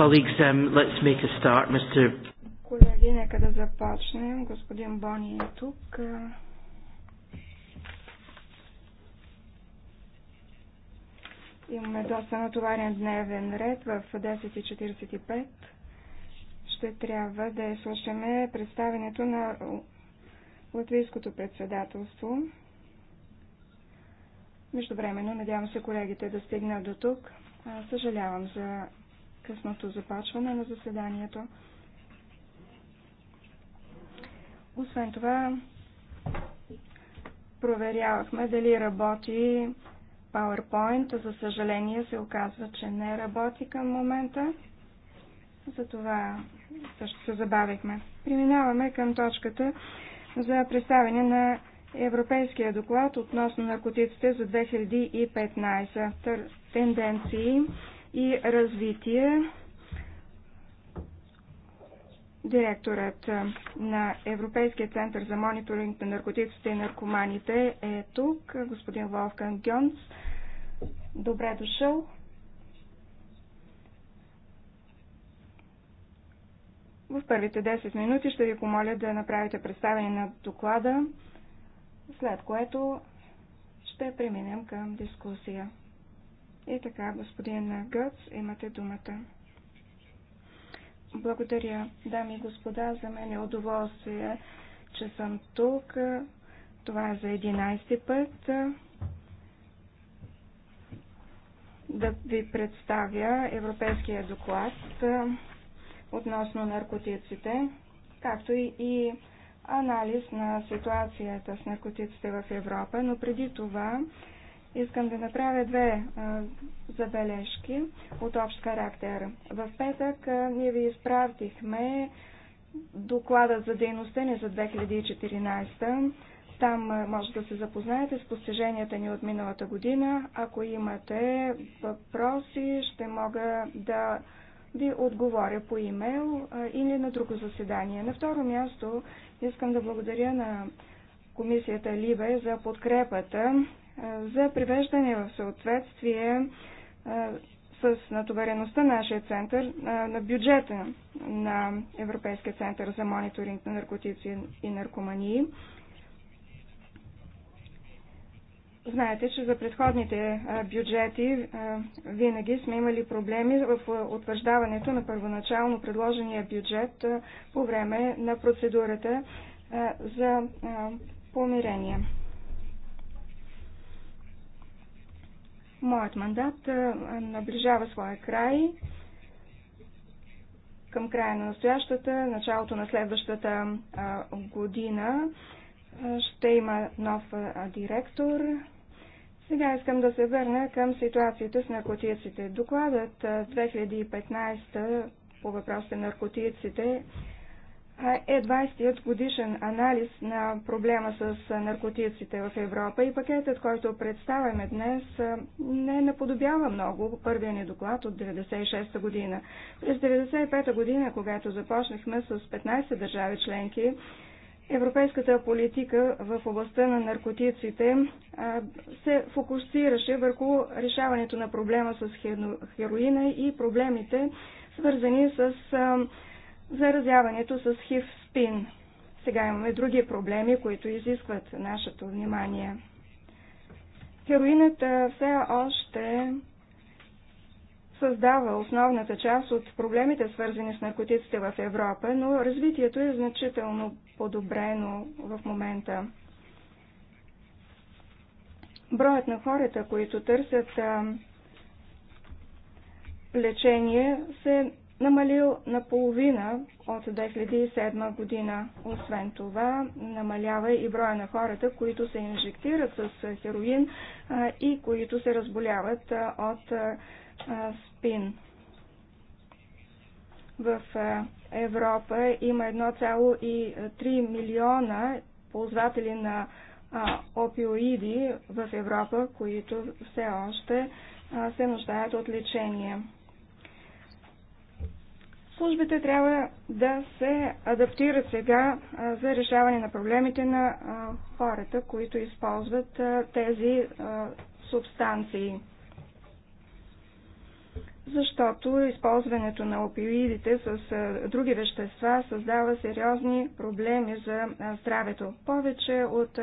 Colleagues, um, let's make a start, Mr. Колеги, нека да започнем. Господин Бони е тук. Имаме доста натоварен дневен ред в 10.45. Ще трябва да слушаме представенето на латвийското председателство. Междувременно, надявам се колегите да стигнат до тук. Съжалявам за късното започване на заседанието. Освен това, проверявахме дали работи PowerPoint. За съжаление се оказва, че не работи към момента. Затова също се забавихме. Преминаваме към точката за представяне на Европейския доклад относно наркотиците за 2015 тенденции и развитие. Директорът на Европейския център за мониторинг на наркотиците и наркоманите е тук, господин Волфган Гьонс. Добре дошъл. В първите 10 минути ще ви помоля да направите представяне на доклада, след което ще преминем към дискусия. И така, господин Гъц, имате думата. Благодаря, дами и господа, за мен е удоволствие, че съм тук. Това е за 11 ти път да ви представя европейския доклад относно наркотиците, както и анализ на ситуацията с наркотиците в Европа, но преди това Искам да направя две а, забележки от общ характер. В петък а, ние ви изпратихме доклада за дейността ни за 2014. Там а, може да се запознаете с постиженията ни от миналата година. Ако имате въпроси, ще мога да ви отговоря по имейл а, или на друго заседание. На второ място искам да благодаря на комисията Либе за подкрепата за привеждане в съответствие с натовареността на нашия център, на бюджета на Европейския център за мониторинг на наркотици и наркомании. Знаете, че за предходните бюджети винаги сме имали проблеми в утвърждаването на първоначално предложения бюджет по време на процедурата за помирение. Моят мандат наближава своя край към края на настоящата, началото на следващата година ще има нов директор. Сега искам да се върна към ситуацията с наркотиците. Докладът 2015 по въпросите наркотиците е 20-ят годишен анализ на проблема с наркотиците в Европа и пакетът, който представяме днес, не наподобява много първия ни доклад от 1996 година. През 1995 година, когато започнахме с 15 държави членки, Европейската политика в областта на наркотиците се фокусираше върху решаването на проблема с хероина и проблемите, свързани с заразяването с хив-спин. Сега имаме други проблеми, които изискват нашето внимание. Хероината все още създава основната част от проблемите, свързани с наркотиците в Европа, но развитието е значително подобрено в момента. Броят на хората, които търсят лечение, се намалил наполовина от 2007 година. Освен това, намалява и броя на хората, които се инжектират с хероин и които се разболяват от спин. В Европа има 1,3 милиона ползватели на опиоиди в Европа, които все още се нуждаят от лечение. Службите трябва да се адаптират сега за решаване на проблемите на хората, които използват тези субстанции. Защото използването на опиоидите с други вещества създава сериозни проблеми за здравето. Повече от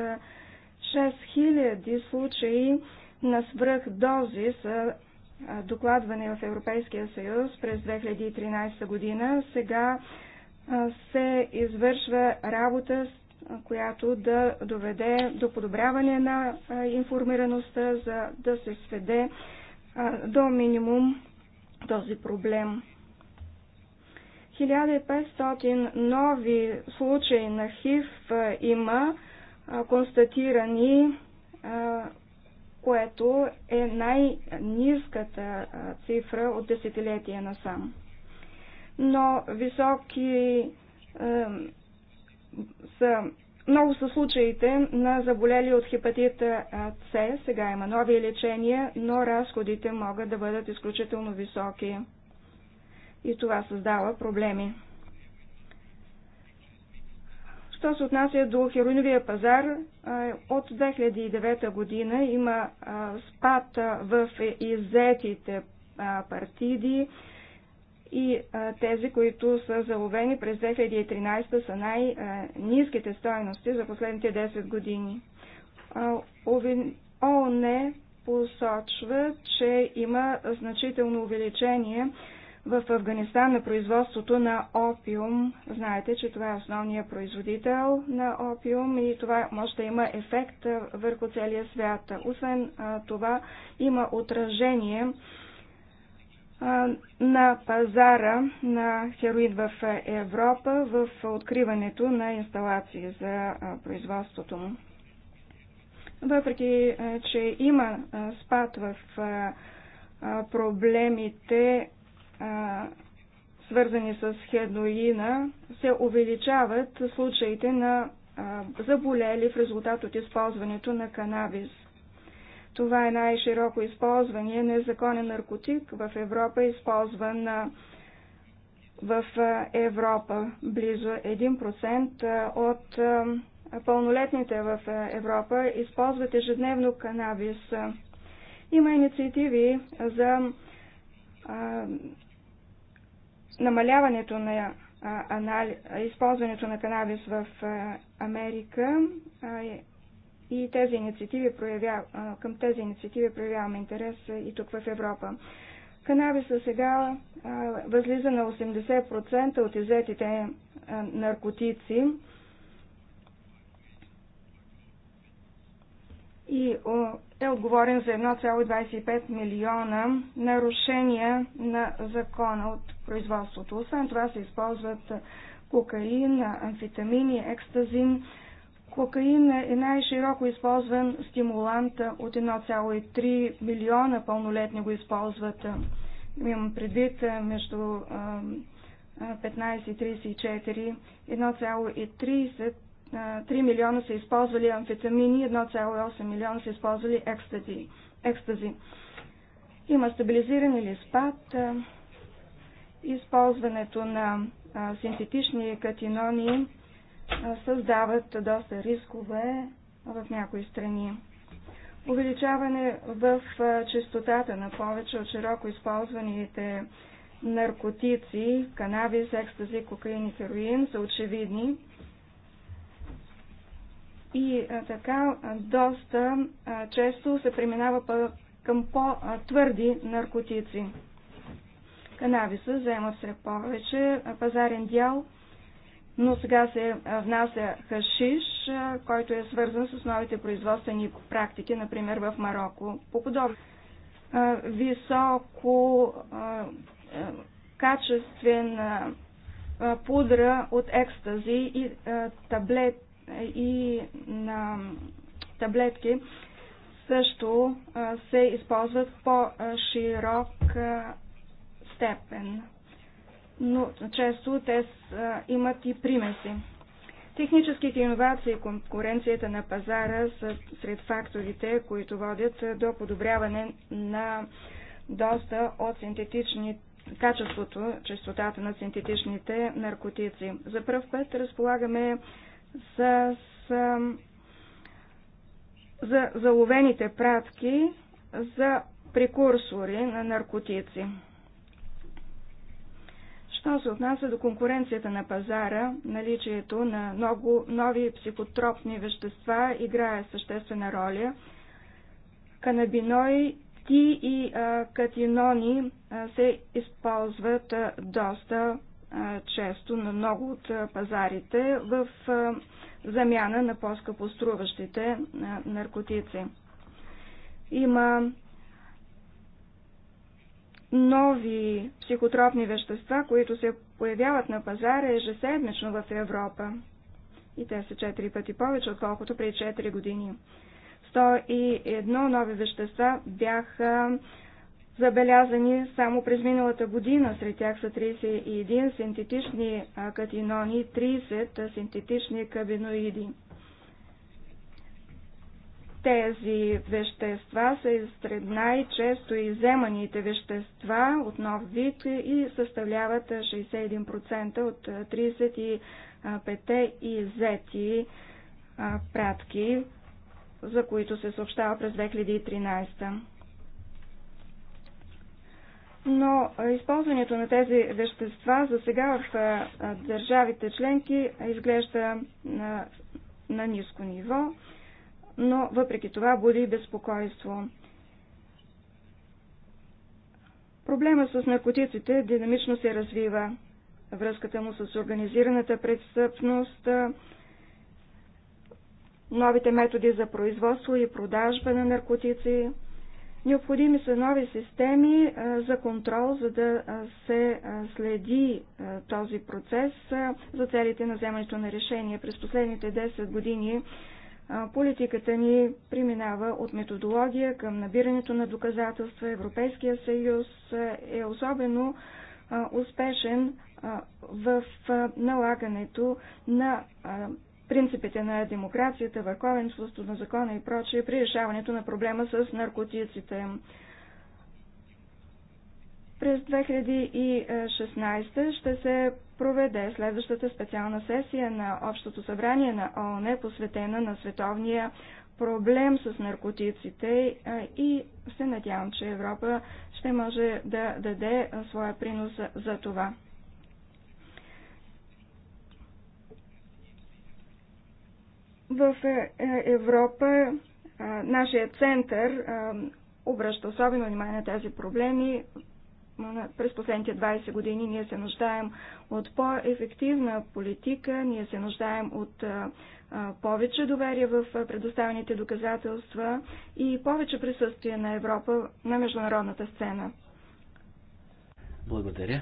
6000 случаи на свръхдози са докладване в Европейския съюз през 2013 година, сега се извършва работа, която да доведе до подобряване на информираността, за да се сведе до минимум този проблем. 1500 нови случаи на ХИВ има констатирани което е най-низката цифра от десетилетия насам. Но високи е, са много са случаите на заболели от хепатита С. Сега има нови лечения, но разходите могат да бъдат изключително високи. И това създава проблеми. Що се отнася до хероиновия пазар, от 2009 година има спад в е, иззетите партиди и тези, които са заловени през 2013 са най-низките стоености за последните 10 години. ООН посочва, че има значително увеличение в Афганистан на производството на опиум. Знаете, че това е основният производител на опиум и това може да има ефект върху целия свят. Освен това, има отражение на пазара на хероид в Европа в откриването на инсталации за производството му. Въпреки, че има спад в проблемите свързани с хедроина, се увеличават случаите на заболели в резултат от използването на канабис. Това е най-широко използвание незаконен наркотик в Европа, използван в Европа. Близо 1% от пълнолетните в Европа използват ежедневно канабис. Има инициативи за намаляването на анали... използването на канабис в Америка и тези инициативи към тези инициативи проявяваме интерес и тук в Европа. Канабиса сега възлиза на 80% от изетите наркотици и е отговорен за 1,25 милиона нарушения на закона от производството. Освен това се използват кокаин, амфетамини, екстазин. Кокаин е най-широко използван стимулант от 1,3 милиона пълнолетни го използват. Имам предвид между 15 и 34, 1,30 3 милиона са използвали амфетамини, 1,8 милиона са използвали екстази. екстази. Има стабилизиран или спад. Използването на синтетични катинони създават доста рискове в някои страни. Увеличаване в частотата на повече от широко използваните наркотици, канабис, екстази, кокаин и хероин са очевидни. И така доста често се преминава към по-твърди наркотици. Канависа заема все повече пазарен дял, но сега се внася хашиш, който е свързан с новите производствени практики, например в Марокко. По подобно високо качествен пудра от екстази и таблет и на таблетки също се използват по-широк степен. Но често те имат и примеси. Техническите иновации и конкуренцията на пазара са сред факторите, които водят до подобряване на доста от синтетични качеството, частотата на синтетичните наркотици. За първ път разполагаме за, за, за заловените пратки за прекурсори на наркотици. Що се отнася до конкуренцията на пазара, наличието на много нови психотропни вещества играе съществена роля. ти и а, катинони а, се използват а, доста често на много от пазарите в замяна на по скъпоструващите струващите наркотици. Има нови психотропни вещества, които се появяват на пазара ежеседмично в Европа. И те са 4 пъти повече, отколкото преди 4 години. 101 нови вещества бяха забелязани само през миналата година. Сред тях са 31 синтетични катинони и 30 синтетични кабиноиди. Тези вещества са сред най-често иземаните вещества от нов вид и съставляват 61% от 35 иззети пратки, за които се съобщава през 2013 но използването на тези вещества за сега в държавите членки изглежда на, на ниско ниво, но въпреки това буди безпокойство. Проблема с наркотиците динамично се развива. Връзката му с организираната престъпност, новите методи за производство и продажба на наркотици, Необходими са нови системи за контрол, за да се следи този процес за целите на вземането на решение. През последните 10 години политиката ни преминава от методология към набирането на доказателства. Европейския съюз е особено успешен в налагането на принципите на демокрацията, върховенството на закона и прочее при решаването на проблема с наркотиците. През 2016 ще се проведе следващата специална сесия на Общото събрание на ООН, посветена на световния проблем с наркотиците и се надявам, че Европа ще може да даде своя принос за това. В е, е, Европа е, нашия център обръща особено внимание на тези проблеми. През последните 20 години ние се нуждаем от по-ефективна политика, ние се нуждаем от повече доверие в предоставените доказателства и повече присъствие на Европа на международната сцена. Благодаря.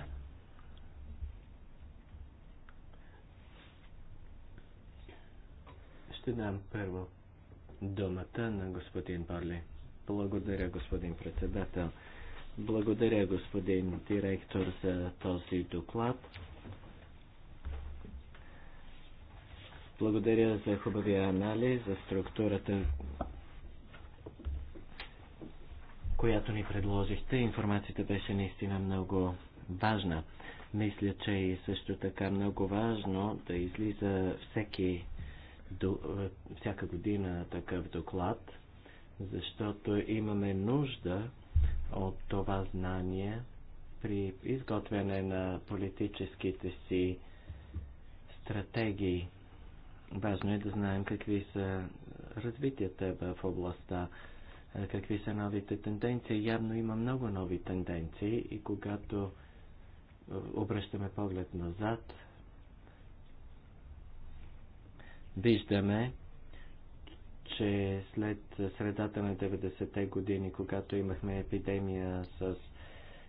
Ще дам първо думата на господин Борли. Благодаря, господин председател. Благодаря, господин директор, за този доклад. Благодаря за хубавия анализ, за структурата, която ни предложихте. Информацията беше наистина много важна. Мисля, че е и също така много важно да излиза всеки до, е, всяка година такъв доклад, защото имаме нужда от това знание при изготвяне на политическите си стратегии. Важно е да знаем какви са развитията в областта, е, какви са новите тенденции. Явно има много нови тенденции и когато е, обръщаме поглед назад, Виждаме, че след средата на 90-те години, когато имахме епидемия с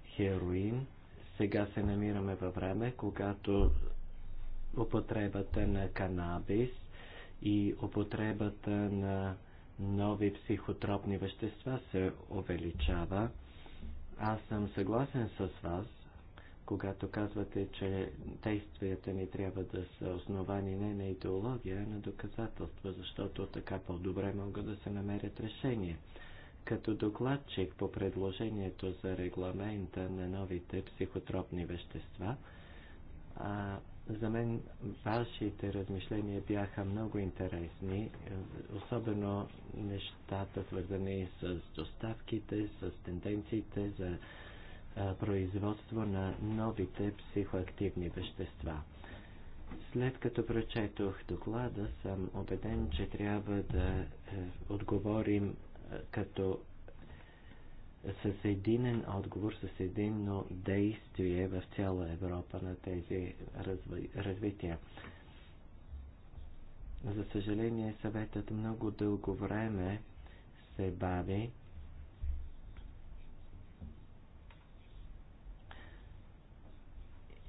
хероин, сега се намираме във време, когато употребата на канабис и употребата на нови психотропни вещества се увеличава. Аз съм съгласен с вас, когато казвате, че действията ни трябва да са основани не на идеология, а на доказателства, защото така по-добре могат да се намерят решения. Като докладчик по предложението за регламента на новите психотропни вещества, а, за мен вашите размишления бяха много интересни, особено нещата свързани с доставките, с тенденциите за производство на новите психоактивни вещества. След като прочетох доклада, съм убеден, че трябва да е, отговорим е, като с единен отговор, с единно действие в цяла Европа на тези разви... развития. За съжаление, съветът много дълго време се бави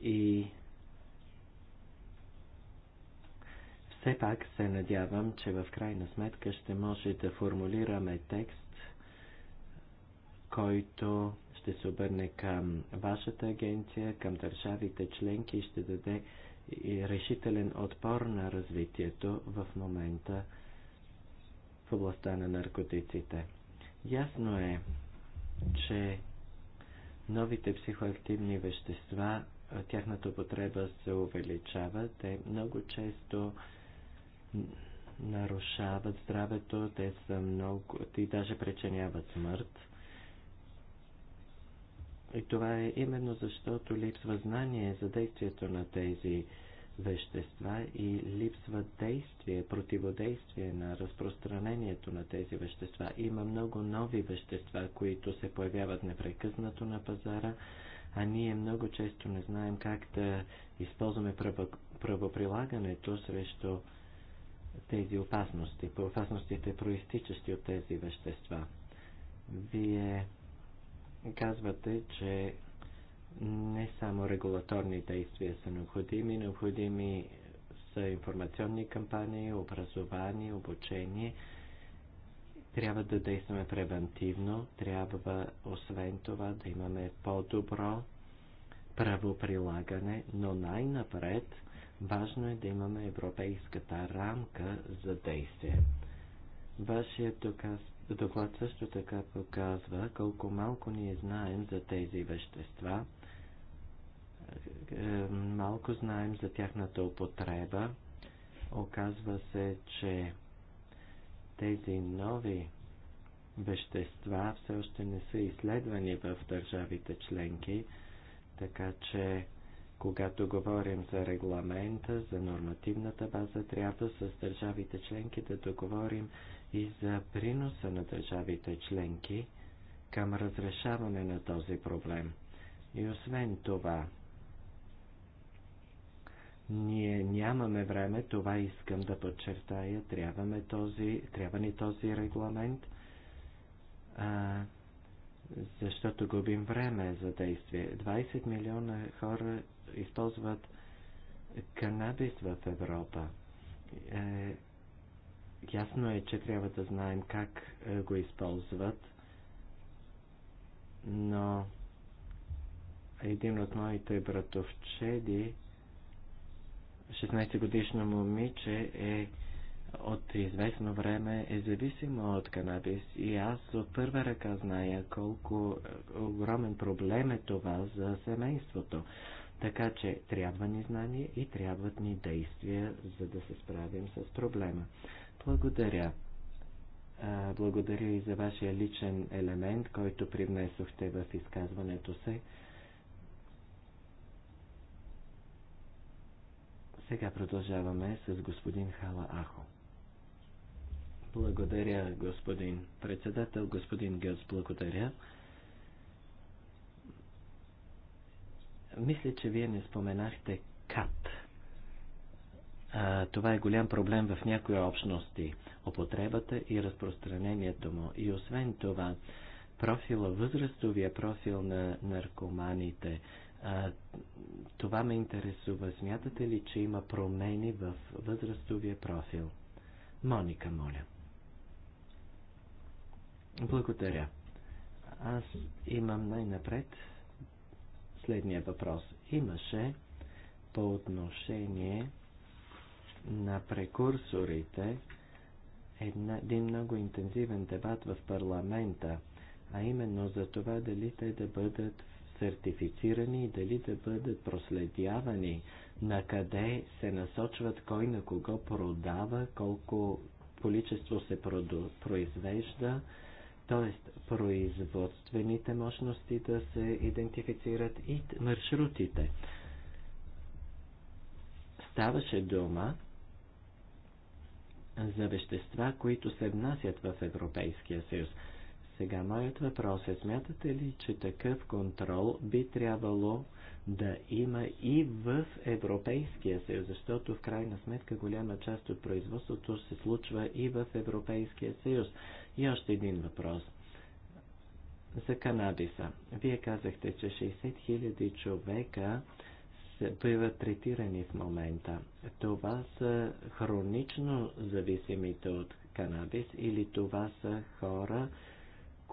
И все пак се надявам, че в крайна сметка ще може да формулираме текст, който ще се обърне към вашата агенция, към държавите членки и ще даде решителен отпор на развитието в момента в областта на наркотиците. Ясно е, че новите психоактивни вещества тяхната употреба се увеличава. Те много често нарушават здравето, те са много, и даже причиняват смърт. И това е именно защото липсва знание за действието на тези вещества и липсва действие, противодействие на разпространението на тези вещества. Има много нови вещества, които се появяват непрекъснато на пазара а ние много често не знаем как да използваме правоприлагането срещу тези опасности, по опасностите, проистичащи от тези вещества. Вие казвате, че не само регулаторни действия са необходими, необходими са информационни кампании, образование, обучение – трябва да действаме превентивно, трябва освен това да имаме по-добро правоприлагане, но най-напред важно е да имаме европейската рамка за действие. Вашият доказ, доклад също така показва колко малко ние знаем за тези вещества, е, е, малко знаем за тяхната употреба. Оказва се, че тези нови вещества все още не са изследвани в държавите членки, така че когато говорим за регламента, за нормативната база, трябва с държавите членки да договорим и за приноса на държавите членки към разрешаване на този проблем. И освен това, ние нямаме време, това искам да подчертая. Трябваме този, трябва ни този регламент, а, защото губим време за действие. 20 милиона хора използват канабис в Европа. Е, ясно е, че трябва да знаем как е, го използват, но един от моите братовчеди 16-годишно момиче е от известно време е зависимо от канабис и аз от първа ръка зная колко огромен проблем е това за семейството. Така че трябва ни знание и трябват ни действия, за да се справим с проблема. Благодаря. Благодаря и за вашия личен елемент, който привнесохте в изказването се. Сега продължаваме с господин Хала Ахо. Благодаря, господин председател, господин Гелс, благодаря. Мисля, че вие не споменахте КАТ. А, това е голям проблем в някои общности. Употребата и разпространението му. И освен това, профила, възрастовия профил на наркоманите – а, това ме интересува. Смятате ли, че има промени в възрастовия профил? Моника, моля. Благодаря. Аз имам най-напред следния въпрос. Имаше по отношение на прекурсорите една, един много интензивен дебат в парламента, а именно за това дали те да бъдат сертифицирани и дали да бъдат проследявани на къде се насочват, кой на кого продава, колко количество се произвежда, т.е. производствените мощности да се идентифицират и маршрутите. Ставаше дума за вещества, които се внасят в Европейския съюз. Сега, моят въпрос е, смятате ли, че такъв контрол би трябвало да има и в Европейския съюз, защото в крайна сметка голяма част от производството се случва и в Европейския съюз. И още един въпрос. За канабиса. Вие казахте, че 60 000 човека биват третирани в момента. Това са хронично зависимите от канабис или това са хора,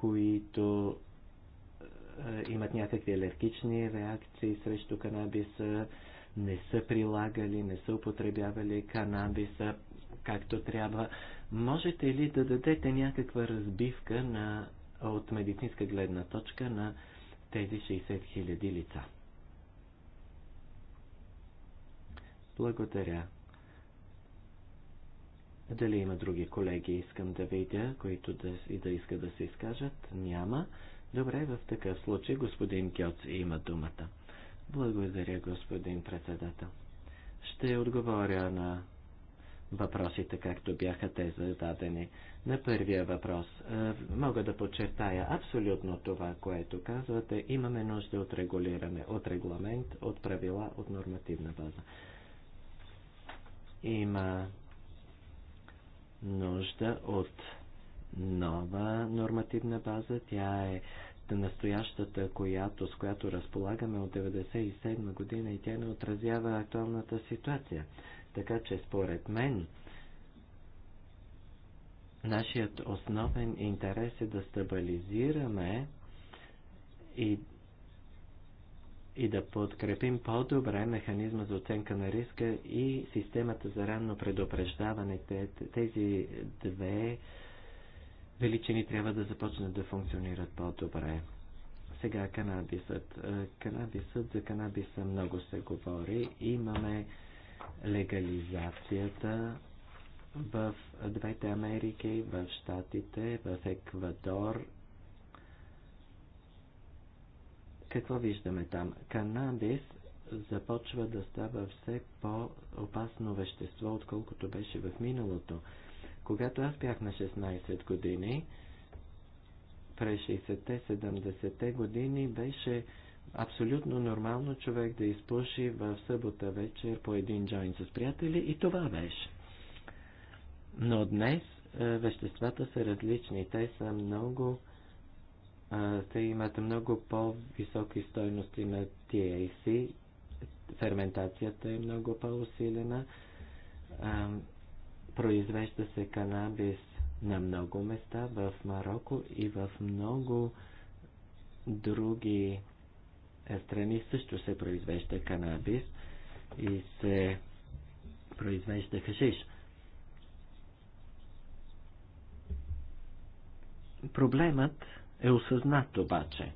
които е, имат някакви алергични реакции срещу канабиса, не са прилагали, не са употребявали канабиса както трябва. Можете ли да дадете някаква разбивка на, от медицинска гледна точка на тези 60 000 лица? Благодаря. Дали има други колеги, искам да видя, които да, и да искат да се изкажат? Няма. Добре, в такъв случай господин Кьоц, има думата. Благодаря, господин председател. Ще отговоря на въпросите, както бяха те зададени. На първия въпрос е, мога да подчертая абсолютно това, което казвате. Имаме нужда от регулиране, от регламент, от правила, от нормативна база. Има нужда от нова нормативна база. Тя е настоящата, която, с която разполагаме от 1997 година и тя не отразява актуалната ситуация. Така че според мен нашият основен интерес е да стабилизираме и и да подкрепим по-добре механизма за оценка на риска и системата за ранно предупреждаване. Тези две величини трябва да започнат да функционират по-добре. Сега канабисът. Е, канабисът за канабиса много се говори. Имаме легализацията в двете Америки, в Штатите, в Еквадор Какво виждаме там? Канабис започва да става все по-опасно вещество, отколкото беше в миналото. Когато аз бях на 16 години, през 60-те, 70-те години беше абсолютно нормално човек да изпуши в събота вечер по един джойн с приятели и това беше. Но днес е, веществата са различни. Те са много те имат много по-високи стойности на THC, ферментацията е много по-усилена, произвежда се канабис на много места в Марокко и в много други страни също се произвежда канабис и се произвежда хашиш. Проблемът е осъзнат обаче.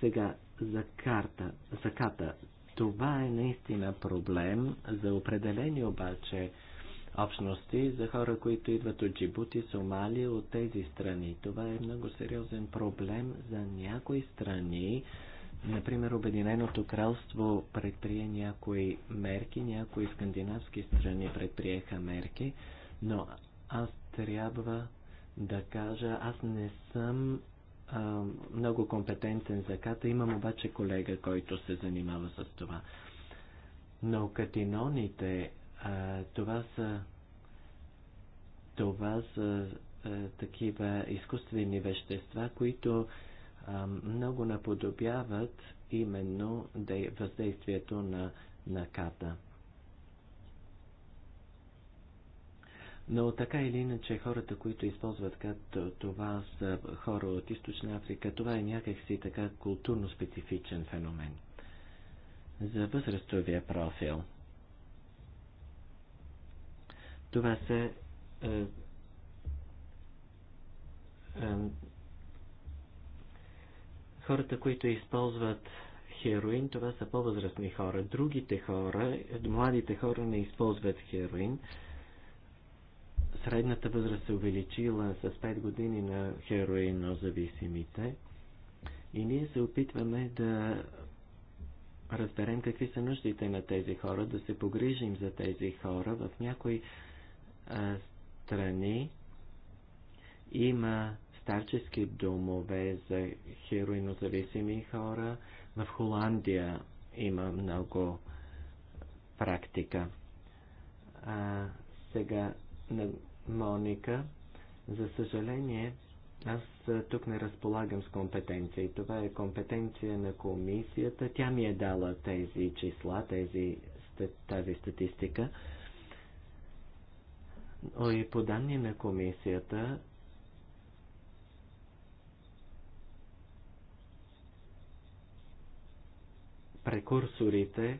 Сега за, карта, за ката. Това е наистина проблем за определени обаче общности, за хора, които идват от Джибути, Сомалия, от тези страни. Това е много сериозен проблем за някои страни. Например, Обединеното кралство предприе някои мерки, някои скандинавски страни предприеха мерки, но аз трябва да кажа, аз не съм а, много компетентен за ката, имам обаче колега, който се занимава с това. Но катиноните, а, това са това са а, такива изкуствени вещества, които а, много наподобяват именно въздействието на, на ката. Но така или иначе, хората, които използват като това са хора от Източна Африка, това е някакси така културно специфичен феномен. За възрастовия профил. Това са е, е, хората, които използват хероин, това са по-възрастни хора. Другите хора, младите хора не използват хероин средната възраст се увеличила с 5 години на хероинозависимите и ние се опитваме да разберем какви са нуждите на тези хора, да се погрижим за тези хора. В някои а, страни има старчески домове за хероинозависими хора. В Холандия има много практика. А, сега на Моника. За съжаление, аз тук не разполагам с компетенция и Това е компетенция на комисията. Тя ми е дала тези числа, тези, тази статистика. О, и по данни на комисията, прекурсорите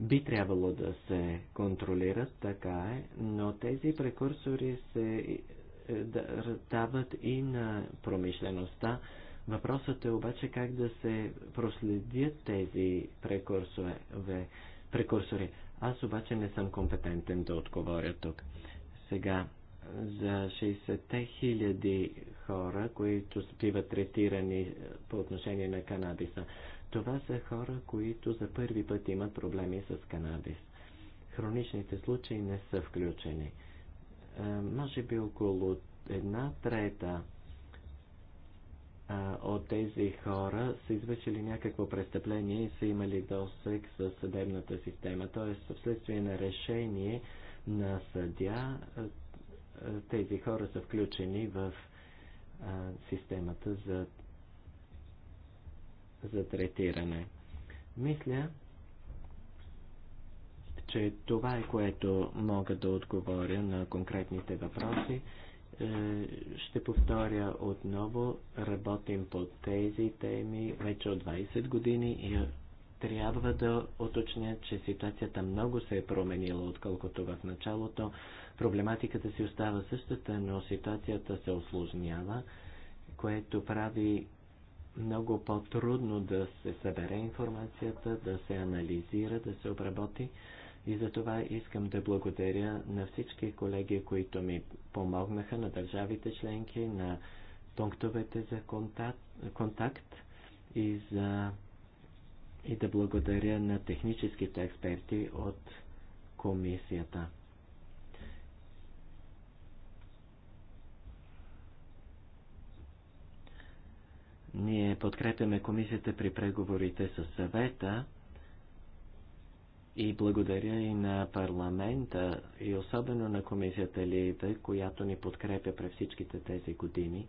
би трябвало да се контролират, така е, но тези прекурсори се е, дават и на промишлеността. Въпросът е обаче как да се проследят тези прекурсори. Аз обаче не съм компетентен да отговоря тук. Сега, за 60-те хиляди хора, които биват третирани е, по отношение на канабиса. Това са хора, които за първи път имат проблеми с канабис. Хроничните случаи не са включени. Е, може би около една трета от тези хора са извършили някакво престъпление и са имали досек с съдебната система. Т.е. вследствие на решение на съдя, е, е, тези хора са включени в системата за за третиране. Мисля, че това е което мога да отговоря на конкретните въпроси. Е, ще повторя отново, работим по тези теми вече от 20 години и трябва да оточня, че ситуацията много се е променила, отколкото в началото. Проблематиката си остава същата, но ситуацията се осложнява, което прави много по-трудно да се събере информацията, да се анализира, да се обработи. И за това искам да благодаря на всички колеги, които ми помогнаха, на държавите членки, на пунктовете за контакт, контакт и, за, и да благодаря на техническите експерти от комисията. Ние подкрепяме комисията при преговорите с съвета и благодаря и на парламента и особено на комисията Лида, която ни подкрепя през всичките тези години.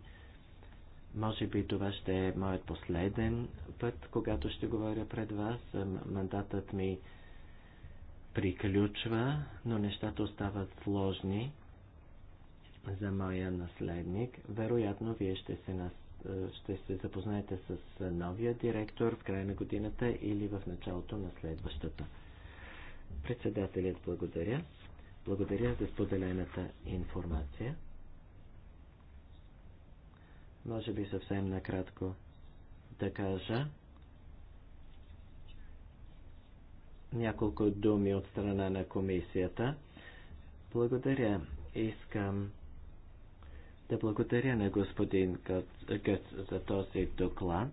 Може би това ще е моят последен път, когато ще говоря пред вас. Мандатът ми приключва, но нещата остават сложни за моя наследник. Вероятно, вие ще се нас ще се запознаете с новия директор в края на годината или в началото на следващата. Председателят благодаря. Благодаря за споделената информация. Може би съвсем накратко да кажа няколко думи от страна на комисията. Благодаря. Искам да благодаря на господин Гъц за този доклад.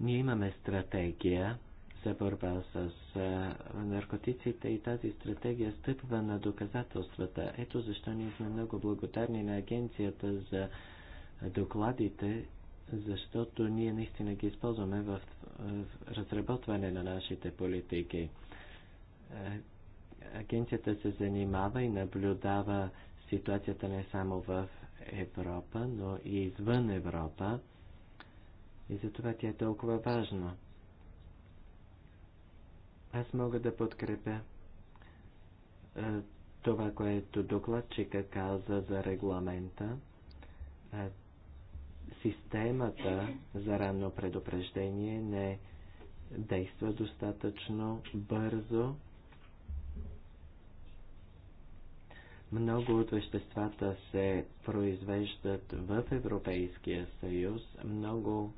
Ние имаме стратегия за борба с наркотиците и тази стратегия стъпва на доказателствата. Ето защо ние сме много благодарни на агенцията за докладите, защото ние наистина ги използваме в разработване на нашите политики. Агенцията се занимава и наблюдава ситуацията не само в Европа, но и извън Европа. И затова тя е толкова важна. Аз мога да подкрепя е, това, което докладчика каза за регламента, е, системата за ранно предупреждение не действа достатъчно бързо Много от веществата се произвеждат в Европейския съюз. Много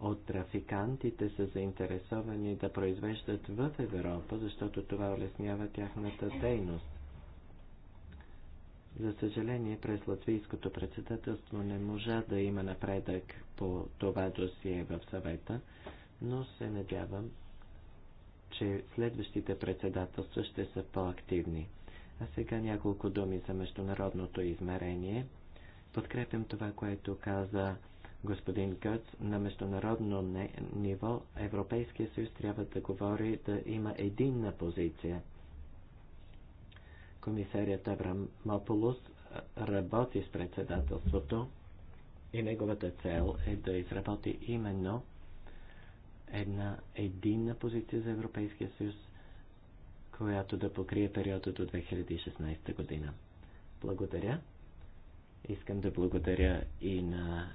от трафикантите са заинтересовани да произвеждат в Европа, защото това улеснява тяхната дейност. За съжаление, през латвийското председателство не можа да има напредък по това досие в съвета, но се надявам, че следващите председателства ще са по-активни. А сега няколко думи за международното измерение. Подкрепям това, което каза господин Гъц. На международно ниво Европейския съюз трябва да говори да има единна позиция. Комисарият Мополус работи с председателството и неговата цел е да изработи именно една единна позиция за Европейския съюз която да покрие периода до 2016 година. Благодаря. Искам да благодаря и на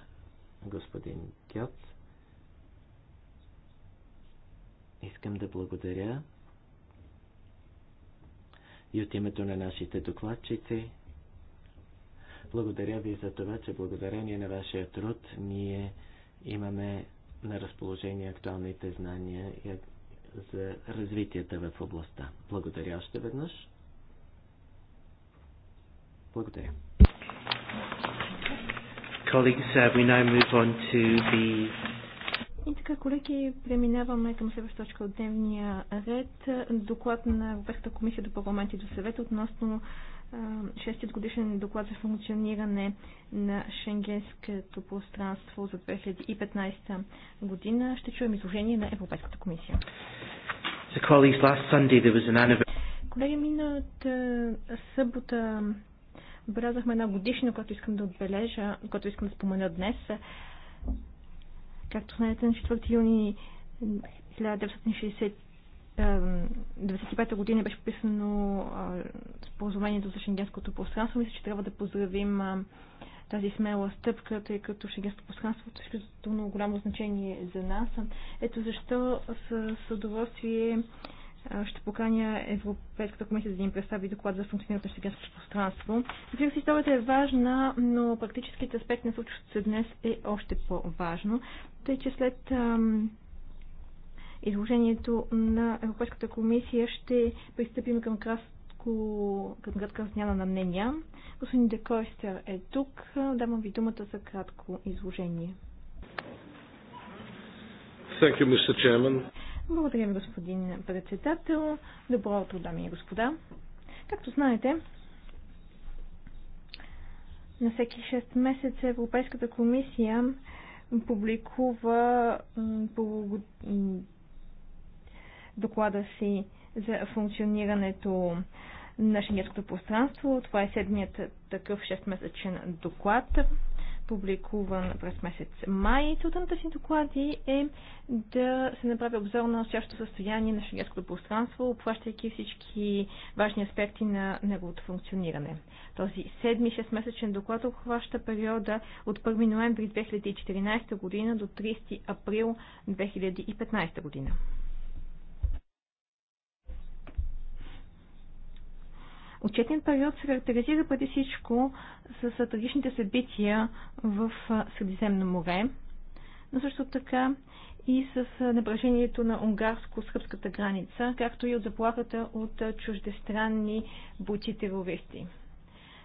господин Кьот. Искам да благодаря и от името на нашите докладчици. Благодаря ви за това, че благодарение на вашия труд ние имаме на разположение актуалните знания и за развитията в областта. Благодаря още веднъж. Благодаря. Uh, и така, колеги, преминаваме към следващата точка от дневния ред. Доклад на Европейската комисия до парламент и до съвет относно шестият годишен доклад за функциониране на Шенгенското пространство за 2015 година. Ще чуем изложение на Европейската комисия. Колеги, миналата събота отбелязахме една годишна, която искам да отбележа, която искам да спомена днес. Както знаете, на 4 юни 1995 година беше подписано споразумението за шенгенското пространство. Мисля, че трябва да поздравим тази смела стъпка, тъй като шенгенското пространство е изключително голямо значение за нас. Ето защо с, удоволствие ще поканя Европейската комисия за да ни представи доклад за функционирането на шенгенското пространство. Разбира се, историята е важна, но практическите аспекти на случващото се днес е още по-важно, тъй че след ам, изложението на Европейската комисия ще пристъпим към кратко, към кратка размяна на мнения. Господин Декойстер е тук. Давам ви думата за кратко изложение. Thank you, Mr. Chairman. Благодаря ви, господин председател. Добро утро, дами и господа. Както знаете, на всеки 6 месеца Европейската комисия публикува доклада си за функционирането на шенгенското пространство. Това е седмият такъв 6-месечен доклад, публикуван през месец май. Целта на тези доклади е да се направи обзор на настоящото състояние на шенгенското пространство, обхващайки всички важни аспекти на неговото функциониране. Този седми 6-месечен доклад обхваща периода от 1 ноември 2014 година до 30 април 2015 година. Отчетният период се характеризира преди всичко с трагичните събития в Средиземно море, но също така и с напрежението на унгарско-сръбската граница, както и от заплахата от чуждестранни бойци-терористи.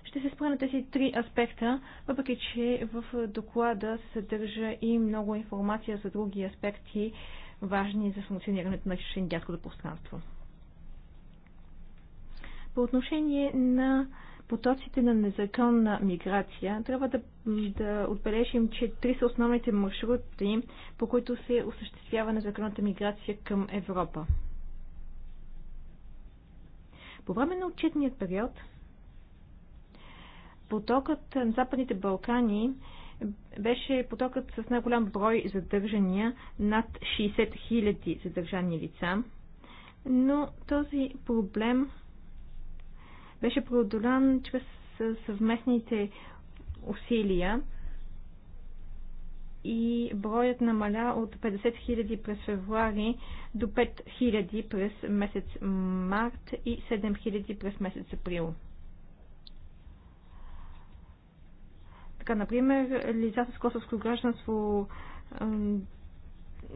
Ще се спра на тези три аспекта, въпреки че в доклада се съдържа и много информация за други аспекти, важни за функционирането на шенгенското пространство. По отношение на потоците на незаконна миграция, трябва да, да отбележим, че три са основните маршрути, по които се осъществява незаконната миграция към Европа. По време на отчетният период, потокът на Западните Балкани беше потокът с най-голям брой задържания, над 60 000 задържани лица, но този проблем беше преодолян чрез съвместните усилия и броят намаля от 50 000 през февруари до 5 000 през месец март и 7 000 през месец април. Така, например, лицата с косовско гражданство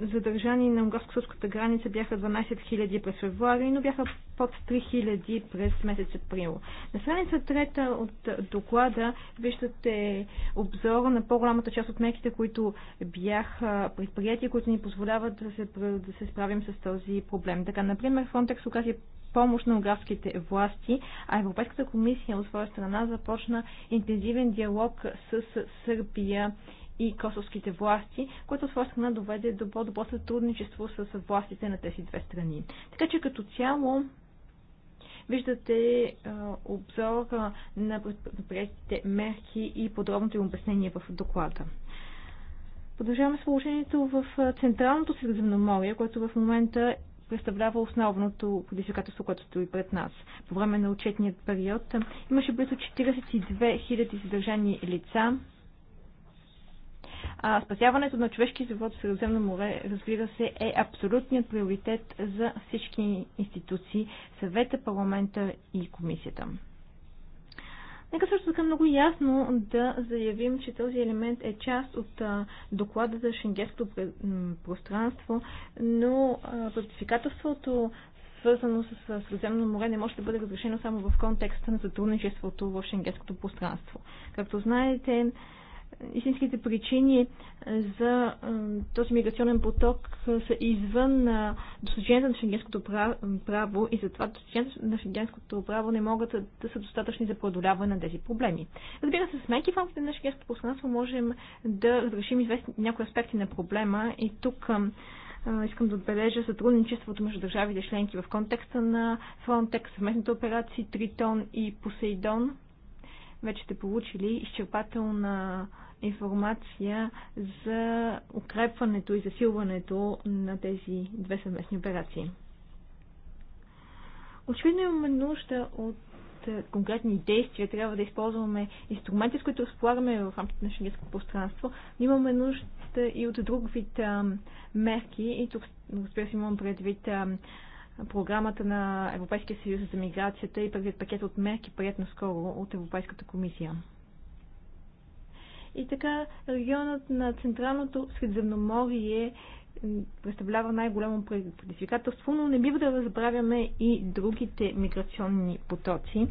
задържани на унгарско-сръбската граница бяха 12 000 през февруари, но бяха под 3 000 през месец април. На страница трета от доклада виждате обзора на по-голямата част от мерките, които бяха предприятия, които ни позволяват да се, да се справим с този проблем. Така, например, Frontex оказа помощ на унгарските власти, а Европейската комисия от своя страна започна интензивен диалог с Сърбия и косовските власти, което от своя страна доведе до по-добро сътрудничество с властите на тези две страни. Така че като цяло виждате а, обзора на предприятите мерки и подробното им обяснение в доклада. Продължаваме с положението в Централното Средиземноморие, което в момента представлява основното предизвикателство, което стои пред нас. По време на отчетният период имаше близо 42 000 задържани лица, а спасяването на човешки живот в Средоземно море, разбира се, е абсолютният приоритет за всички институции, съвета, парламента и комисията. Нека също така много ясно да заявим, че този елемент е част от доклада за шенгенското пространство, но ратификателството свързано с Средоземно море не може да бъде разрешено само в контекста на сътрудничеството в шенгенското пространство. Както знаете, истинските причини е, за е, този миграционен поток е, са извън достиженията на шенгенското право и затова достиженията на шенгенското право не могат да са достатъчни за преодоляване на тези проблеми. Разбира се, смейки в рамките на шенгенското пространство можем да разрешим известни някои аспекти на проблема и тук искам да отбележа сътрудничеството между държавите членки в контекста на Frontex, съвместните операции Тритон и Посейдон. Вече сте получили изчерпателна информация за укрепването и засилването на тези две съвместни операции. Очевидно имаме нужда от е, конкретни действия, трябва да използваме инструменти, с които разполагаме в рамките на шенгенско пространство, но имаме нужда и от друг вид а, е, мерки и тук, разбира се, имам предвид а, е, програмата на Европейския съюз за миграцията и предвид пакет от мерки, приятно скоро от Европейската комисия. И така регионът на Централното Средземноморие представлява най-голямо предизвикателство, но не бива да разбравяме и другите миграционни потоци.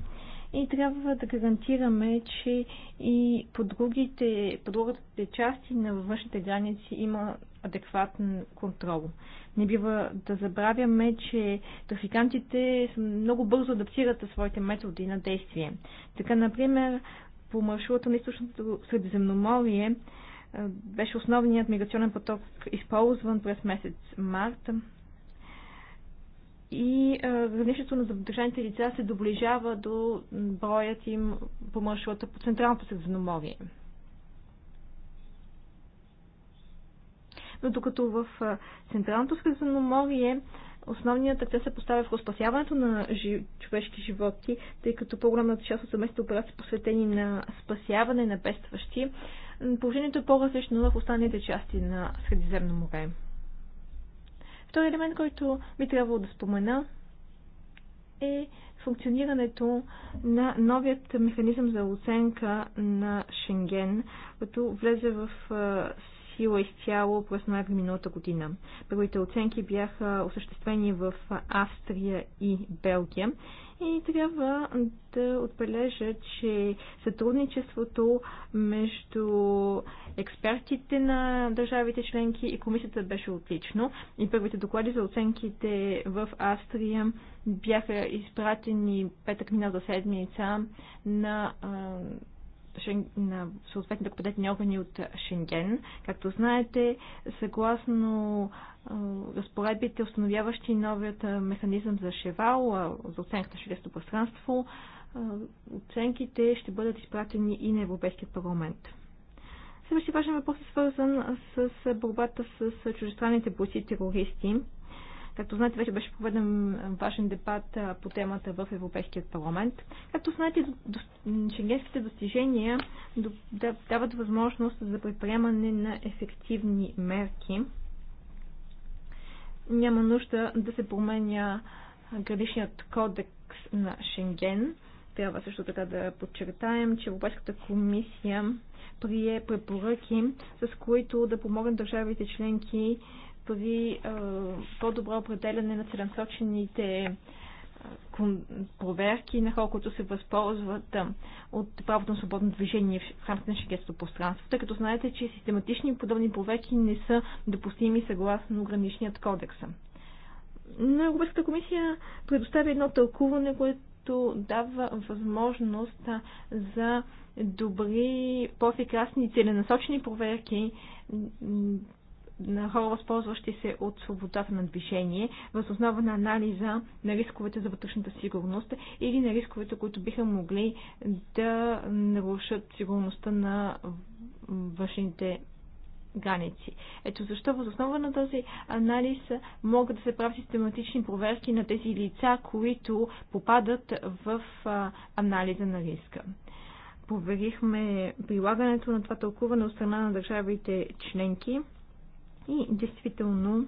И трябва да гарантираме, че и по, другите, по другите части на външните граници има адекватен контрол. Не бива да забравяме, че трафикантите много бързо адаптират своите методи на действие. Така, например, по маршрута на източното Средиземноморие беше основният миграционен поток, използван през месец март. И равнището на задържаните лица се доближава до броят им по маршрута по Централното Средиземноморие. Но докато в Централното Средиземноморие Основният акцент се поставя в спасяването на жи... човешки животи, тъй като по-голямата част от съместните операции посветени на спасяване на бестващи, Положението е по-различно в останалите части на Средиземно море. Втори елемент, който би трябвало да спомена, е функционирането на новият механизъм за оценка на Шенген, който влезе в сила изцяло през ноември миналата година. Първите оценки бяха осъществени в Австрия и Белгия и трябва да отбележа, че сътрудничеството между експертите на държавите членки и комисията беше отлично и първите доклади за оценките в Австрия бяха изпратени петък за седмица на Шен... на съответните компетентни органи от Шенген. Както знаете, съгласно разпоредбите, установяващи новият механизъм за Шевал, за оценката на шведското пространство, оценките ще бъдат изпратени и на Европейския парламент. Следващия важен въпрос е свързан с борбата с чуждестранните бойци терористи. Както знаете, вече беше проведен важен дебат по темата в Европейският парламент. Както знаете, шенгенските достижения дават възможност за предприемане на ефективни мерки. Няма нужда да се променя градишният кодекс на Шенген. Трябва също така да подчертаем, че Европейската комисия прие препоръки, с които да помогнат държавите членки при по-добро определяне на целенсочените проверки на хора, които се възползват от правото на свободно движение в рамките на шенгенското пространство, тъй като знаете, че систематични подобни проверки не са допустими съгласно граничният кодекс. Но Европейската комисия предоставя едно тълкуване, което дава възможност за добри, по-ефикасни целенасочени проверки на хора, възползващи се от свободата на движение, въз основа на анализа на рисковете за вътрешната сигурност или на рисковете, които биха могли да нарушат сигурността на външните граници. Ето защо въз основа на този анализ могат да се правят систематични проверки на тези лица, които попадат в анализа на риска проверихме прилагането на това тълкуване от страна на държавите членки. И действително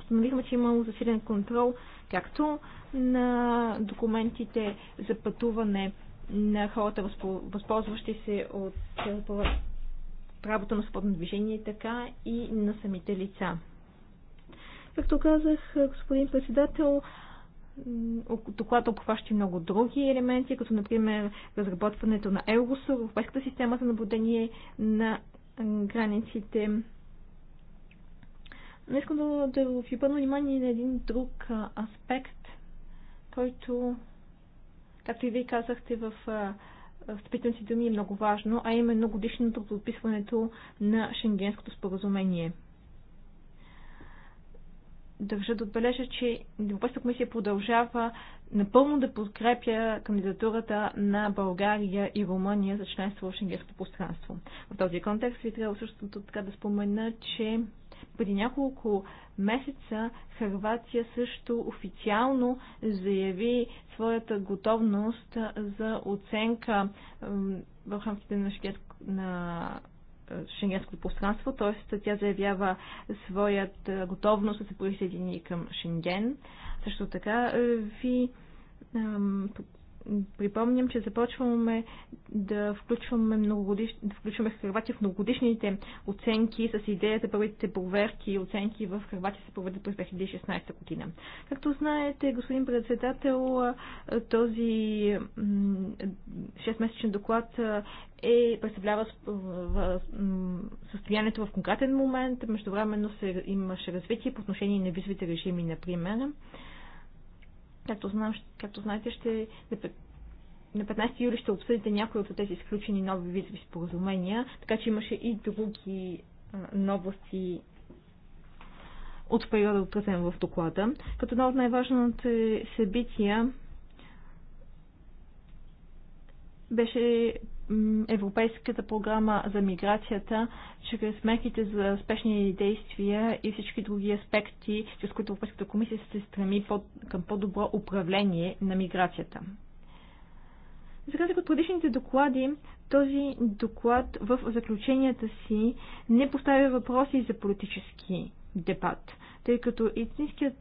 установихме, че е имало засилен контрол както на документите за пътуване на хората, възползващи се от правото на свободно движение, така и на самите лица. Както казах, господин председател, доклад, обхваща много други елементи, като например разработването на Евросур, Европейската система за наблюдение на границите. Но искам да, да ви обърна внимание на един друг аспект, който, както и вие казахте в встъпителните думи, е много важно, а именно годишното подписването на Шенгенското споразумение. Държа да отбележа, че Европейската комисия продължава напълно да подкрепя кандидатурата на България и Румъния за членство в шенгенското пространство. В този контекст ви трябва също така да спомена, че преди няколко месеца Харватия също официално заяви своята готовност за оценка в рамките на, на е, шенгенското пространство, т.е. тя заявява своят е, готовност да се присъедини към Шенген. Също така е, ви припомням, че започваме да включваме, многогодиш... да включваме Харватия в многогодишните оценки с идеята първите проверки и оценки в Харватия се проведат през 2016 година. Както знаете, господин председател, този 6-месечен доклад е, представлява състоянието в конкретен момент. Междувременно се имаше развитие по отношение на визовите режими, например. Както, знам, както знаете, ще, на 15 юли ще обсъдите някои от тези изключени нови визови споразумения, така че имаше и други новости от периода отразен в доклада. Като едно от най-важните събития беше Европейската програма за миграцията, чрез мерките за спешни действия и всички други аспекти, чрез които Европейската комисия се стреми под, към по-добро управление на миграцията. За разлика от предишните доклади, този доклад в заключенията си не поставя въпроси за политически дебат, тъй като истинският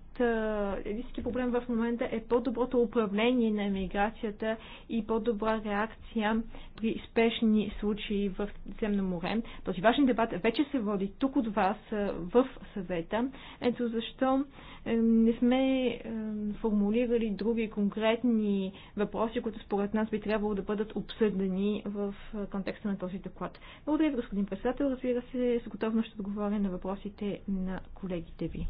истински проблем в момента е по-доброто управление на миграцията и по-добра реакция при спешни случаи в Земно море. Този важен дебат вече се води тук от вас в съвета. Ето защо не сме формулирали други конкретни въпроси, които според нас би трябвало да бъдат обсъдени в контекста на този доклад. Благодаря ви, господин председател. Разбира се, с готовност ще отговоря на въпросите на колегите ви.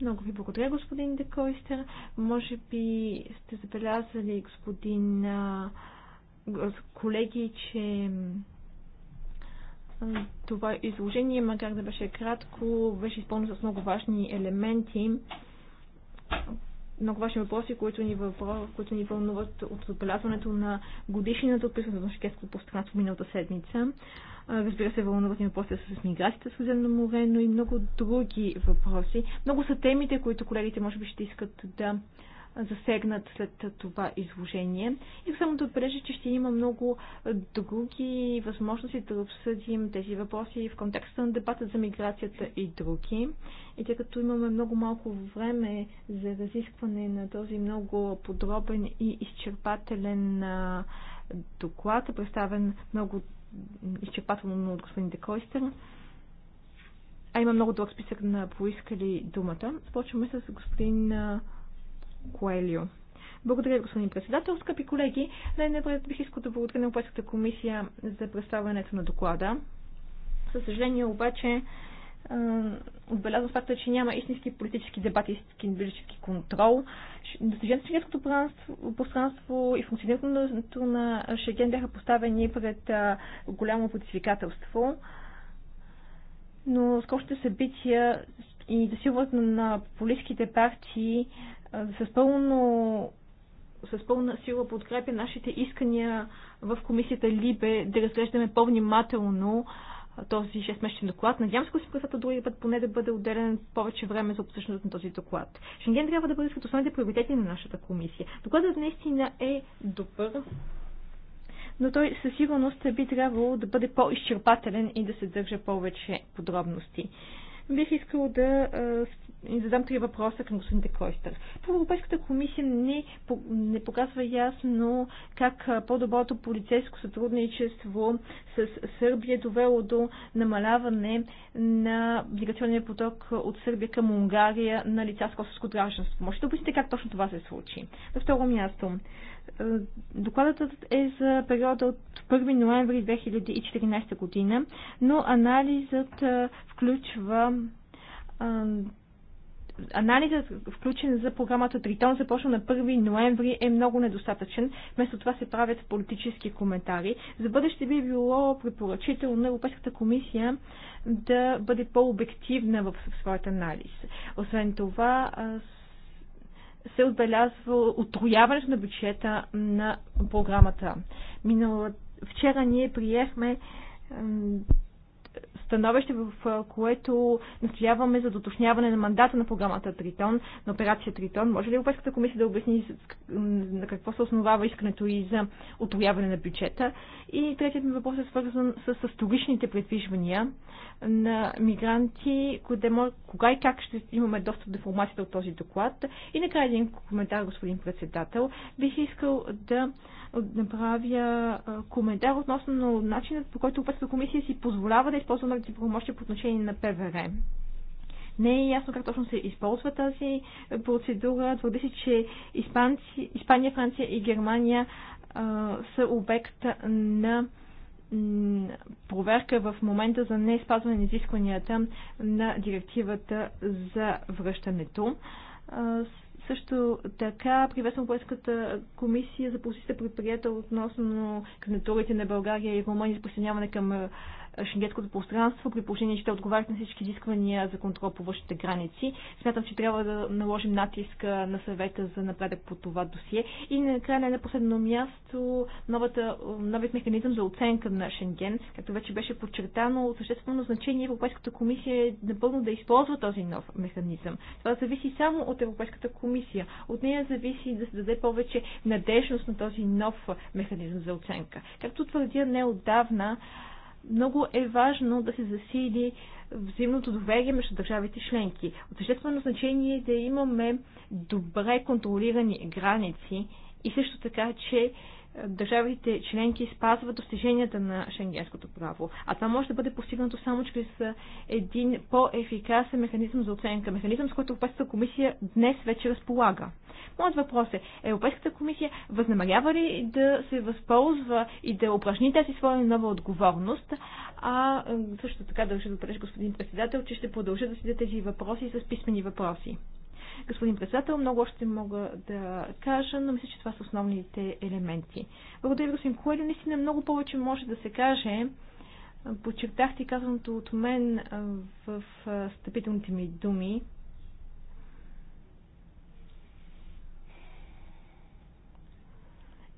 Много ви благодаря, господин Декойстер. Може би сте забелязали, господин колеги, че това изложение, макар да беше кратко, беше изпълнено с много важни елементи, много ваши въпроси, които ни, въпрос, които ни вълнуват от отбелязването на годишнината от присъствието на шкетското пространство миналата седмица. Разбира се, вълнуват ни въпроси с миграцията с Средно море, но и много други въпроси. Много са темите, които колегите може би ще искат да засегнат след това изложение. И само да отбележа, че ще има много други възможности да обсъдим тези въпроси в контекста на дебата за миграцията и други. И тъй като имаме много малко време за разискване на този много подробен и изчерпателен доклад, представен много изчерпателно от господин Декойстър, а има много дълъг списък на поискали думата. Започваме с господин Коелио. Благодаря, господин председател. Скъпи колеги, най-напред бих искал да благодаря на Европейската комисия за представянето на доклада. Със съжаление обаче отбелязвам факта, че няма истински политически дебати, истински политически контрол. Достижението на шенгенското пространство и функционирането на Шеген бяха поставени пред голямо предизвикателство, но скорите събития и засилването на политическите партии с, пълно, с пълна сила подкрепя нашите искания в комисията Либе да разглеждаме по-внимателно този 6-месечен доклад. Надявам се, господин председател, другия път поне да бъде отделен повече време за обсъждането на този доклад. Шенген трябва да бъде сред основните приоритети на нашата комисия. Докладът наистина е добър, но той със сигурност би трябвало да бъде по-изчерпателен и да се държа повече подробности бих искала да а, задам три въпроса към господин Декойстър. Първо, Европейската комисия не, не показва ясно как по-доброто полицейско сътрудничество с Сърбия е довело до намаляване на миграционния поток от Сърбия към Унгария на лица с косовско гражданство. Може да обясните как точно това се случи? На второ място, докладът е за периода от 1 ноември 2014 година, но анализът включва анализът, включен за програмата Тритон, започна на 1 ноември, е много недостатъчен. Вместо това се правят политически коментари. За бъдеще би било препоръчително на Европейската комисия да бъде по-обективна в своят анализ. Освен това, се отбелязва отрояването на бюджета на програмата. Минало, вчера ние приехме становище, в което настояваме за доточняване на мандата на програмата Тритон, на операция Тритон. Може ли Европейската комисия да обясни на какво се основава искането и за отрояване на бюджета? И третият ми въпрос е свързан с, столичните предвижвания на мигранти, кога и как ще имаме достъп до информацията от този доклад. И накрая един коментар, господин председател. Бих искал да направя коментар относно на начинът, по който Европейската комисия си позволява да използва новите правомощи по отношение на ПВР. Не е ясно как точно се използва тази процедура. Твърди се, че Испанци, Испания, Франция и Германия а, са обект на проверка в момента за не спазване на изискванията на директивата за връщането. Също така приветствам Европейската комисия за позицията предприятел относно кандидатурите на България и Румъния за присъединяване към Шенгетското пространство, при положение, че те отговарят на всички изисквания за контрол по външните граници. Смятам, че трябва да наложим натиск на съвета за напредък по това досие. И накрая не на последно място новата, новият механизъм за оценка на Шенген, както вече беше подчертано, от съществено значение Европейската комисия е напълно да използва този нов механизъм. Това зависи само от Европейската комисия. От нея зависи да се даде повече надежност на този нов механизъм за оценка. Както твърдя неодавна, много е важно да се засили взаимното доверие между държавите членки. От съществено значение е да имаме добре контролирани граници и също така, че държавите членки спазват достиженията на шенгенското право. А това може да бъде постигнато само чрез един по-ефикасен механизъм за оценка. Механизъм, с който Европейската комисия днес вече разполага. Моят въпрос е, Европейската комисия възнамерява ли да се възползва и да упражни тази своя нова отговорност? А също така държа да отбележа господин председател, че ще продължа да следя тези въпроси с писмени въпроси. Господин председател, много още мога да кажа, но мисля, че това са основните елементи. Благодаря, господин Коелю. Наистина много повече може да се каже. Подчертахте казаното от мен в стъпителните ми думи.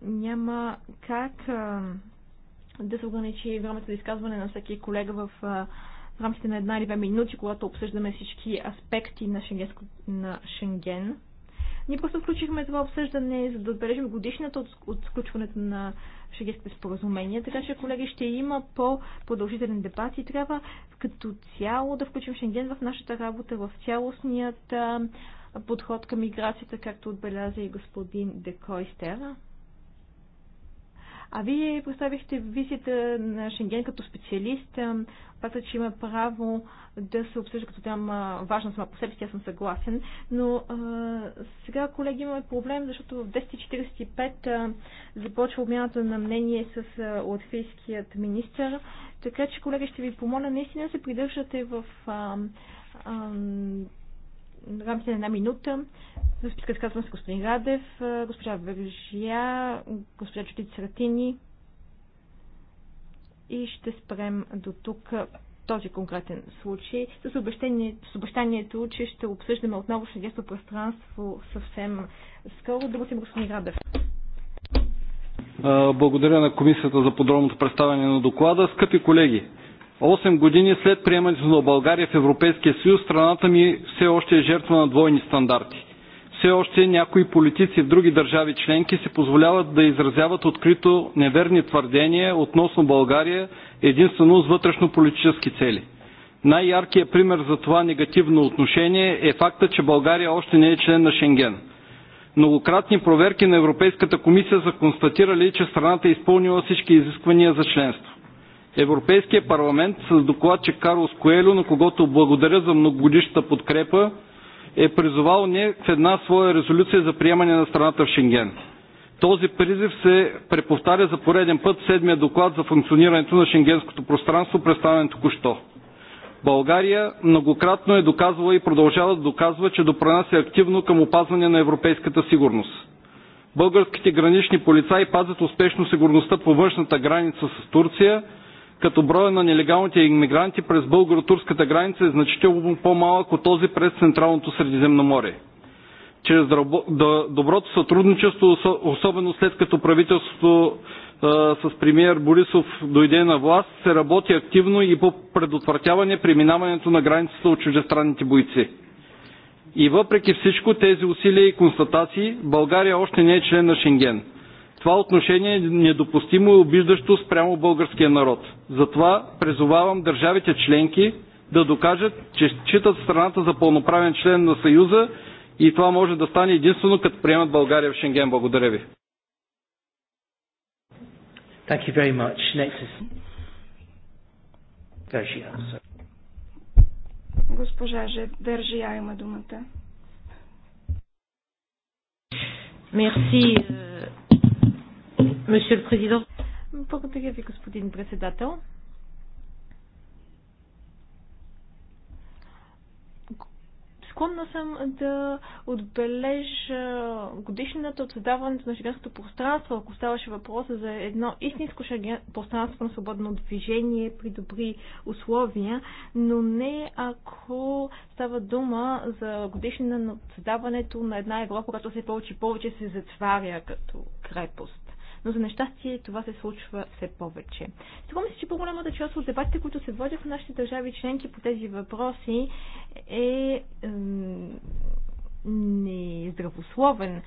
Няма как да се ограничи времето за изказване на всеки колега в в рамките на една или две минути, когато обсъждаме всички аспекти на, Шенгенско, на Шенген. Ние просто включихме това обсъждане, за да отбележим годишната от, от сключването на шенгенските споразумения, така че, колеги, ще има по-продължителен дебат и трябва като цяло да включим Шенген в нашата работа, в цялостният подход към миграцията, както отбеляза и господин Декойстера. А вие представихте визита на Шенген като специалист. Фактът, че има право да се обсъжда като там важна сама по себе си, аз съм съгласен. Но а, сега, колеги, имаме проблем, защото в 10.45 а, започва обмяната на мнение с а, латвийският министр. Така че, колеги, ще ви помоля наистина да се придържате в а, а, рамките на една минута. За списка с господин Радев, госпожа Вържия, госпожа Чудит Сратини. И ще спрем до тук този конкретен случай с, обещание, с обещанието, че ще обсъждаме отново шенгенското пространство съвсем скоро. Да си господин Радев. Благодаря на комисията за подробното представяне на доклада. Скъпи колеги, 8 години след приемането на България в Европейския съюз, страната ми все още е жертва на двойни стандарти. Все още някои политици в други държави членки се позволяват да изразяват открито неверни твърдения относно България единствено с вътрешно-политически цели. Най-яркият пример за това негативно отношение е факта, че България още не е член на Шенген. Многократни проверки на Европейската комисия са констатирали, че страната е изпълнила всички изисквания за членство. Европейския парламент с докладчик Карлос Коелю, на когото благодаря за многогодишната подкрепа, е призовал не в една своя резолюция за приемане на страната в Шенген. Този призив се преповтаря за пореден път в седмия доклад за функционирането на шенгенското пространство, представен току-що. България многократно е доказвала и продължава да доказва, че допранася активно към опазване на европейската сигурност. Българските гранични полицаи пазят успешно сигурността по външната граница с Турция – като броя на нелегалните иммигранти през българо-турската граница е значително по-малък от този през Централното Средиземноморие. Чрез доброто сътрудничество, особено след като правителството с премиер Борисов дойде на власт, се работи активно и по предотвратяване преминаването на границата от чуждестранните бойци. И въпреки всичко тези усилия и констатации, България още не е член на Шенген – това отношение е недопустимо и обиждащо спрямо българския народ. Затова призовавам държавите членки да докажат, че считат страната за пълноправен член на Съюза и това може да стане единствено като приемат България в Шенген. Благодаря ви. Thank you very much. Next is... има думата. Мерси, благодаря ви, господин председател. склонна съм да отбележа годишната от създаването на шенгенското пространство, ако ставаше въпроса за едно истинско пространство на свободно движение при добри условия, но не ако става дума за годишната на създаването на една Европа, която се повече повече се затваря като крепост но за нещастие това се случва все повече. Струва ми се, че по-голямата част от дебатите, които се водят в нашите държави членки по тези въпроси е, е нездравословен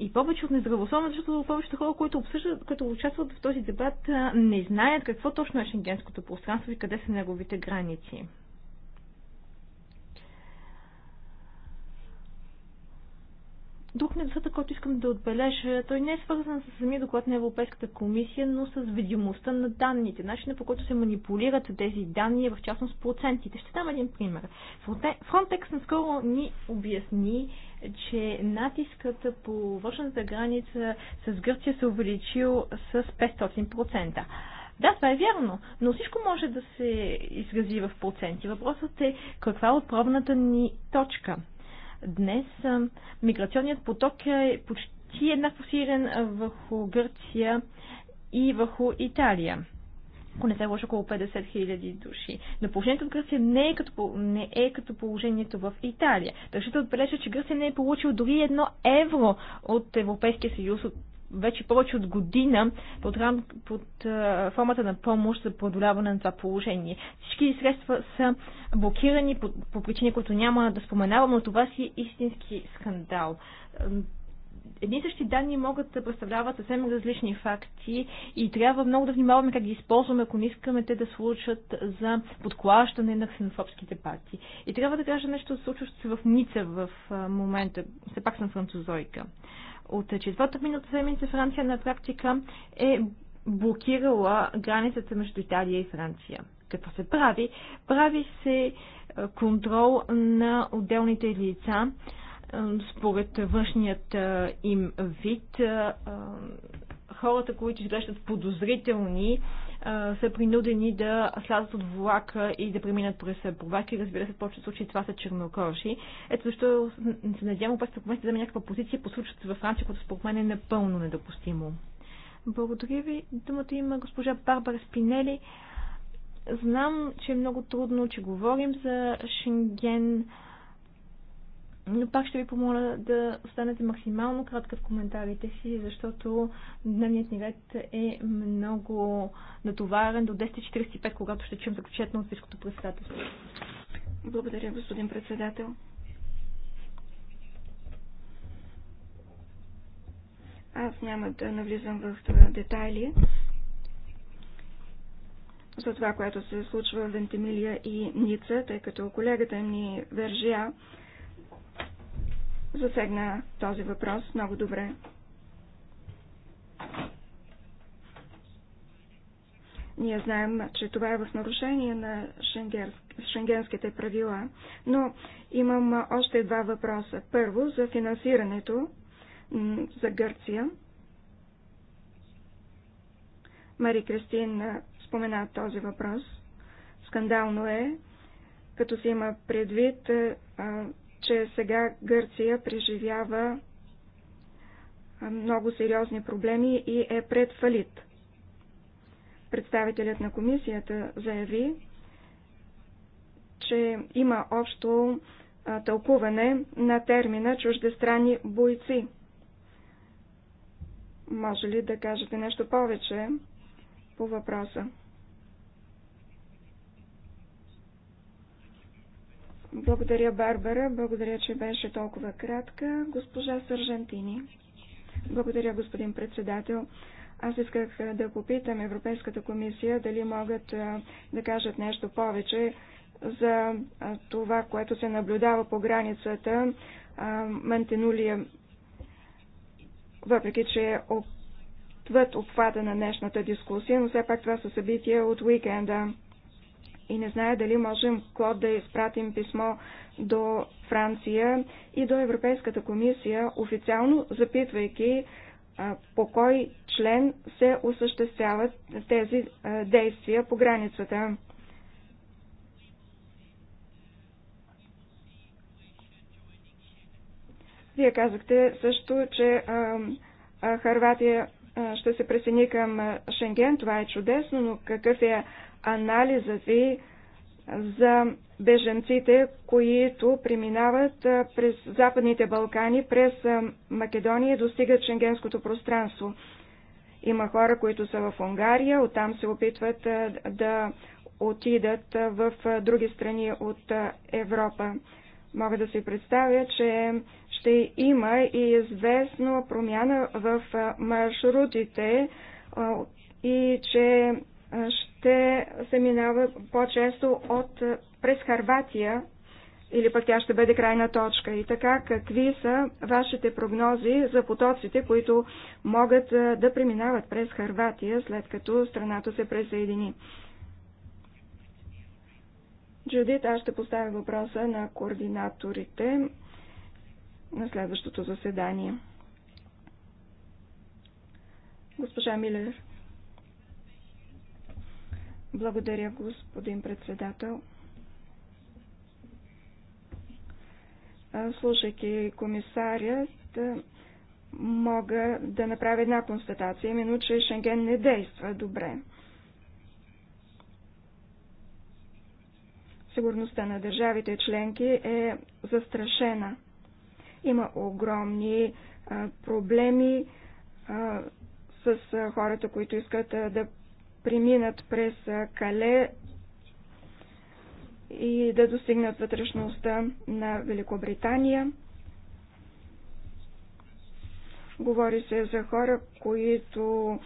и повече от нездравословно, защото повечето хора, които обсъждат, като участват в този дебат, не знаят какво точно е шенгенското пространство и къде са неговите граници. Друг недостатък, който искам да отбележа, той не е свързан с самия доклад на Европейската комисия, но с видимостта на данните, начина по който се манипулират тези данни, е в частност процентите. Ще дам един пример. Frontex наскоро ни обясни, че натискът по външната граница с Гърция се увеличил с 500%. Да, това е вярно, но всичко може да се изрази в проценти. Въпросът е каква е отправната ни точка – Днес миграционният поток е почти еднакво сирен върху Гърция и върху Италия. Ако не се лъжа, около 50 000 души. Но положението в Гърция не е като, не е като положението в Италия. Държите да отбележа, че Гърция не е получил дори едно евро от Европейския съюз от вече повече от година под, рам, под а, формата на помощ за преодоляване на това положение. Всички средства са блокирани по, по причини, които няма да споменавам, но това си е истински скандал. Едни и същи данни могат да представляват съвсем различни факти и трябва много да внимаваме как ги използваме, ако не искаме те да случат за подклащане на ксенофобските партии. И трябва да кажа нещо, случващо се в Ница в момента. Все пак съм французойка. От четвърта минута седмица Франция на практика е блокирала границата между Италия и Франция. Какво се прави? Прави се е, контрол на отделните лица е, според външният е, им вид. Хората, които изглеждат подозрителни, са принудени да слязат от влака и да преминат през проверки. Разбира се, в повечето случаи това са чернокожи. Ето защо се надявам ако да да някаква позиция по случаите във Франция, което според мен е напълно недопустимо. Благодаря ви. Думата има госпожа Барбара Спинели. Знам, че е много трудно, че говорим за Шенген но пак ще ви помоля да останете максимално кратка в коментарите си, защото дневният ни ред е много натоварен до 10.45, когато ще чуем заключително от всичкото председателство. Благодаря, господин председател. Аз няма да навлизам в детайли за това, което се случва в Вентимилия и Ница, тъй като колегата ни Вержия засегна този въпрос много добре. Ние знаем, че това е в нарушение на шенгенските правила, но имам още два въпроса. Първо, за финансирането за Гърция. Мари Кристин спомена този въпрос. Скандално е, като се има предвид, че сега Гърция преживява много сериозни проблеми и е пред фалит. Представителят на комисията заяви, че има общо тълкуване на термина чуждестранни бойци. Може ли да кажете нещо повече по въпроса? Благодаря, Барбара. Благодаря, че беше толкова кратка. Госпожа Сържантини. Благодаря, господин председател. Аз исках да попитам Европейската комисия дали могат да кажат нещо повече за това, което се наблюдава по границата Мантенулия, въпреки че е отвъд обхвата на днешната дискусия, но все пак това са събития от уикенда и не знае дали можем Клод да изпратим писмо до Франция и до Европейската комисия, официално запитвайки по кой член се осъществяват тези действия по границата. Вие казахте също, че Харватия ще се присъедини към Шенген, това е чудесно, но какъв е анализът ви за беженците, които преминават през Западните Балкани, през Македония и достигат шенгенското пространство? Има хора, които са в Унгария, оттам се опитват да отидат в други страни от Европа. Мога да си представя, че ще има и известна промяна в маршрутите и че ще се минава по-често от през Харватия или пък тя ще бъде крайна точка. И така, какви са вашите прогнози за потоците, които могат да преминават през Харватия, след като страната се присъедини? Джудит, аз ще поставя въпроса на координаторите на следващото заседание. Госпожа Милер. Благодаря, господин председател. Слушайки комисарят, мога да направя една констатация, именно, че Шенген не действа добре. сигурността на държавите членки е застрашена. Има огромни а, проблеми а, с а, хората, които искат а, да преминат през а, Кале и да достигнат вътрешността на Великобритания. Говори се за хора, които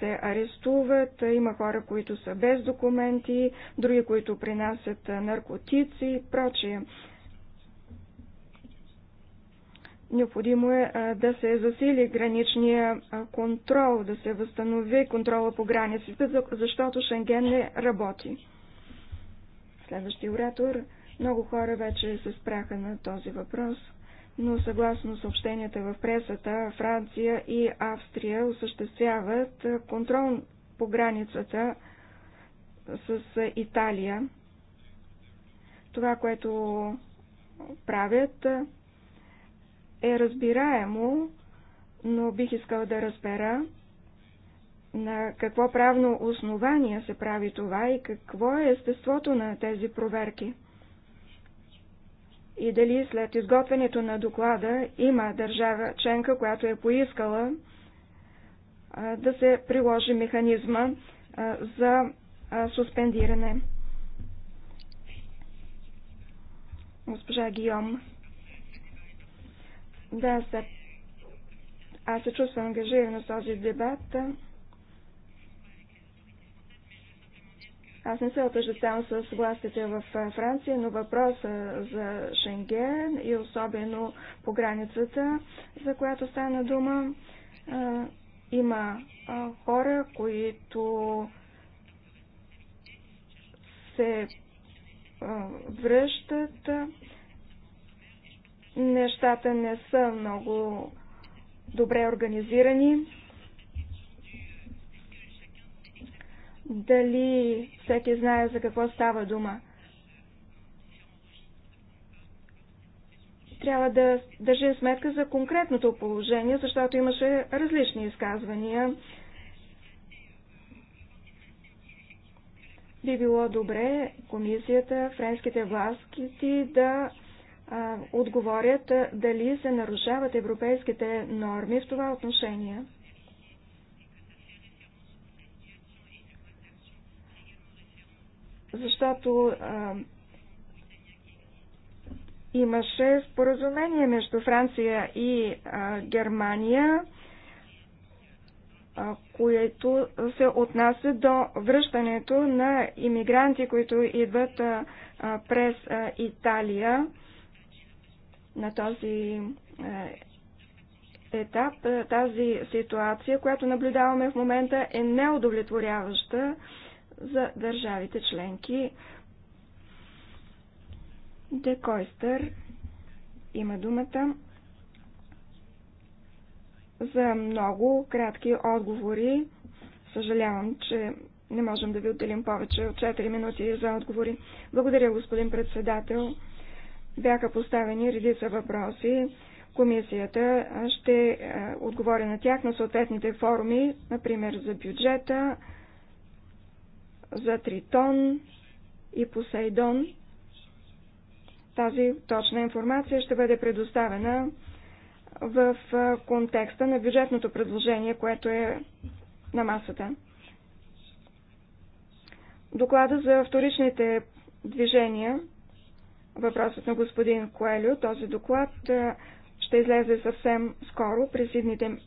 се арестуват, има хора, които са без документи, други, които принасят наркотици и прочие. Необходимо е да се засили граничния контрол, да се възстанови контрола по границите, защото Шенген не работи. Следващия оратор. Много хора вече се спряха на този въпрос но съгласно съобщенията в пресата, Франция и Австрия осъществяват контрол по границата с Италия. Това, което правят, е разбираемо, но бих искал да разбера на какво правно основание се прави това и какво е естеството на тези проверки и дали след изготвянето на доклада има държава членка, която е поискала да се приложи механизма за суспендиране. Госпожа Гиом. Да, аз се чувствам ангажирана с този дебат. Аз не се отъждествам с властите в Франция, но въпроса за Шенген и особено по границата, за която стана дума, има хора, които се връщат. Нещата не са много добре организирани. дали всеки знае за какво става дума. Трябва да държи сметка за конкретното положение, защото имаше различни изказвания. Би било добре комисията, френските власти да а, отговорят дали се нарушават европейските норми в това отношение. защото а, имаше споразумение между Франция и а, Германия, а, което се отнася до връщането на иммигранти, които идват а, а, през а, Италия на този а, етап. Тази ситуация, която наблюдаваме в момента, е неудовлетворяваща за държавите членки. Декойстър има думата за много кратки отговори. Съжалявам, че не можем да ви отделим повече от 4 минути за отговори. Благодаря, господин председател. Бяха поставени редица въпроси. Комисията ще отговори на тях на съответните форуми, например за бюджета, за Тритон и Посейдон. Тази точна информация ще бъде предоставена в контекста на бюджетното предложение, което е на масата. Доклада за вторичните движения, въпросът на господин Коелю, този доклад ще излезе съвсем скоро, през идните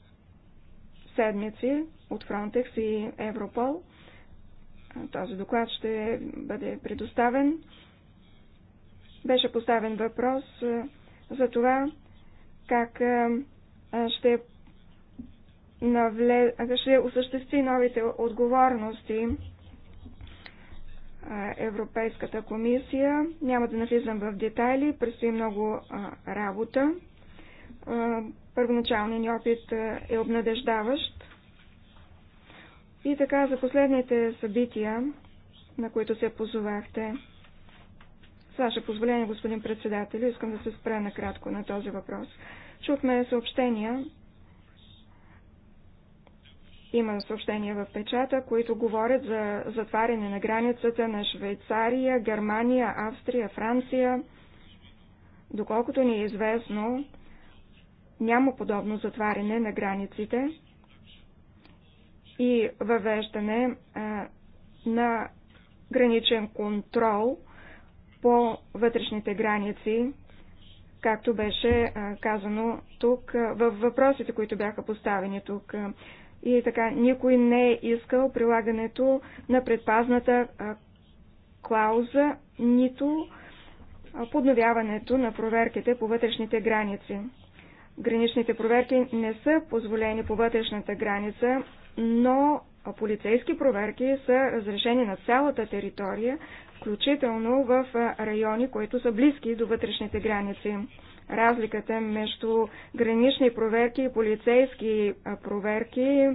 седмици от Frontex и Европол. Този доклад ще бъде предоставен. Беше поставен въпрос за това как ще, навле... ще осъществи новите отговорности Европейската комисия. Няма да навлизам в детайли, предстои много работа. Първоначалният ни опит е обнадеждаващ. И така за последните събития, на които се позовахте. С ваше позволение, господин председател, искам да се спра накратко на този въпрос. Чухме съобщения. Има съобщения в печата, които говорят за затваряне на границата на Швейцария, Германия, Австрия, Франция. Доколкото ни е известно, няма подобно затваряне на границите и въвеждане на граничен контрол по вътрешните граници, както беше казано тук във въпросите, които бяха поставени тук. И така, никой не е искал прилагането на предпазната клауза, нито подновяването на проверките по вътрешните граници. Граничните проверки не са позволени по вътрешната граница, но полицейски проверки са разрешени на цялата територия, включително в райони, които са близки до вътрешните граници. Разликата между гранични проверки и полицейски проверки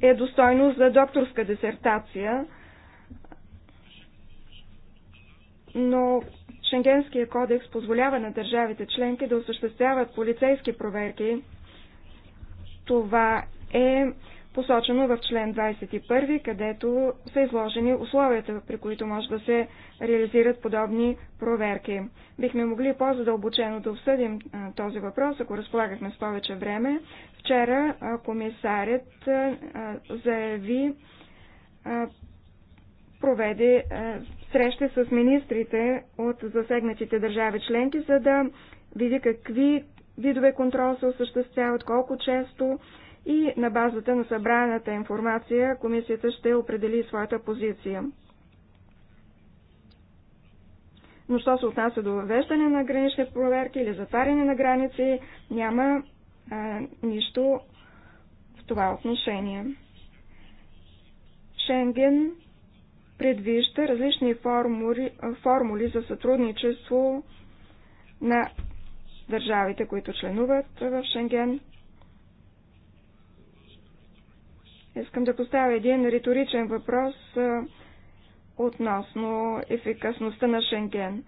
е достойно за докторска дисертация, но Шенгенския кодекс позволява на държавите членки да осъществяват полицейски проверки. Това е посочено в член 21, където са изложени условията, при които може да се реализират подобни проверки. Бихме могли по-задълбочено да обсъдим този въпрос, ако разполагахме с повече време. Вчера комисарят заяви, проведе среща с министрите от засегнатите държави членки, за да види какви видове контрол се осъществяват, колко често и на базата на събраната информация комисията ще определи своята позиция. Но що се отнася до въвеждане на гранични проверки или затваряне на граници, няма а, нищо в това отношение. Шенген предвижда различни формули, формули за сътрудничество на държавите, които членуват в Шенген. Искам да поставя един риторичен въпрос относно ефикасността на Шенген.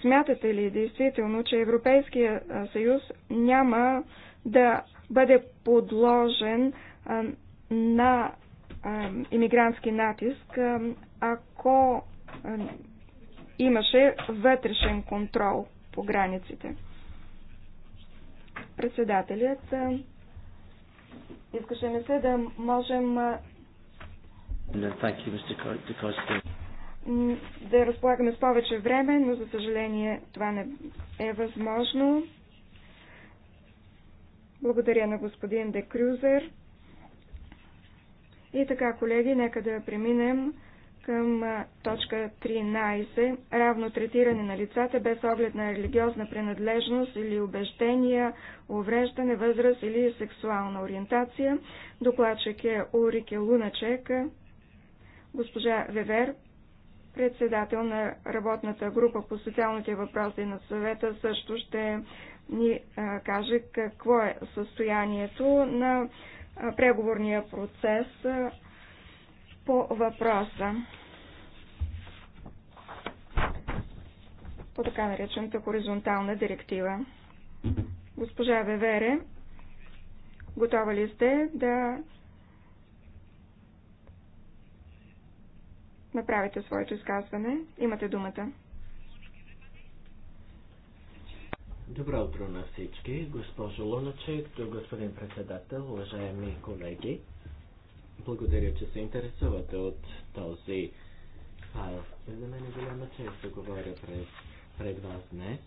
Смятате ли действително, че Европейския съюз няма да бъде подложен на иммигрантски натиск, ако имаше вътрешен контрол по границите? Председателят Искаше ми се да можем да разполагаме с повече време, но за съжаление това не е възможно. Благодаря на господин Декрюзер. И така, колеги, нека да преминем към точка 13 равно третиране на лицата без оглед на религиозна принадлежност или убеждения, увреждане, възраст или сексуална ориентация. Докладчик е Урике Луначек, госпожа Вевер, председател на работната група по социалните въпроси на съвета, също ще ни а, каже какво е състоянието на преговорния процес. А, по въпроса. По така наречената хоризонтална директива. Госпожа Вевере, готова ли сте да направите своето изказване? Имате думата. Добро утро на всички, госпожо Луначек, господин председател, уважаеми колеги. Благодаря, че се интересувате от този файл. За мен е голяма чест да говоря пред, пред вас днес.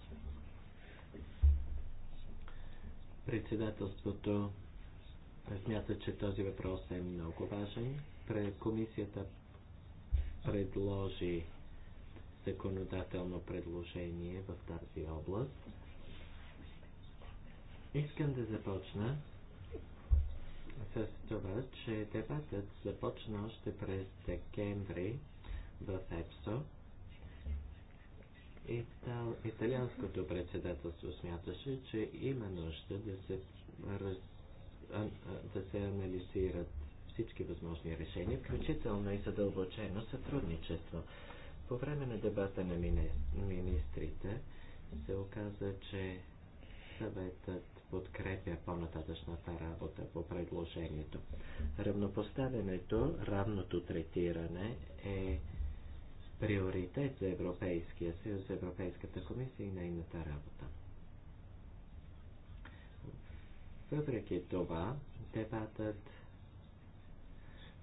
Председателството смята, че този въпрос е много важен. Пред комисията предложи законодателно предложение в тази област. Искам да започна с това, че дебатът започна още през декември в ЕПСО. Итал... Италианското председателство смяташе, че има нужда да се, раз... а... да се анализират всички възможни решения, включително и задълбочено сътрудничество. По време на дебата на мини... министрите се оказа, че съветът подкрепя по-нататъчната работа по предложението. Равнопоставянето, равното третиране е приоритет за Европейския съюз, за Европейската комисия и нейната работа. Въпреки това, дебатът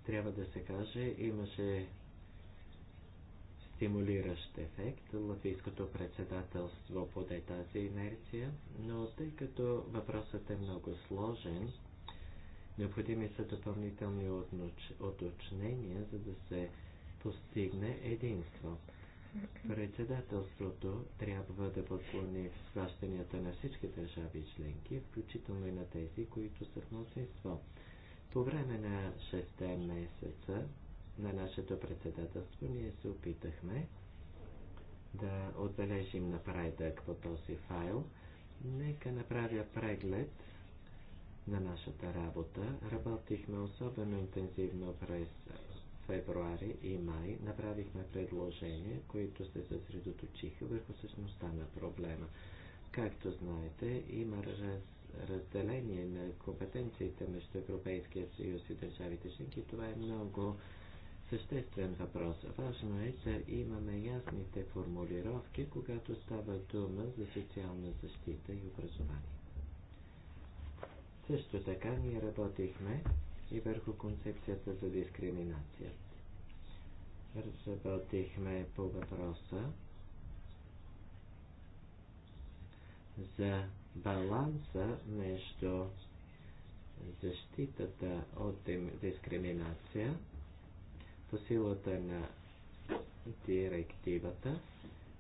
трябва да се каже, имаше стимулиращ ефект. Латвийското председателство поде тази инерция, но тъй като въпросът е много сложен, необходими са допълнителни уточнения, за да се постигне единство. Председателството трябва да послони схващанията на всички държави членки, включително и на тези, които са в мнозинство. По време на 6 месеца на нашето председателство ние се опитахме да отбележим напредък по този файл. Нека направя преглед на нашата работа. Работихме особено интензивно през февруари и май. Направихме предложения, които се съсредоточиха върху същността на проблема. Както знаете, има раз, разделение на компетенциите между Европейския съюз и държавите членки. Това е много съществен въпрос. Важно е да имаме ясните формулировки, когато става дума за социална защита и образование. Също така ние работихме и върху концепцията за дискриминация. Разработихме по въпроса за баланса между защитата от дискриминация по силата на директивата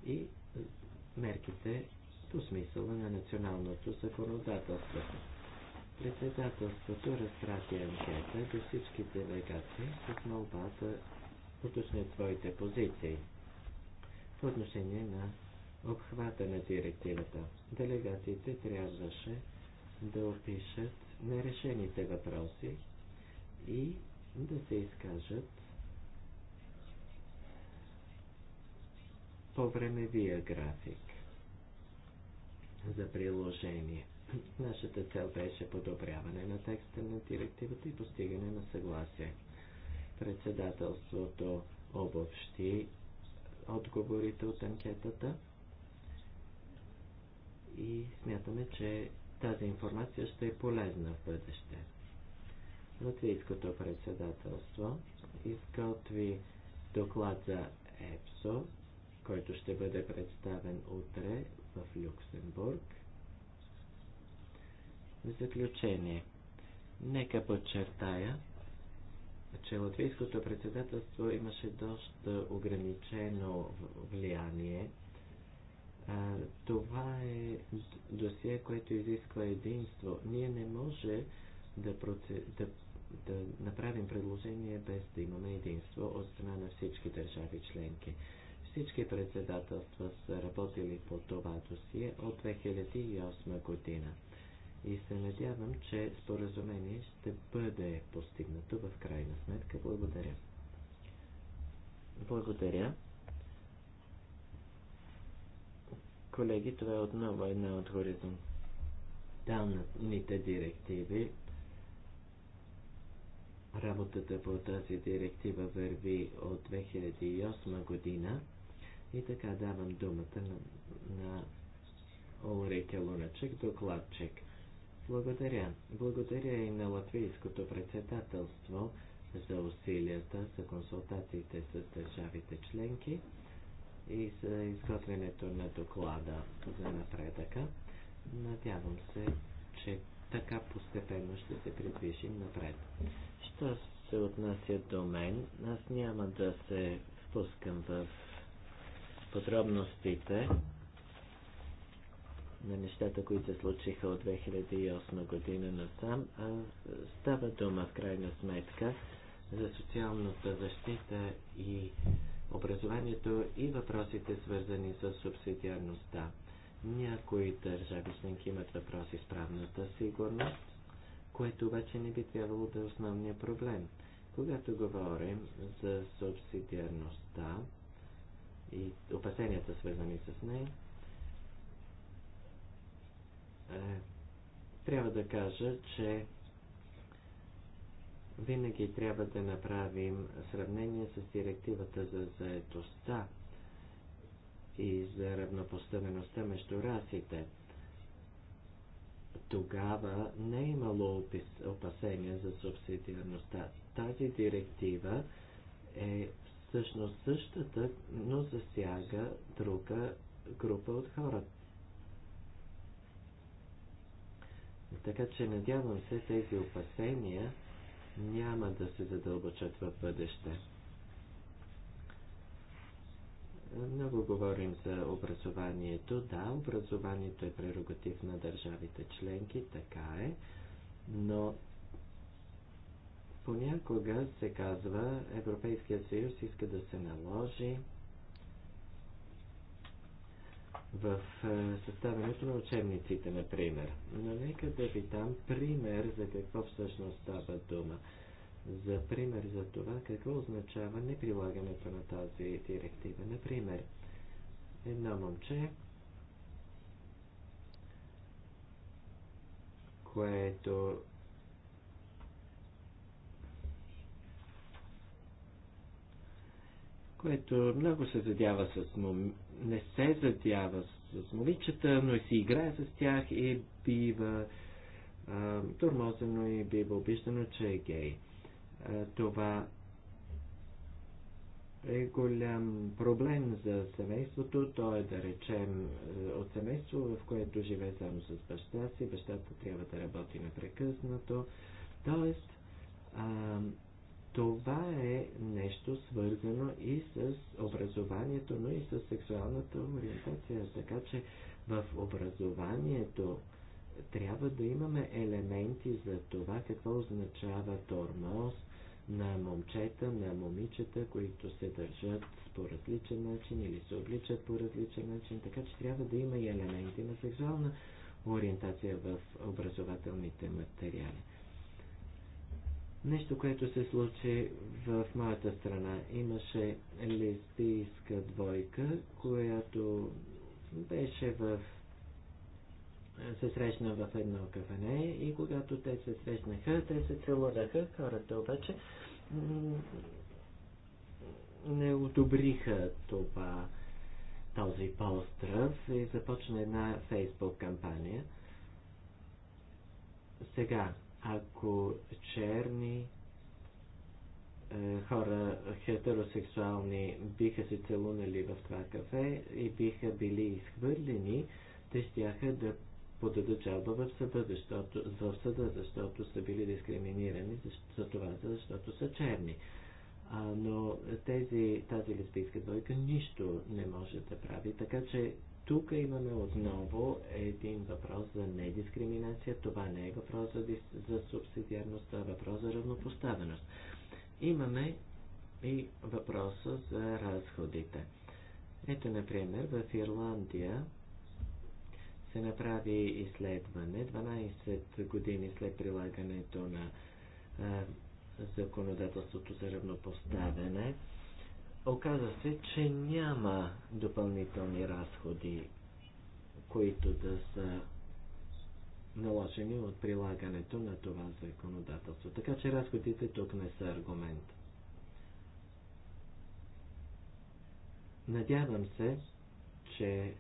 и мерките по смисъла на националното законодателство. Председателството разпрати анкета до всички делегации с молба да уточнят своите позиции по отношение на обхвата на директивата. Делегациите трябваше да опишат нерешените въпроси и да се изкажат по времевия график за приложение. Нашата цел беше подобряване на текста на директивата и постигане на съгласие. Председателството обобщи отговорите от анкетата и смятаме, че тази информация ще е полезна в бъдеще. Латвийското председателство изготви доклад за ЕПСО който ще бъде представен утре в Люксембург. В заключение, нека подчертая, че латвийското председателство имаше доста ограничено влияние. Това е досие, което изисква единство. Ние не може да, проце... да, да направим предложение без да имаме единство от страна на всички държави членки. Всички председателства са работили по това досие от 2008 година и се надявам, че споразумение ще бъде постигнато в крайна сметка. Благодаря. Благодаря. Колеги, това е отново една от хоризонталните директиви. Работата по тази директива върви от 2008 година. И така давам думата на, на Олрике Луначек, докладчик. Благодаря. Благодаря и на латвийското председателство за усилията, за консултациите с държавите членки и за изготвянето на доклада за напредъка. Надявам се, че така постепенно ще се придвижим напред. Що се отнася до мен, аз няма да се впускам в подробностите на нещата, които се случиха от 2008 година насам. А става дума в крайна сметка за социалната защита и образованието и въпросите свързани с субсидиарността. Някои държави членки имат въпроси с правната сигурност, което обаче не би трябвало да е основния проблем. Когато говорим за субсидиарността, и опасенията свързани с нея. Е, трябва да кажа, че винаги трябва да направим сравнение с директивата за заетостта и за равнопоставеността между расите. Тогава не е имало опасения за субсидиарността. Тази директива е всъщност същата, но засяга друга група от хора. Така че надявам се тези опасения няма да се задълбочат в бъдеще. Много говорим за образованието. Да, образованието е прерогатив на държавите членки, така е, но Понякога се казва, Европейския съюз иска да се наложи в е, съставянето на учебниците, например. Но нека да ви дам пример за какво всъщност става дума. За пример за това какво означава неприлагането на тази директива. Например, едно момче, което което много се задява с мом... не се задява с, с момичета, но и си играе с тях и бива а, турмозено и бива обиждано, че е гей. А, това е голям проблем за семейството. То е, да речем, е, от семейство, в което живее само с баща си. Бащата трябва да работи непрекъснато. Тоест, а, това е нещо свързано и с образованието, но и с сексуалната ориентация. Така че в образованието трябва да имаме елементи за това какво означава тормоз на момчета, на момичета, които се държат по различен начин или се обличат по различен начин, така че трябва да има и елементи на сексуална ориентация в образователните материали. Нещо, което се случи в моята страна. Имаше лесбийска двойка, която беше в се срещна в едно кафене и когато те се срещнаха, те се целуваха. хората обаче не одобриха това, този полстръв и започна една фейсбук кампания. Сега, ако черни е, хора, хетеросексуални, биха се целунали в това кафе и биха били изхвърлени, те щяха да подадат жалба в съда, защото, в съда, защото са били дискриминирани за това, защото са черни. А, но тези, тази лесбийска двойка нищо не може да прави, така че тук имаме отново един въпрос за недискриминация. Това не е въпрос за, за субсидиарност, а е въпрос за равнопоставеност. Имаме и въпроса за разходите. Ето, например, в Ирландия се направи изследване 12 години след прилагането на а, законодателството за равнопоставеност. Оказа се, че няма допълнителни разходи, които да са наложени от прилагането на това законодателство. Така че разходите тук не са аргумент. Надявам се, че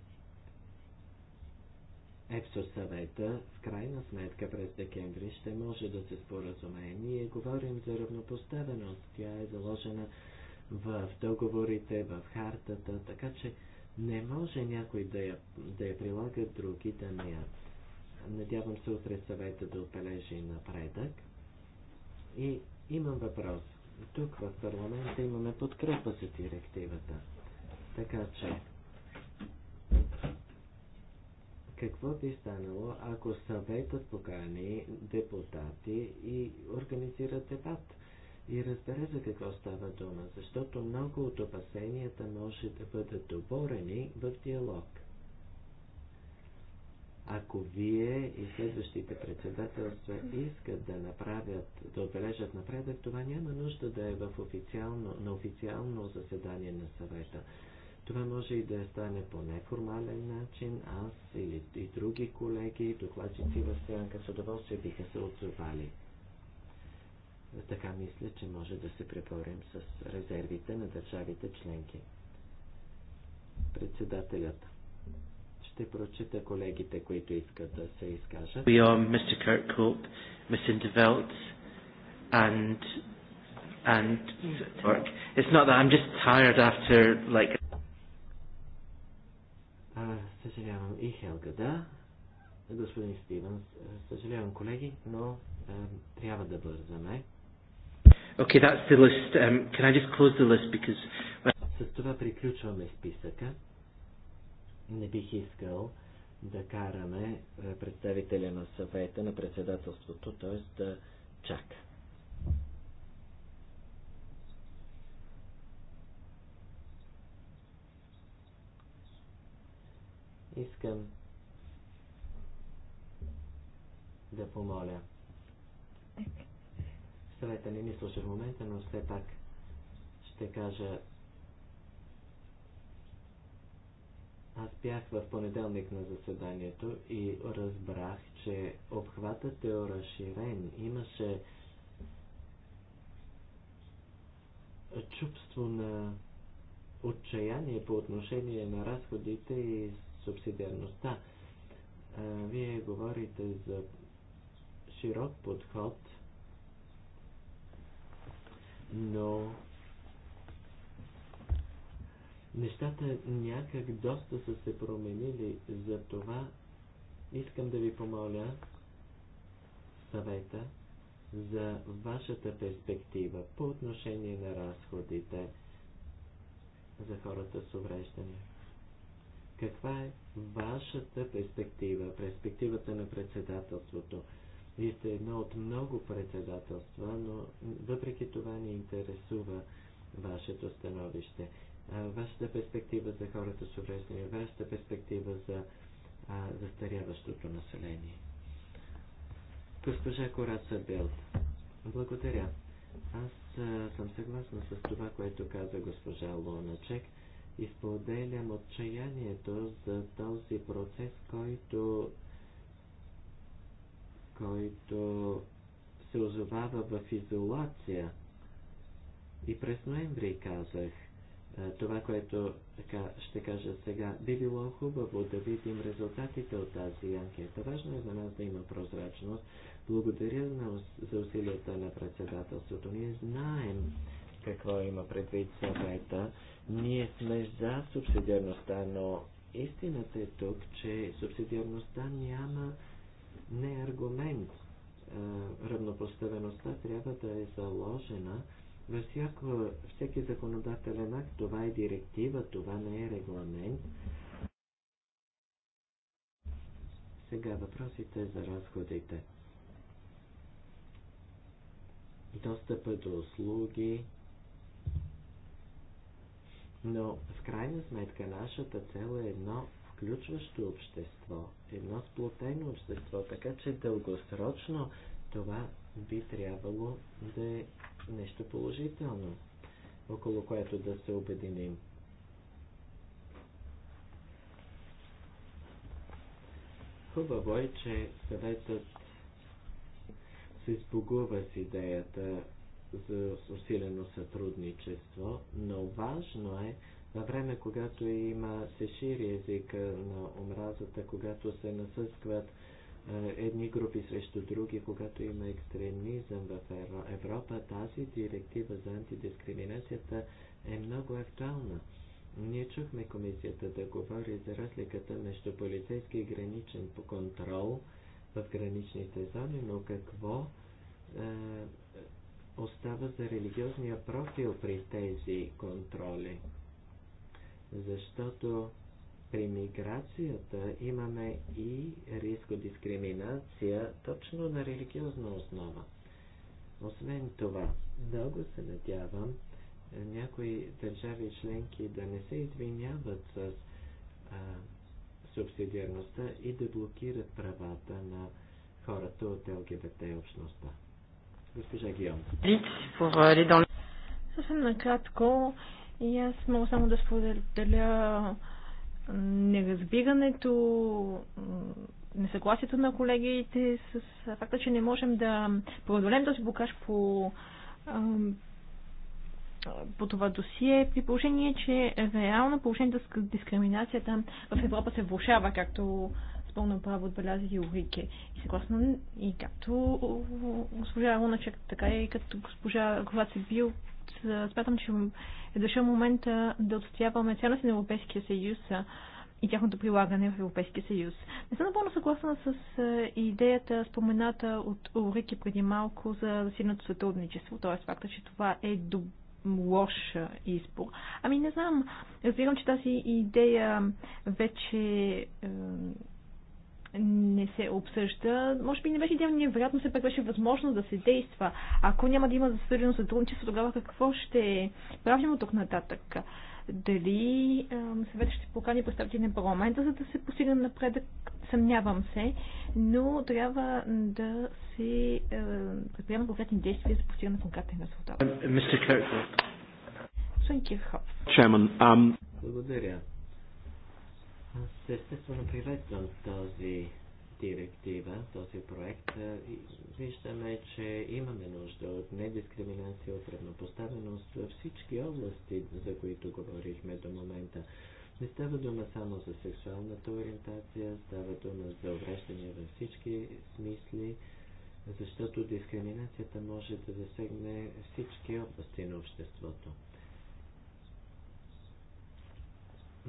ЕПСО съвета в крайна сметка през декември ще може да се споразуме. Ние говорим за равнопоставеност. Тя е заложена в договорите, в хартата, така че не може някой да я, да я прилага, други да не я. Надявам се утре съвета да отбележи напредък. И имам въпрос. Тук в парламента имаме подкрепа за директивата. Така че, какво би станало, ако съветът покани депутати и организира дебат? и разбере за какво става дума, защото много от опасенията може да бъдат оборени в диалог. Ако вие и следващите председателства искат да направят, да отбележат напредък, това няма нужда да е в официално, на официално заседание на съвета. Това може и да стане по неформален начин. Аз или и други колеги, докладчици в сянка с удоволствие биха се отзовали. Така мисля, че може да се преборим с резервите на държавите членки. Председателят. Ще прочита колегите, които искат да се изкажат. We are Mr. Kirkhope, Ms. Indevelt and and work. It's not that I'm just tired after like а, съжалявам и Хелга, да. Господин Стивенс, съжалявам колеги, но а, трябва да бързаме. Okay, that's the list. Um, can I just close the list because... С това приключваме списъка. Не бих искал да караме е, представителя на съвета на председателството, т.е. да чака. Искам да помоля Съвета не ми слуша в момента, но все пак ще кажа. Аз бях в понеделник на заседанието и разбрах, че обхватът е разширен. Имаше чувство на отчаяние по отношение на разходите и субсидиарността. Вие говорите за широк подход но нещата някак доста са се променили, затова искам да ви помоля съвета за вашата перспектива по отношение на разходите за хората с увреждания. Каква е вашата перспектива, перспективата на председателството? Вие сте едно от много председателства, но въпреки това ни интересува вашето становище. Вашата перспектива за хората с увреждане, вашата перспектива за застаряващото население. Госпожа Кораца Белт, благодаря. Аз а, съм съгласна с това, което каза госпожа Луначек и споделям отчаянието за този процес, който който се озовава в изолация. И през ноември казах, това, което ще кажа сега, би било хубаво да видим резултатите от тази анкета. Важно е за нас да има прозрачност. Благодаря за усилията на председателството. Ние знаем какво има предвид съвета. Ние сме за субсидиарността, но истината е тук, че субсидиарността няма не е аргумент. Равнопоставеността трябва да е заложена във всяко, всеки законодателен акт. Това е директива, това не е регламент. Сега въпросите за разходите. Достъпа до услуги. Но в крайна сметка нашата цел е едно включващо общество, едно сплотено общество, така че дългосрочно това би трябвало да е нещо положително, около което да се обединим. Хубаво е, че съветът се сбогува с идеята за усилено сътрудничество, но важно е във време, когато има, се шири езика на омразата, когато се насъскват е, едни групи срещу други, когато има екстремизъм в Европа, тази директива за антидискриминацията е много актуална. Ние чухме комисията да говори за разликата между полицейски и граничен по контрол в граничните зони, но какво е, остава за религиозния профил при тези контроли? защото при миграцията имаме и риск от дискриминация точно на религиозна основа. Освен това, много се надявам е, някои държави членки да не се извиняват с а, субсидиарността и да блокират правата на хората от ЛГБТ общността. Госпожа Гион. Euh, Съвсем накратко, и аз мога само да споделя неразбирането, несъгласието на колегите с факта, че не можем да преодолем този букаш по, по това досие, при положение, че реално положението с дискриминацията в Европа се влушава, както с пълно право отбеляза Юрике. И съгласно и както госпожа Луначек, така и като госпожа е Бил смятам, че е дошъл момента да отстояваме ценности на Европейския съюз и тяхното прилагане в Европейския съюз. Не съм напълно съгласна с идеята, спомената от Орики преди малко за засилното сътрудничество, т.е. факта, че това е до лош избор. Ами не знам, разбирам, че тази идея вече не се обсъжда. Може би не беше идеално, вероятно се пак беше възможно да се действа. Ако няма да има засъдено сътрудничество, тогава какво ще правим от тук нататък? Дали съветът ще покани представители на парламента, за да се постигне напредък, съмнявам се, но трябва да се е, предприемат конкретни действия за постигане на конкретен резултат. Господин um, Благодаря. Аз естествено приветствам този директива, този проект. Виждаме, че имаме нужда от недискриминация, от равнопоставеност във всички области, за които говорихме до момента. Не става дума само за сексуалната ориентация, става дума за увреждания във всички смисли, защото дискриминацията може да засегне всички области на обществото.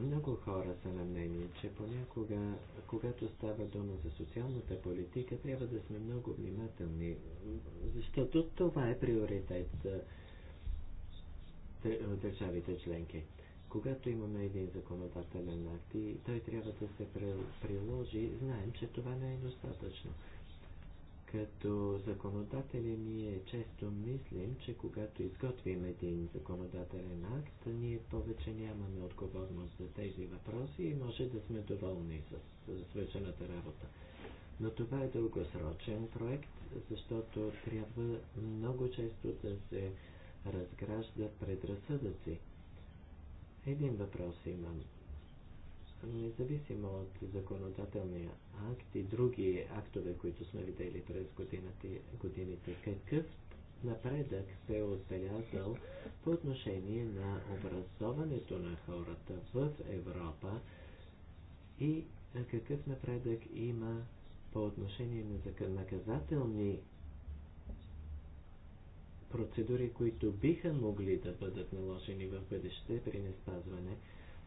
Много хора са на мнение, че понякога, когато става дума за социалната политика, трябва да сме много внимателни, защото това е приоритет за държавите членки. Когато имаме един законодателен акт и той трябва да се приложи, знаем, че това не е достатъчно. Като законодатели ние често мислим, че когато изготвим един законодателен акт, ние повече нямаме отговорност за тези въпроси и може да сме доволни с свършената работа. Но това е дългосрочен проект, защото трябва много често да се разгражда предразсъдъци. Един въпрос имам независимо от законодателния акт и други актове, които сме видели през годините, какъв напредък се е отбелязал по отношение на образоването на хората в Европа и какъв напредък има по отношение на наказателни процедури, които биха могли да бъдат наложени в бъдеще при неспазване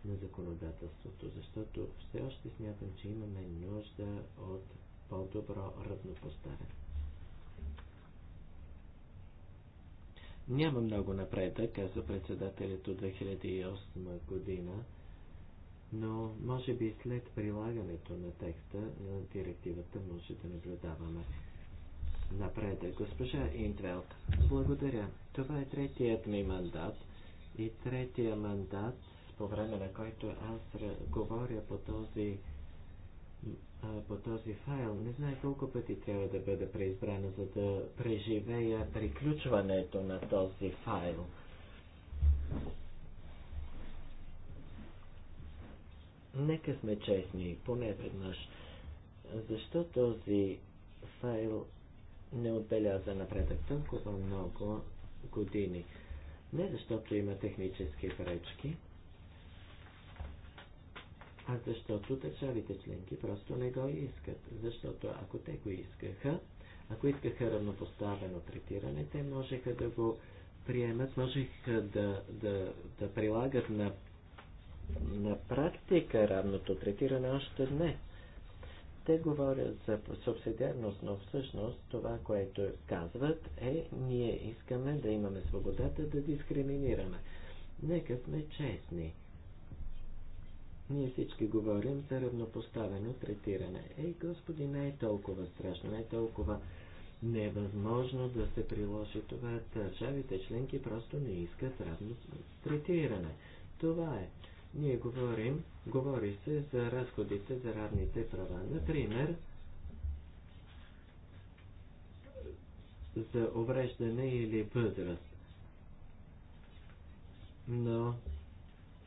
на законодателството, защото все още смятам, че имаме нужда от по-добро равнопоставяне. Няма много напредък, каза председателят от 2008 година, но може би след прилагането на текста на директивата може да наблюдаваме напредък. Госпожа Интвелт, благодаря. Това е третият ми мандат и третия мандат по време на който аз говоря по този, по този файл, не знае колко пъти трябва да бъда преизбрана, за да преживея приключването на този файл. Нека сме честни, поне веднъж. Защо този файл не отбеляза напредък толкова много години? Не защото има технически пречки, а защото държавите членки просто не го искат. Защото ако те го искаха, ако искаха равнопоставено третиране, те можеха да го приемат, можеха да, да, да прилагат на, на практика равното третиране още не. Те говорят за субсидиарност, но всъщност това, което казват е, ние искаме да имаме свободата да дискриминираме. Нека сме честни. Ние всички говорим за равнопоставено третиране. Ей, Господи, не е толкова страшно, не е толкова невъзможно да се приложи това. Държавите членки просто не искат равно третиране. Това е. Ние говорим, говори се за разходите за равните права. Например, за увреждане или възраст. Но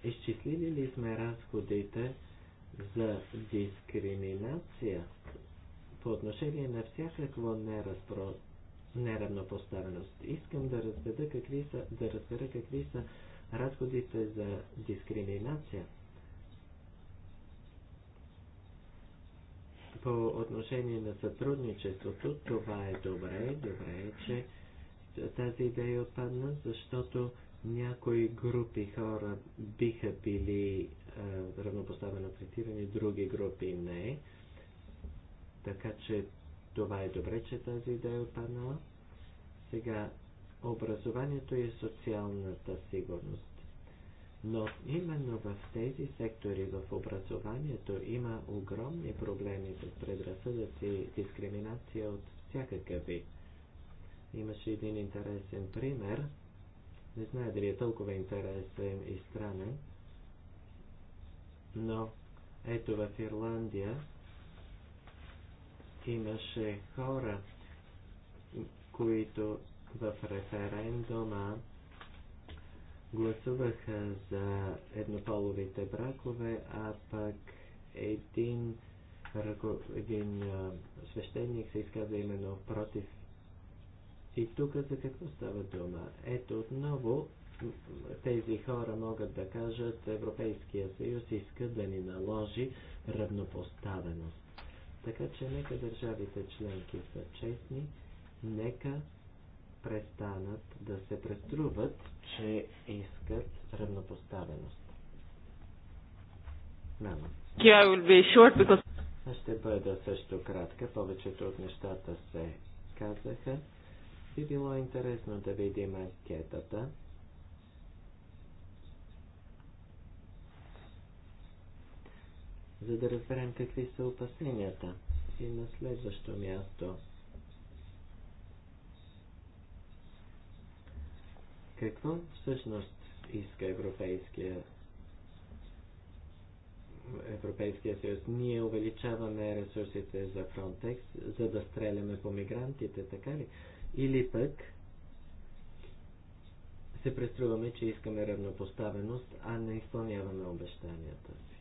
Изчислили ли сме разходите за дискриминация по отношение на всякакво неразпро... неравнопоставеност? Искам да разбера какви са, да разбера какви са разходите за дискриминация. По отношение на сътрудничеството, това е добре, добре е, че тази идея е отпадна, защото някои групи хора биха били е, равнопоставено третирани, други групи не. Така че това е добре, че тази идея е отпаднала. Сега образованието и социалната сигурност. Но именно в тези сектори, в образованието, има огромни проблеми с предразсъдъци, дискриминация от всякакъв вид. Имаше един интересен пример – не знае дали е толкова интересен и странен, но ето в Ирландия имаше хора, които в референдума гласуваха за еднополовите бракове, а пък един, един свещеник се изказа именно против и тук за какво става дума? Ето отново тези хора могат да кажат, Европейския съюз иска да ни наложи равнопоставеност. Така че нека държавите членки са честни, нека престанат да се преструват, че искат равнопоставеност. Няма. Ще бъда също кратка. Повечето от нещата се казаха. Би било интересно да видим анкетата. за да разберем какви са опасенията. И на следващо място. Какво всъщност иска Европейския Европейския съюз. Ние увеличаваме ресурсите за Frontex, за да стреляме по мигрантите, така ли? Или пък се преструваме, че искаме равнопоставеност, а не изпълняваме обещанията си.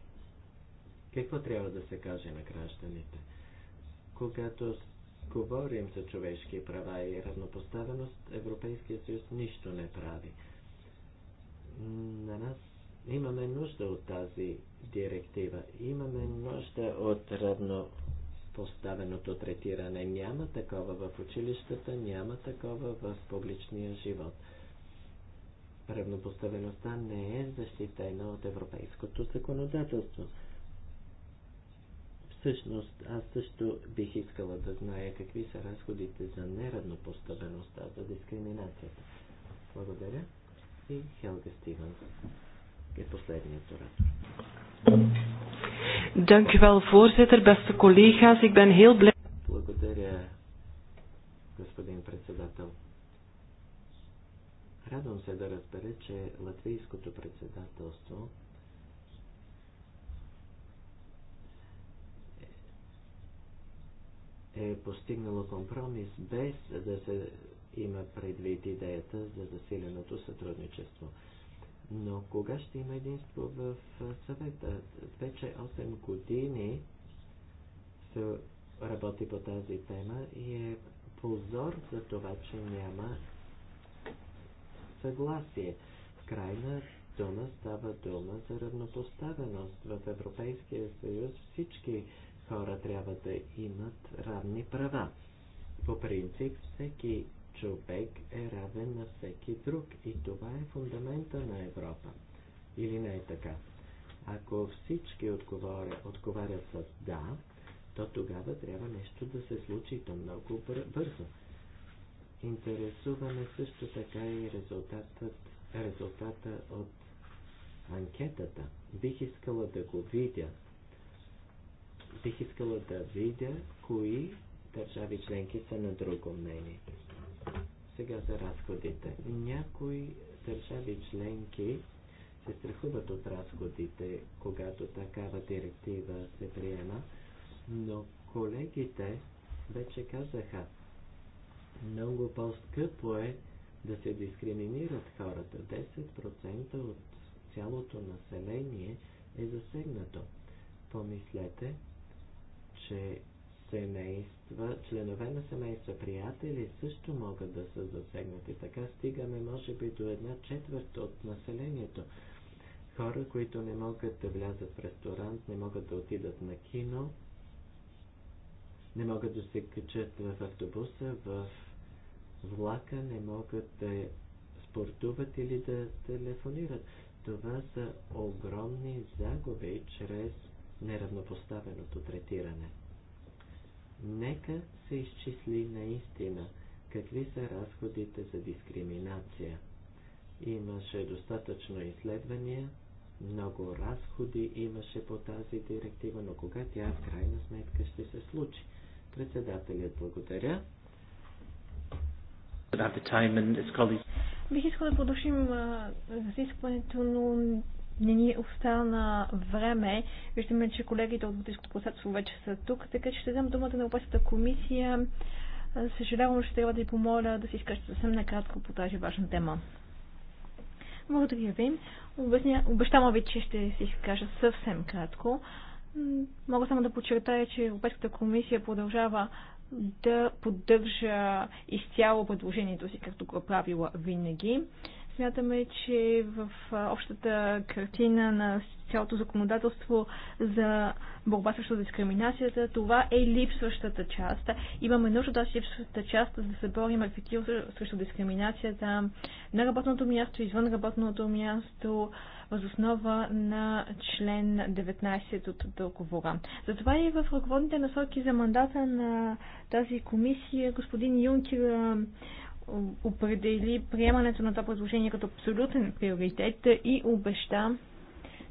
Какво трябва да се каже на гражданите? Когато говорим за човешки права и равнопоставеност, Европейския съюз нищо не прави. На нас имаме нужда от тази директива. Имаме нужда от равно, Поставеното третиране. Няма такова в училищата, няма такова в публичния живот. Равнопоставеността не е защитена от европейското законодателство. Всъщност, аз също бих искала да зная какви са разходите за неравнопоставеността, за дискриминацията. Благодаря. И Хелга Стивенс е последният оратор. Dank u wel, voorzitter. Beste collega's, ik ben heel blij. Благодаря, господин председател. Радвам се да разбера, че латвийското председателство е постигнало компромис без да се има предвид идеята за засиленото сътрудничество. Но кога ще има единство в съвета? Вече 8 години се работи по тази тема и е позор за това, че няма съгласие. В крайна дума става дума за равнопоставеност. В Европейския съюз всички хора трябва да имат равни права. По принцип всеки човек е равен на всеки друг и това е фундамента на Европа. Или не е така? Ако всички отговаря отговарят с да, то тогава трябва нещо да се случи то много бързо. Интересуваме също така и резултатът, резултата от анкетата. Бих искала да го видя. Бих искала да видя кои държави членки са на друго мнение. Сега за разходите. Някои държави членки се страхуват от разходите, когато такава директива се приема, но колегите вече казаха, много по-скъпо е да се дискриминират хората. 10% от цялото население е засегнато. Помислете, че семейства, членове на семейства, приятели също могат да са засегнати. Така стигаме, може би, до една четвърт от населението. Хора, които не могат да влязат в ресторант, не могат да отидат на кино, не могат да се качат в автобуса, в влака, не могат да спортуват или да телефонират. Това са огромни загуби чрез неравнопоставеното третиране. Нека се изчисли наистина какви са разходите за дискриминация. Имаше достатъчно изследвания, много разходи имаше по тази директива, но кога тя в крайна сметка ще се случи? Председателят благодаря. Бих искал да продължим разискването, но не ни е остана време. Виждаме, че колегите от Бутийското посадство вече са тук, така че ще дам думата на Европейската комисия. Съжалявам, ще трябва да ви помоля да се изкажете съвсем накратко по тази важна тема. Благодаря ви. Обясня, обещавам ви, че ще се изкажа съвсем кратко. Мога само да подчертая, че Европейската комисия продължава да поддържа изцяло предложението си, както го е правила винаги. Смятаме, че в общата картина на цялото законодателство за борба срещу дискриминацията, това е липсващата част. Имаме нужда от тази липсващата част, за да се борим ефективно срещу дискриминацията на работното място, извън работното място, възоснова на член 19 от договора. Затова и в ръководните насоки за мандата на тази комисия господин Юнкер определи приемането на това предложение като абсолютен приоритет и обеща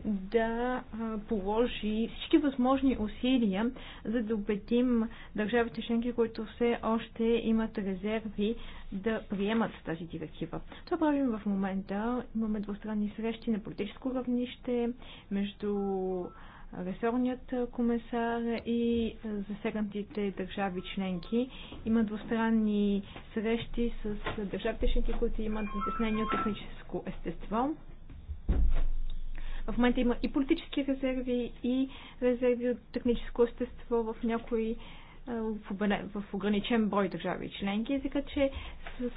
да положи всички възможни усилия, за да убедим държавите членки, които все още имат резерви да приемат тази директива. Това правим в момента. Имаме двустранни срещи на политическо равнище между ресорният комисар и засегнатите държави членки. Има двустранни срещи с държавите членки, които имат натеснение от техническо естество. В момента има и политически резерви, и резерви от техническо естество в някои в ограничен брой държави членки, е така че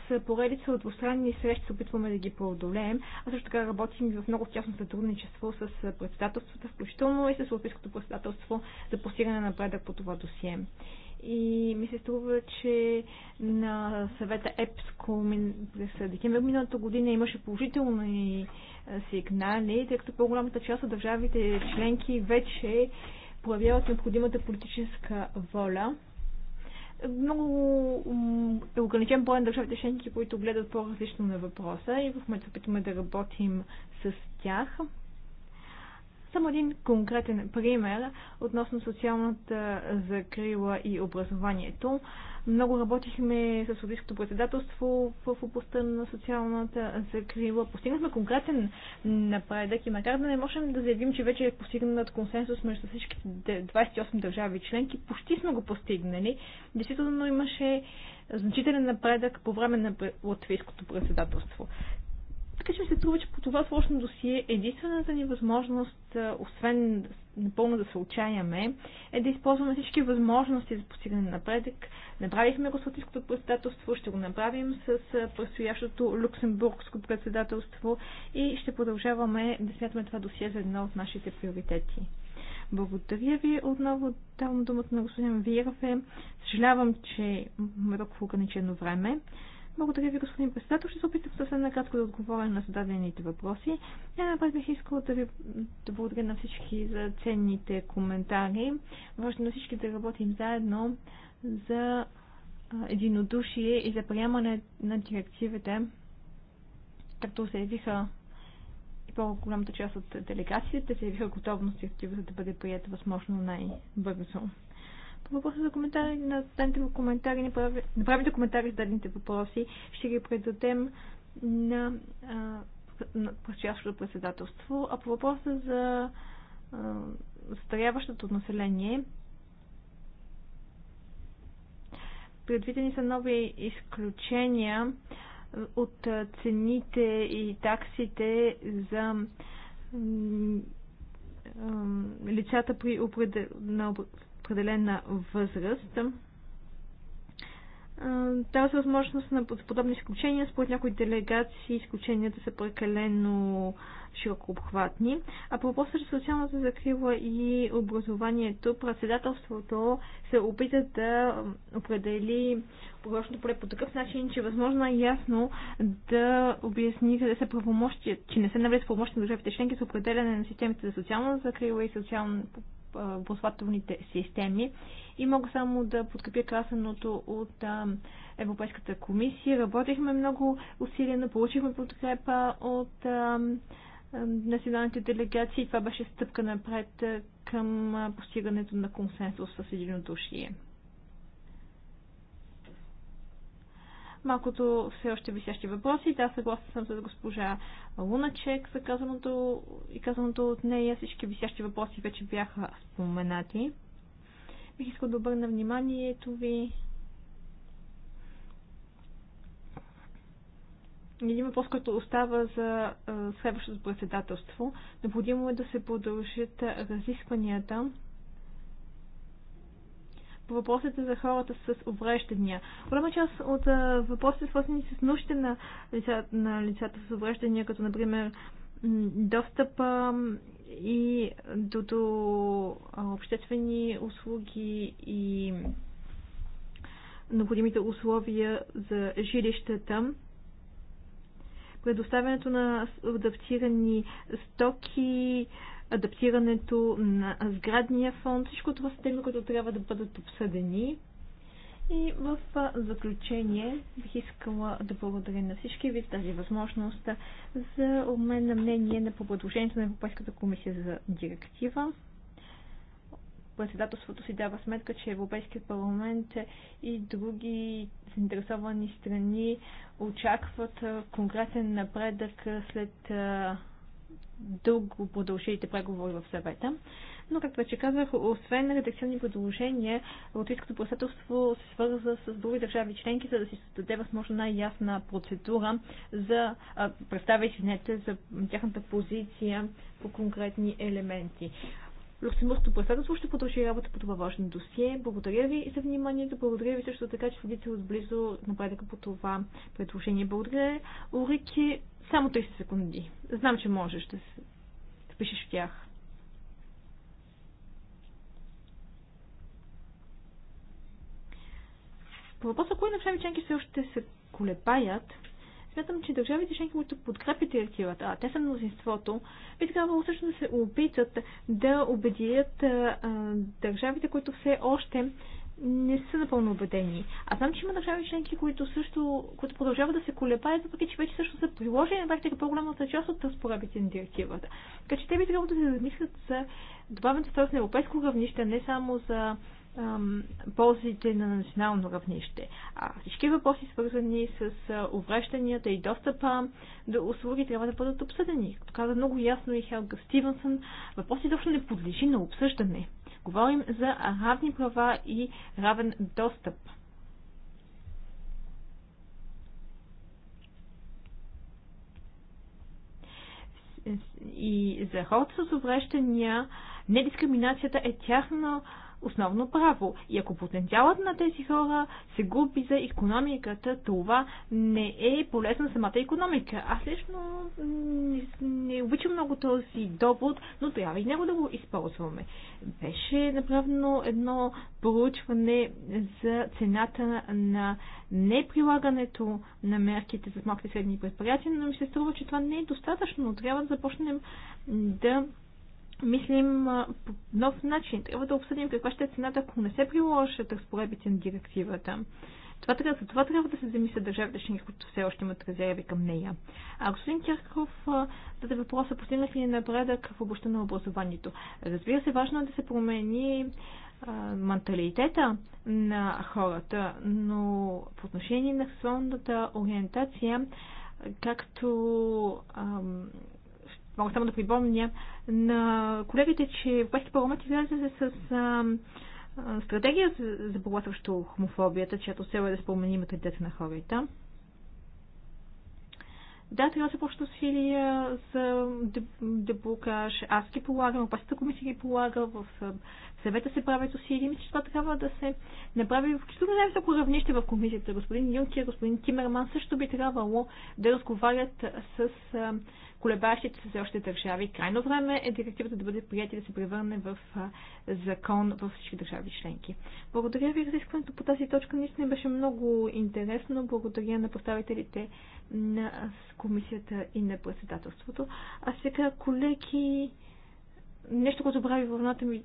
с поредица от двустранни срещи се опитваме да ги преодолеем, а също така работим в много тясно сътрудничество с председателствата, включително и с Европейското председателство за постигане на напредък по това досие. И ми се струва, че на съвета ЕПСКО през декември миналата година имаше положителни сигнали, тъй като по-голямата част от държавите членки вече проявяват необходимата политическа воля. Много е ограничен брой държавите членки, които гледат по-различно на въпроса и в момента опитваме да работим с тях. Само един конкретен пример относно социалната закрила и образованието. Много работихме с Саудитското председателство в областта на социалната закрила. Постигнахме конкретен напредък и макар да не можем да заявим, че вече е постигнат консенсус между всички 28 държави членки, почти сме го постигнали. Действително имаше значителен напредък по време на латвийското председателство. Така че ми се струва, че по това сложно досие единствената ни възможност, освен напълно да се отчаяме, е да използваме всички възможности за постигане на напредък. Направихме го с латинското председателство, ще го направим с предстоящото люксембургско председателство и ще продължаваме да смятаме това досие за едно от нашите приоритети. Благодаря ви отново. Давам думата на господин Вирафе. Съжалявам, че има толкова ограничено време. Благодаря ви, господин председател. Ще се опитам съвсем накратко да отговоря на зададените въпроси. Най-напред е, бих искала да ви да благодаря на всички за ценните коментари. Важно е на всички да работим заедно за единодушие и за приемане на директивите, както се явиха и по-голямата част от делегациите, се явиха готовност директивата да бъде прията възможно най-бързо въпроса за коментари на дадените коментари, направите коментари за дадените въпроси, ще ги предадем на, на предстоящото председателство. А по въпроса за застаряващото население, предвидени са нови изключения от цените и таксите за лицата при на определена възраст. Тази възможност на подобни изключения, според някои делегации, изключенията са прекалено широко обхватни. А по въпроса за социалната закрива и образованието, председателството се опита да определи прогрешното поле по такъв начин, че е възможно е ясно да обясни къде са правомощия, че не се навлезе в помощ на държавите членки за определяне на системите за социална закрива и социална послателните системи. И мога само да подкрепя казаното от Европейската комисия. Работихме много усилено, получихме подкрепа от националните делегации. Това беше стъпка напред към постигането на консенсус с единодушие. малкото все още висящи въпроси. Да, съгласна съм с госпожа Луначек за казаното и казаното от нея. Всички висящи въпроси вече бяха споменати. Бих искал да обърна вниманието ви един въпрос, който остава за следващото председателство. Необходимо е да се продължат разискванията по въпросите за хората с увреждания. Голяма част от въпросите, свързани с нуждите на, лица, на лицата с увреждания, като например достъпа и до, до обществени услуги и необходимите условия за жилищата, предоставянето на адаптирани стоки, адаптирането на сградния фонд. Всичко това са теми, които трябва да бъдат обсъдени. И в заключение бих искала да благодаря на всички ви за тази възможност за обмен на мнение на предложението на Европейската комисия за директива. Председателството си дава сметка, че Европейският парламент и други заинтересовани страни очакват конкретен напредък след дълго продължилите преговори в съвета. Но, както вече казах, освен редакционни предложения, Латвийското председателство се свърза с други държави членки, за да си създаде възможно най-ясна процедура за представяйте за тяхната позиция по конкретни елементи. Люксембургското председателство ще продължи работа по това важно досие. Благодаря ви за вниманието. Благодаря ви също така, че следите отблизо напредъка по това предложение. Благодаря, урики. Само 30 секунди. Знам, че можеш. да се впишеш в тях. По въпроса, кои държави членки все още се колебаят, смятам, че държавите членки, които подкрепят директивата, а те са мнозинството, би трябвало също да се опитат да убедят а, държавите, които все още не са напълно убедени. А знам, че има държави членки, които също, които продължават да се колебаят, въпреки че вече също са приложени на практика по-голямата част от разпоредбите на директивата. Така че те би трябвало да се замислят за добавената стойност на европейско равнище, не само за ам, ползите на национално равнище. А всички въпроси, свързани с уврежданията и достъпа до услуги, трябва да бъдат обсъдени. Като каза много ясно и Хелга Стивенсън, въпроси точно не подлежи на обсъждане. Говорим за равни права и равен достъп. И за хората с увреждания недискриминацията е тяхно основно право. И ако потенциалът на тези хора се губи за економиката, това не е полезно самата економика. Аз лично не, не обичам много този довод, но трябва и него да го използваме. Беше направено едно проучване за цената на неприлагането на мерките за малките средни предприятия, но ми се струва, че това не е достатъчно. Трябва да започнем да мислим по нов начин. Трябва да обсъдим каква ще е цената, ако не се приложат разпоредбите на директивата. Това трябва, за това трябва да се замисля държавите членки, които все още имат резерви към нея. А господин Кирков даде въпроса, постигнах ли напредък в областта на образованието. Разбира се, важно е да се промени а, менталитета на хората, но по отношение на сексуалната ориентация, както ам, Мога само да припомня на колегите, че Европейски парламент излезе с а, стратегия за борба срещу хомофобията, чиято цел е да споменим промени на хората. Да, трябва да се почне усилия за деблокаж. Аз ги полагам, опасната комисия ги полага в съвета се правят усилия. Мисля, че това трябва да се направи в чето най-високо равнище в комисията. Господин Юнкер, господин Тимерман също би трябвало да разговарят с колебащите се още държави. Крайно време е директивата да бъде прията и да се превърне в закон във всички държави членки. Благодаря ви. искането по тази точка наистина беше много интересно. Благодаря на представителите на комисията и на председателството. А сега, колеги, нещо, което прави вълната ми,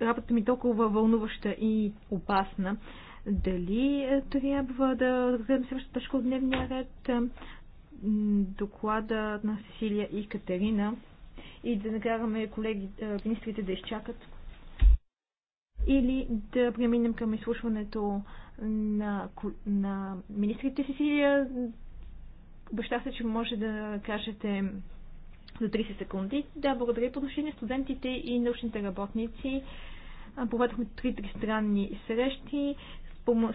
работата ми толкова вълнуваща и опасна. Дали е, трябва да разгледам следващата точка от дневния ред, доклада на Сесилия и Катерина и да накараме колеги, министрите да изчакат или да преминем към изслушването на, на министрите Сесилия. Баща се, че може да кажете за 30 секунди. Да, благодаря по отношение студентите и научните работници. Проведохме три тристранни срещи.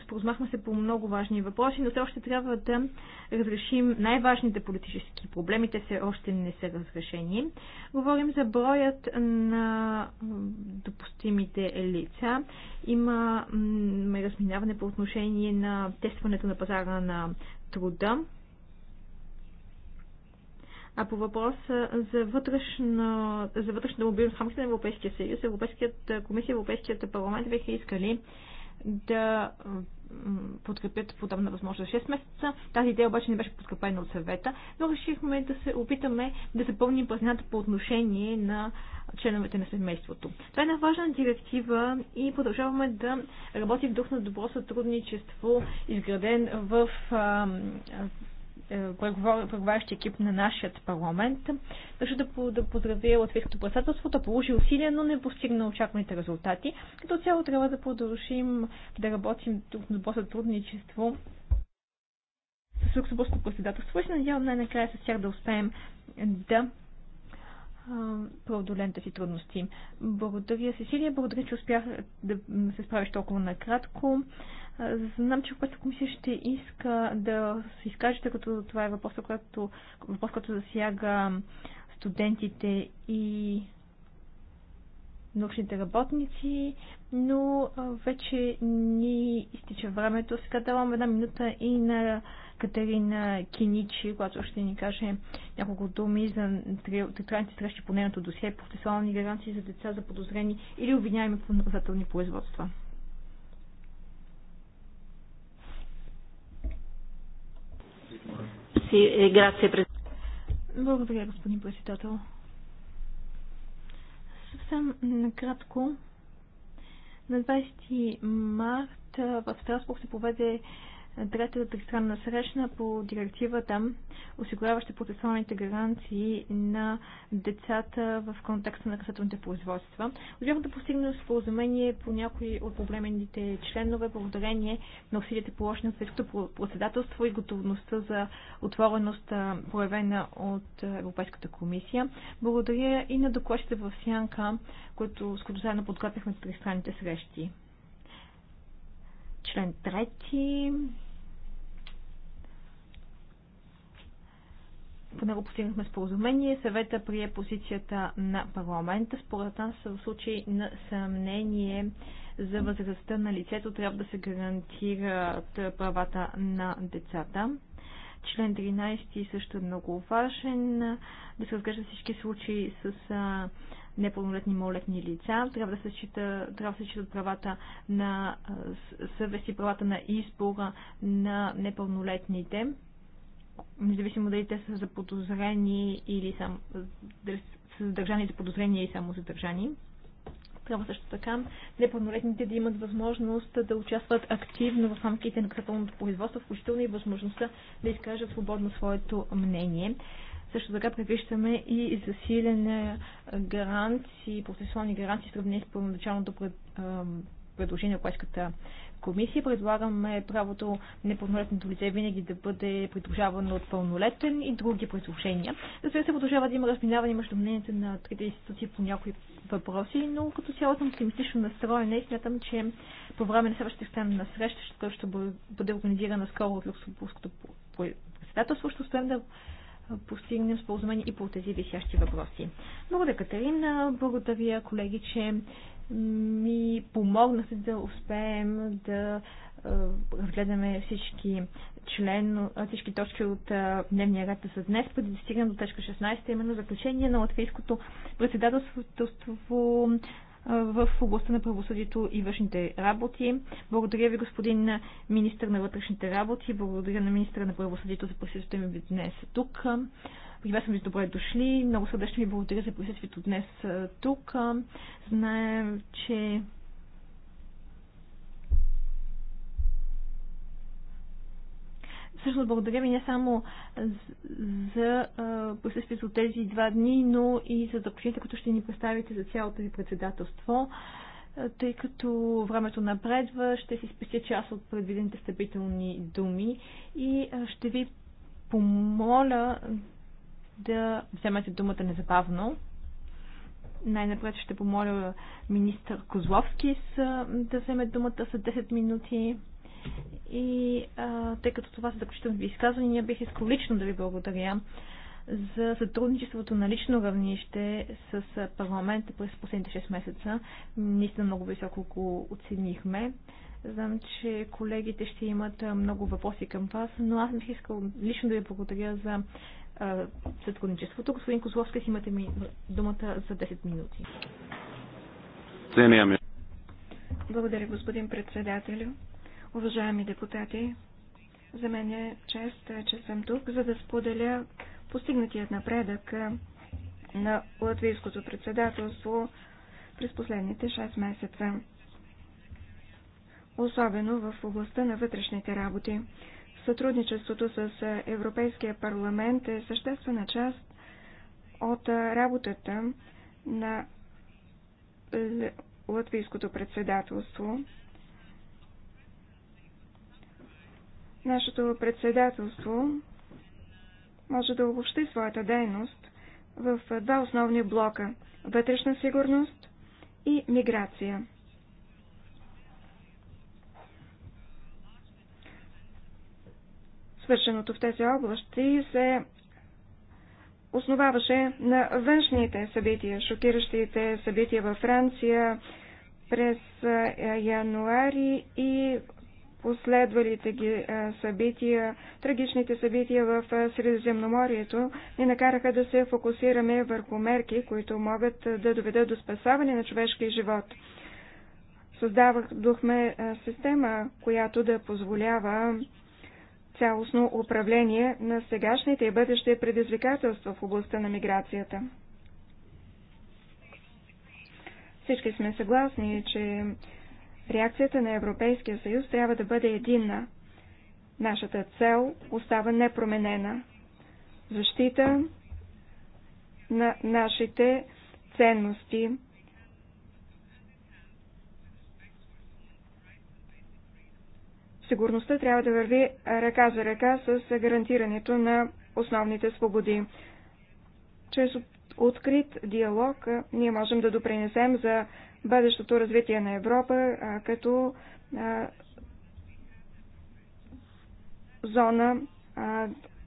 Споразмахме се по много важни въпроси, но все още трябва да разрешим най-важните политически проблеми. Те все още не са разрешени. Говорим за броят на допустимите лица. Има разминаване по отношение на тестването на пазара на труда а по въпроса за вътрешна, за вътрешна мобилност в рамките на Европейския съюз, Европейският комисия, Европейският парламент биха искали да подкрепят подобна възможност за 6 месеца. Тази идея обаче не беше подкрепена от съвета, но решихме да се опитаме да запълним празната по отношение на членовете на семейството. Това е една важна директива и продължаваме да работим в дух на добро сътрудничество, изграден в е, преговарящи екип на нашия парламент. Също да, да поздравя Латвийското председателство, да положи усилия, но не постигна очакваните резултати. Като цяло трябва да продължим да работим тук на по сътрудничество с Люксембургското председателство и се надявам най-накрая с тях да успеем да преодоленте си трудности. Благодаря, Сесилия. Благодаря, че успях да се справиш толкова накратко. Знам, че Европейската комисия ще иска да се изкажете, като това е въпрос, който, въпрос, който засяга студентите и научните работници, но вече ни изтича времето. Сега давам една минута и на Катерина Киничи, която ще ни каже няколко думи за тетрадните срещи по нейното досие, процесуални гаранции за деца за подозрени или обвиняеми по производства. E Благодаря, господин председател. Съвсем накратко. На 20 март в Страсбург се поведе третата тристранна срещна по директивата, осигуряваща процесуалните гаранции на децата в контекста на касателните производства. Успяхме да постигнем споразумение по някои от проблемените членове, благодарение на усилите положени от светското председателство и готовността за отвореност, проявена от Европейската комисия. Благодаря и на докладчите в Сянка, които, с които заедно подготвяхме тристранните срещи. Член трети по него постигнахме споразумение. Съвета прие позицията на парламента. Според нас в случай на съмнение за възрастта на лицето трябва да се гарантират правата на децата. Член 13 е също е много важен. Да се разглежда всички случаи с непълнолетни и малолетни лица. Трябва да се счита, трябва да се считат правата на съвест и правата на избора на непълнолетните независимо дали те са заподозрени или само, са задържани за подозрения и само задържани. Трябва също така непълнолетните да имат възможност да участват активно в рамките на наказателното производство, включително и възможността да изкажат свободно своето мнение. Също така предвиждаме и засилене гаранции, процесуални гаранции, сравнени с първоначалното пред, предложение което Европейската комисия предлагаме правото непълнолетното лице винаги да бъде придружавано от пълнолетен и други предложения. Разбира се, продължава да има разминаване между мненията на трите институции по някои въпроси, но като цяло съм оптимистично настроена и смятам, че по време на следващата на среща, която ще бъде организирана скоро от Люксембургското председателство, ще успеем да постигнем споразумение и по тези висящи въпроси. Благодаря, Катерина. Благодаря, колеги, че ми помогнаха да успеем да разгледаме всички член, всички точки от дневния ред за днес, преди да стигнем до точка 16, именно заключение на латвийското председателство в областта на правосъдието и външните работи. Благодаря ви, господин министр на вътрешните работи. Благодаря на министра на правосъдието за присъствието ми днес тук сме ви добре дошли. Много сърдечно ви благодаря за присъствието днес тук. Знаем, че Всъщност благодаря ви не само за присъствието тези два дни, но и за заключенията, които ще ни представите за цялото ви председателство. Тъй като времето напредва, ще си спестя част от предвидените стъпителни думи и ще ви помоля да вземете думата незабавно. Най-напред ще помоля министър Козловски да вземе думата за 10 минути. И а, тъй като това са заключителни ви изказвания, бих искал лично да ви благодаря за сътрудничеството на лично равнище с парламента през последните 6 месеца. Наистина много високо го оценихме. Знам, че колегите ще имат много въпроси към вас, но аз бих искал лично да ви благодаря за сътрудничеството. Господин Козловски, имате ми думата за 10 минути. Благодаря, господин председателю. Уважаеми депутати, за мен е чест, че съм тук, за да споделя постигнатият напредък на латвийското председателство през последните 6 месеца особено в областта на вътрешните работи. Сътрудничеството с е, Европейския парламент е съществена част от е, работата на е, латвийското председателство. Нашето председателство може да обобщи своята дейност в два основни блока – вътрешна сигурност и миграция. Свършеното в тези области се основаваше на външните събития, шокиращите събития във Франция през януари и последвалите ги събития, трагичните събития в Средиземноморието ни накараха да се фокусираме върху мерки, които могат да доведат до спасаване на човешкия живот. Създавахме система, която да позволява цялостно управление на сегашните и бъдещи предизвикателства в областта на миграцията. Всички сме съгласни, че реакцията на Европейския съюз трябва да бъде единна. Нашата цел остава непроменена. Защита на нашите ценности Сигурността трябва да върви ръка за ръка с гарантирането на основните свободи. Чрез открит диалог ние можем да допринесем за бъдещото развитие на Европа като зона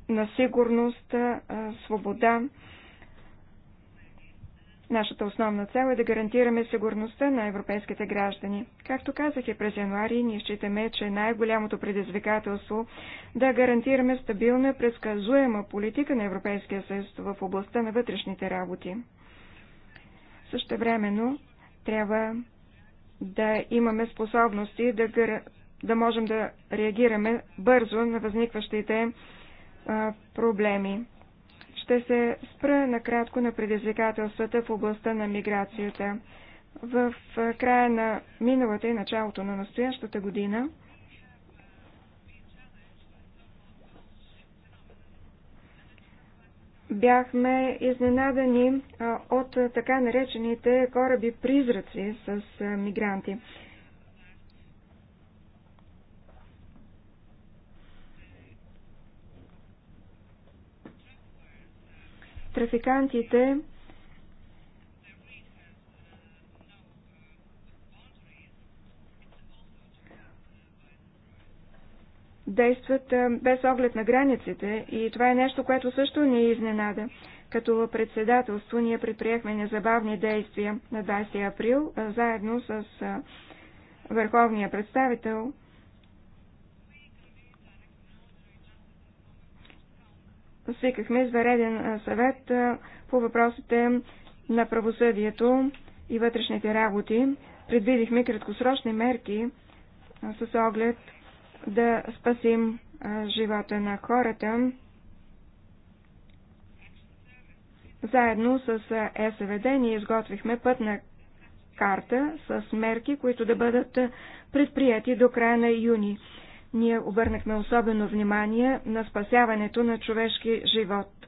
на сигурност, свобода Нашата основна цел е да гарантираме сигурността на европейските граждани. Както казах и през януари, ние считаме, че най-голямото предизвикателство да гарантираме стабилна, предсказуема политика на Европейския съюз в областта на вътрешните работи. Същевременно трябва да имаме способности да, гар... да можем да реагираме бързо на възникващите а, проблеми. Ще се спра накратко на предизвикателствата в областта на миграцията. В края на миналата и началото на настоящата година бяхме изненадани от така наречените кораби призраци с мигранти. Трафикантите действат без оглед на границите и това е нещо, което също ни е изненада. Като председателство ние предприехме незабавни действия на 20 април, заедно с върховния представител свикахме извареден съвет по въпросите на правосъдието и вътрешните работи. Предвидихме краткосрочни мерки с оглед да спасим живота на хората. Заедно с СВД ние изготвихме пътна карта с мерки, които да бъдат предприяти до края на юни. Ние обърнахме особено внимание на спасяването на човешки живот.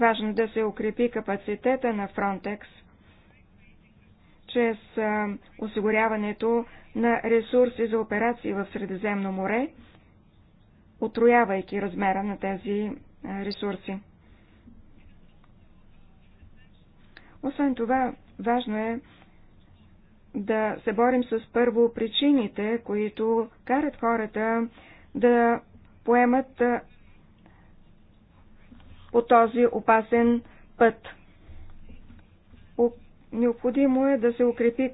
Важно да се укрепи капацитета на Фронтекс чрез осигуряването на ресурси за операции в Средиземно море, отроявайки размера на тези ресурси. Освен това, важно е да се борим с първо причините, които карат хората да поемат по този опасен път. Необходимо е да се укрепи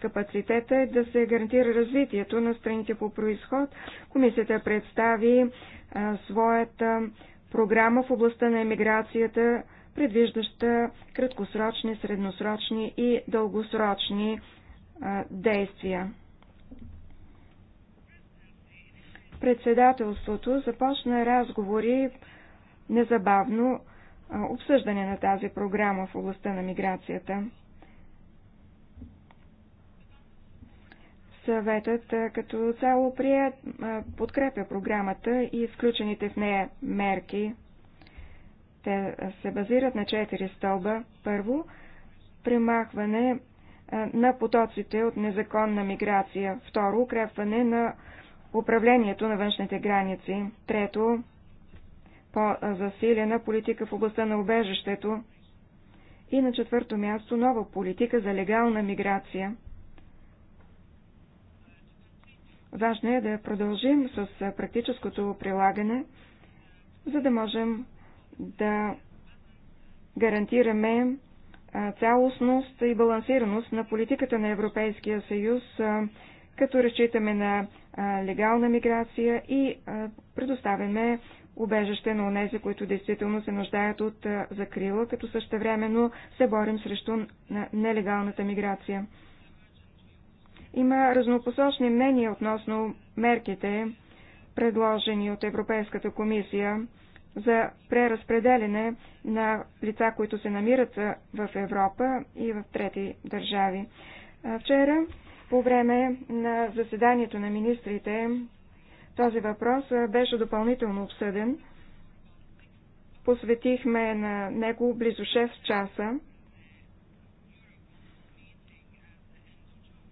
капацитета и да се гарантира развитието на страните по происход. Комисията представи а, своята програма в областта на емиграцията, предвиждаща краткосрочни, средносрочни и дългосрочни действия. Председателството започна разговори незабавно обсъждане на тази програма в областта на миграцията. Съветът като цяло прие, подкрепя програмата и включените в нея мерки. Те се базират на четири стълба. Първо, премахване е, на потоците от незаконна миграция. Второ, укрепване на управлението на външните граници. Трето, по-засилена политика в областта на убежището. И на четвърто място, нова политика за легална миграция. Важно е да продължим с е, практическото прилагане, за да можем да гарантираме цялостност и балансираност на политиката на Европейския съюз, като разчитаме на легална миграция и предоставяме убежище на онези, които действително се нуждаят от закрила, като същевременно се борим срещу нелегалната миграция. Има разнопосочни мнения относно мерките, предложени от Европейската комисия за преразпределене на лица, които се намират в Европа и в трети държави. Вчера, по време на заседанието на министрите, този въпрос беше допълнително обсъден. Посветихме на него близо 6 часа.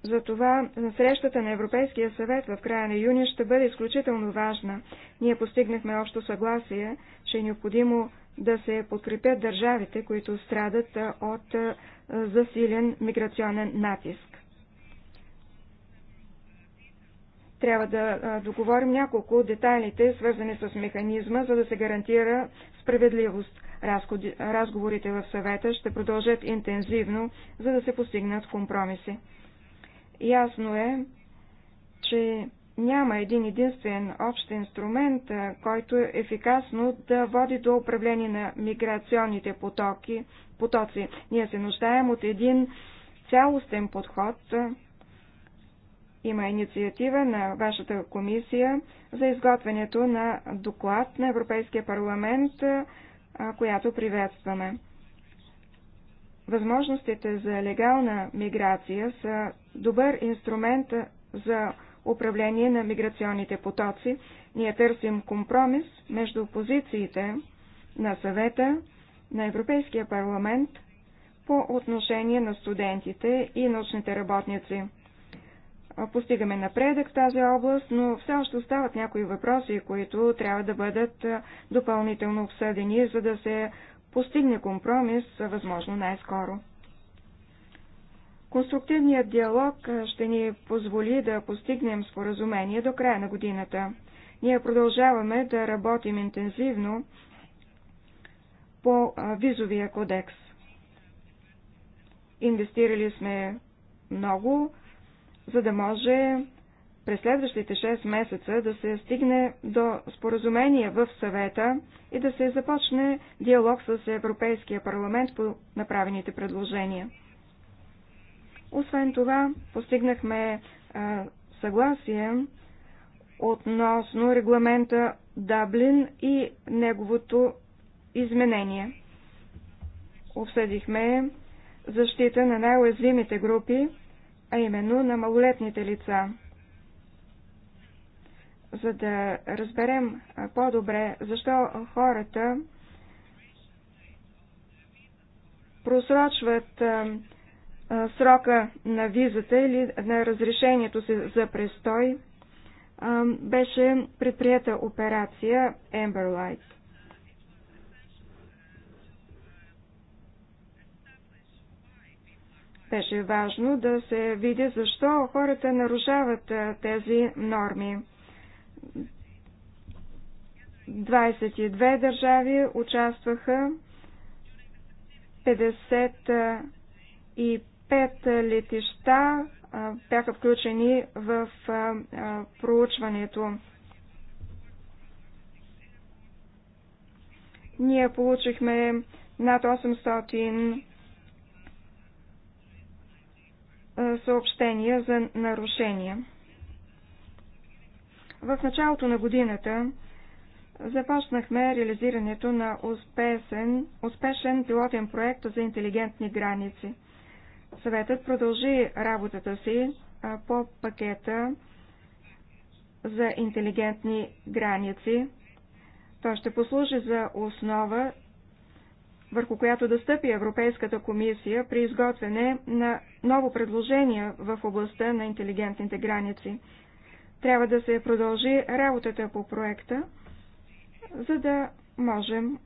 Затова срещата на Европейския съвет в края на юни ще бъде изключително важна. Ние постигнахме общо съгласие, че е необходимо да се подкрепят държавите, които страдат от засилен миграционен натиск. Трябва да договорим няколко детайлите, свързани с механизма, за да се гарантира справедливост. Разговорите в съвета ще продължат интензивно, за да се постигнат компромиси. Ясно е, че няма един единствен общ инструмент, който е ефикасно да води до управление на миграционните потоки, потоци. Ние се нуждаем от един цялостен подход. Има инициатива на вашата комисия за изготвянето на доклад на Европейския парламент, която приветстваме. Възможностите за легална миграция са добър инструмент за управление на миграционните потоци. Ние търсим компромис между позициите на съвета на Европейския парламент по отношение на студентите и научните работници. Постигаме напредък в тази област, но все още остават някои въпроси, които трябва да бъдат допълнително обсъдени, за да се постигне компромис възможно най-скоро. Конструктивният диалог ще ни позволи да постигнем споразумение до края на годината. Ние продължаваме да работим интензивно по визовия кодекс. Инвестирали сме много, за да може през следващите 6 месеца да се стигне до споразумение в съвета и да се започне диалог с Европейския парламент по направените предложения. Освен това, постигнахме а, съгласие относно регламента Даблин и неговото изменение. Обсъдихме защита на най-уязвимите групи, а именно на малолетните лица за да разберем по-добре защо хората просрочват срока на визата или на разрешението си за престой, беше предприята операция Amberlight. Беше важно да се види защо хората нарушават тези норми. 22 държави участваха, 55 летища бяха включени в проучването. Ние получихме над 800 съобщения за нарушения. В началото на годината започнахме реализирането на успешен, успешен пилотен проект за интелигентни граници. Съветът продължи работата си по пакета за интелигентни граници. Той ще послужи за основа, върху която да стъпи Европейската комисия при изготвяне на ново предложение в областта на интелигентните граници. Трябва да се продължи работата по проекта, за да можем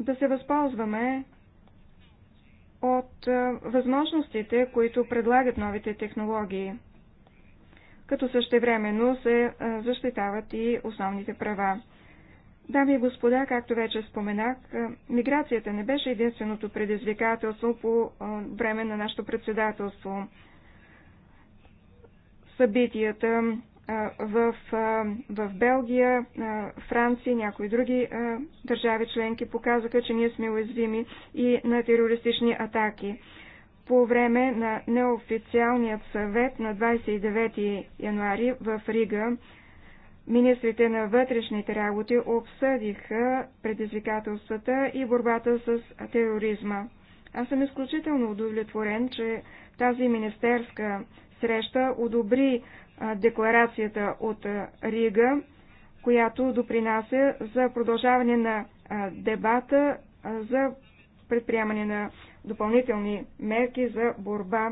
да се възползваме от възможностите, които предлагат новите технологии, като същевременно се защитават и основните права. Дами и господа, както вече споменах, миграцията не беше единственото предизвикателство по време на нашето председателство събитията в, в Белгия, Франция и някои други държави членки показаха, че ние сме уязвими и на терористични атаки. По време на неофициалният съвет на 29 януари в Рига, министрите на вътрешните работи обсъдиха предизвикателствата и борбата с тероризма. Аз съм изключително удовлетворен, че тази министерска среща одобри декларацията от Рига, която допринася за продължаване на дебата за предприемане на допълнителни мерки за борба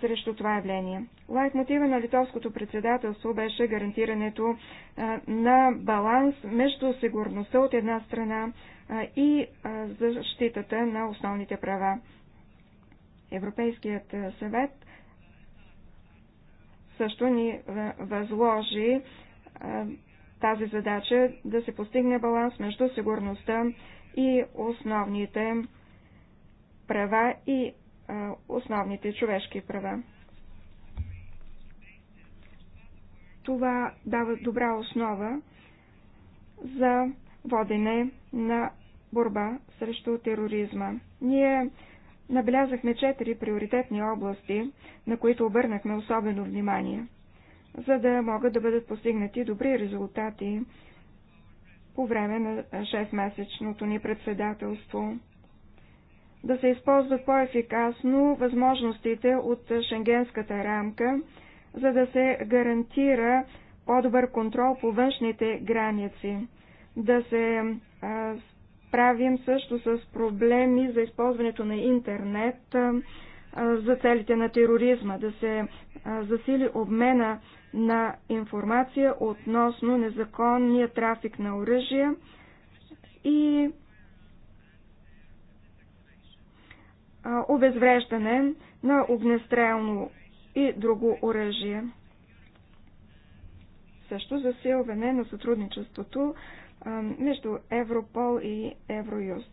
срещу това явление. Лайт мотива на литовското председателство беше гарантирането на баланс между сигурността от една страна и защитата на основните права. Европейският съвет също ни възложи тази задача да се постигне баланс между сигурността и основните права и основните човешки права. Това дава добра основа за водене на борба срещу тероризма. Ние Набелязахме четири приоритетни области, на които обърнахме особено внимание, за да могат да бъдат постигнати добри резултати по време на 6-месечното ни председателство. Да се използват по-ефикасно възможностите от шенгенската рамка, за да се гарантира по-добър контрол по външните граници. Да се справим също с проблеми за използването на интернет за целите на тероризма, да се засили обмена на информация относно незаконния трафик на оръжия и обезвреждане на огнестрелно и друго оръжие. Също засилване на сътрудничеството между Европол и Евроюст.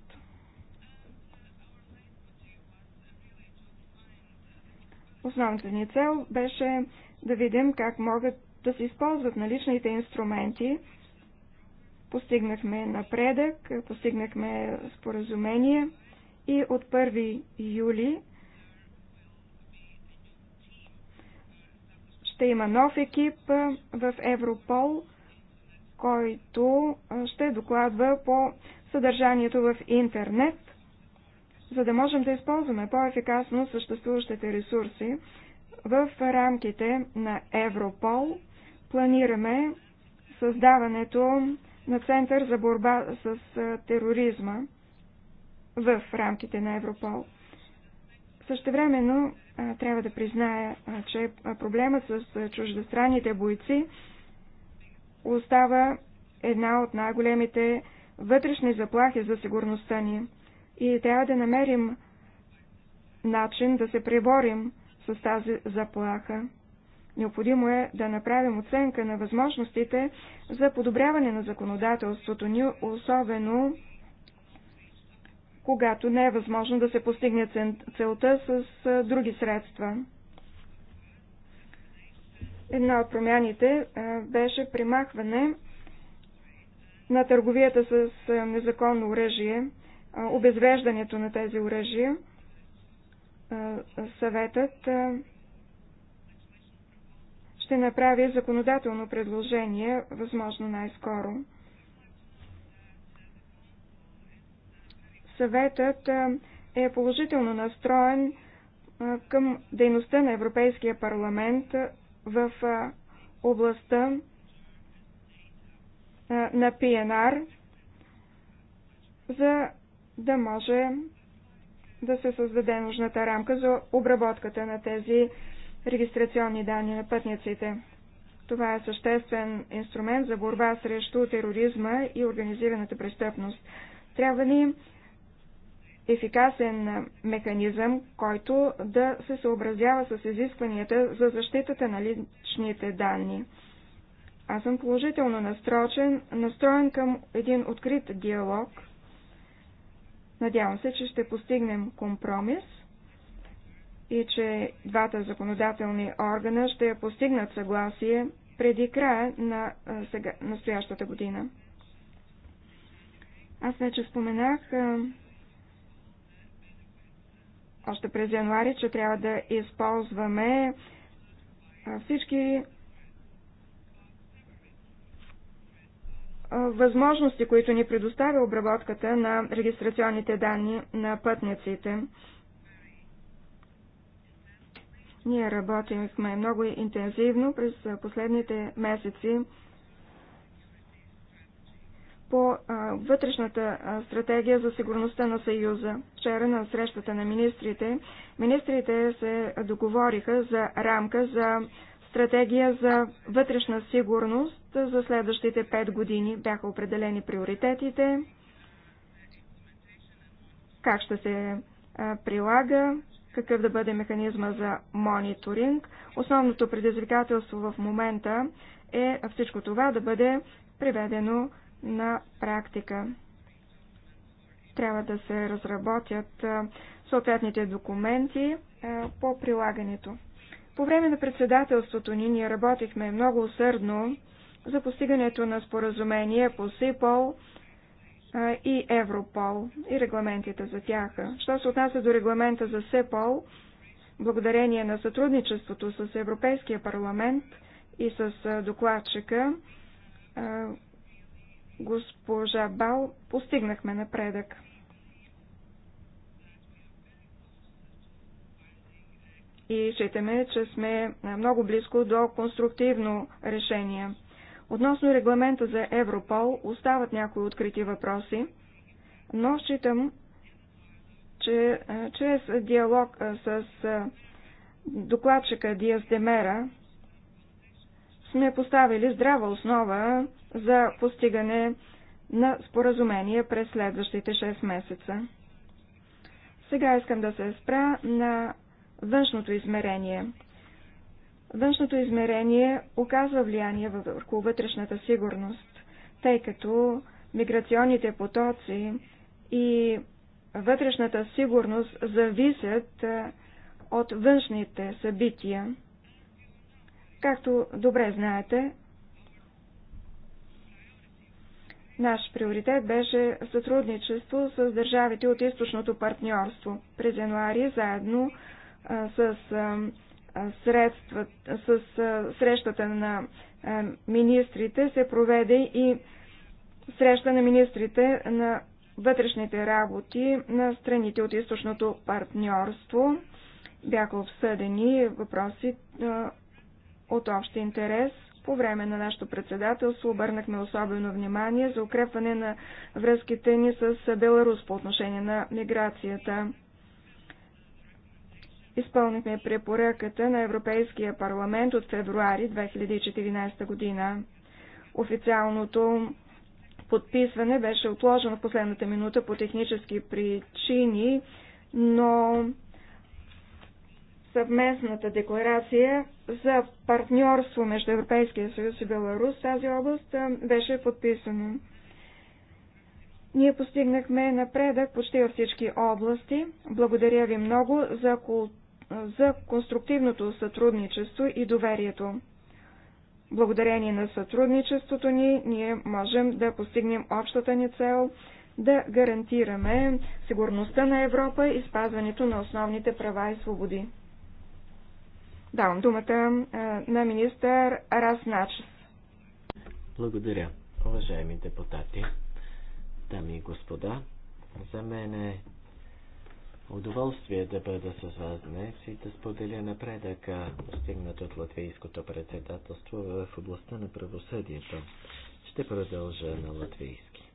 Основната ни цел беше да видим как могат да се използват наличните инструменти. Постигнахме напредък, постигнахме споразумение и от 1 юли ще има нов екип в Европол – който ще докладва по съдържанието в интернет, за да можем да използваме по-ефикасно съществуващите ресурси. В рамките на Европол планираме създаването на Център за борба с тероризма в рамките на Европол. Същевременно трябва да призная, че проблемът с чуждестранните бойци остава една от най-големите вътрешни заплахи за сигурността ни. И трябва да намерим начин да се преборим с тази заплаха. Необходимо е да направим оценка на възможностите за подобряване на законодателството ни, особено когато не е възможно да се постигне целта с други средства. Една от промяните беше примахване на търговията с незаконно оръжие, обезвреждането на тези оръжия. Съветът ще направи законодателно предложение, възможно най-скоро. Съветът е положително настроен към дейността на Европейския парламент в областта на ПНР, за да може да се създаде нужната рамка за обработката на тези регистрационни данни на пътниците. Това е съществен инструмент за борба срещу тероризма и организираната престъпност. Трябва ни ефикасен механизъм, който да се съобразява с изискванията за защитата на личните данни. Аз съм положително настрочен, настроен към един открит диалог. Надявам се, че ще постигнем компромис и че двата законодателни органа ще постигнат съгласие преди края на сега, настоящата година. Аз вече споменах още през януари, че трябва да използваме всички възможности, които ни предоставя обработката на регистрационните данни на пътниците. Ние работихме много интензивно през последните месеци по а, вътрешната а, стратегия за сигурността на Съюза. Вчера на срещата на министрите, министрите се договориха за рамка за стратегия за вътрешна сигурност за следващите 5 години. Бяха определени приоритетите, как ще се а, прилага, какъв да бъде механизма за мониторинг. Основното предизвикателство в момента е всичко това да бъде приведено на практика. Трябва да се разработят съответните документи по прилагането. По време на председателството ни ние работихме много усърдно за постигането на споразумение по СИПОЛ и Европол и регламентите за тях. Що се отнася до регламента за СЕПОЛ, благодарение на сътрудничеството с Европейския парламент и с докладчика, госпожа Бал постигнахме напредък. И считаме, че сме много близко до конструктивно решение. Относно регламента за Европол остават някои открити въпроси, но считам, че чрез диалог с докладчика Диас Демера сме поставили здрава основа за постигане на споразумение през следващите 6 месеца. Сега искам да се спра на външното измерение. Външното измерение оказва влияние върху вътрешната сигурност, тъй като миграционните потоци и вътрешната сигурност зависят от външните събития. Както добре знаете, Наш приоритет беше сътрудничество с държавите от източното партньорство. През януари заедно а, с, а, средства, с срещата на министрите се проведе и среща на министрите на вътрешните работи на страните от източното партньорство. Бяха обсъдени въпроси от общ интерес. По време на нашето председателство обърнахме особено внимание за укрепване на връзките ни с Беларус по отношение на миграцията. Изпълнихме препоръката на Европейския парламент от февруари 2014 година. Официалното подписване беше отложено в последната минута по технически причини, но съвместната декларация за партньорство между Европейския съюз и Беларус в тази област беше подписано. Ние постигнахме напредък почти във всички области. Благодаря ви много за, кул... за конструктивното сътрудничество и доверието. Благодарение на сътрудничеството ни, ние можем да постигнем общата ни цел да гарантираме сигурността на Европа и спазването на основните права и свободи. Давам думата на министър Разначес. Благодаря, уважаеми депутати, дами и господа. За мен е удоволствие да бъда с вас днес и да споделя напредъка, постигнат от латвийското председателство в областта на правосъдието. Ще продължа на латвийски.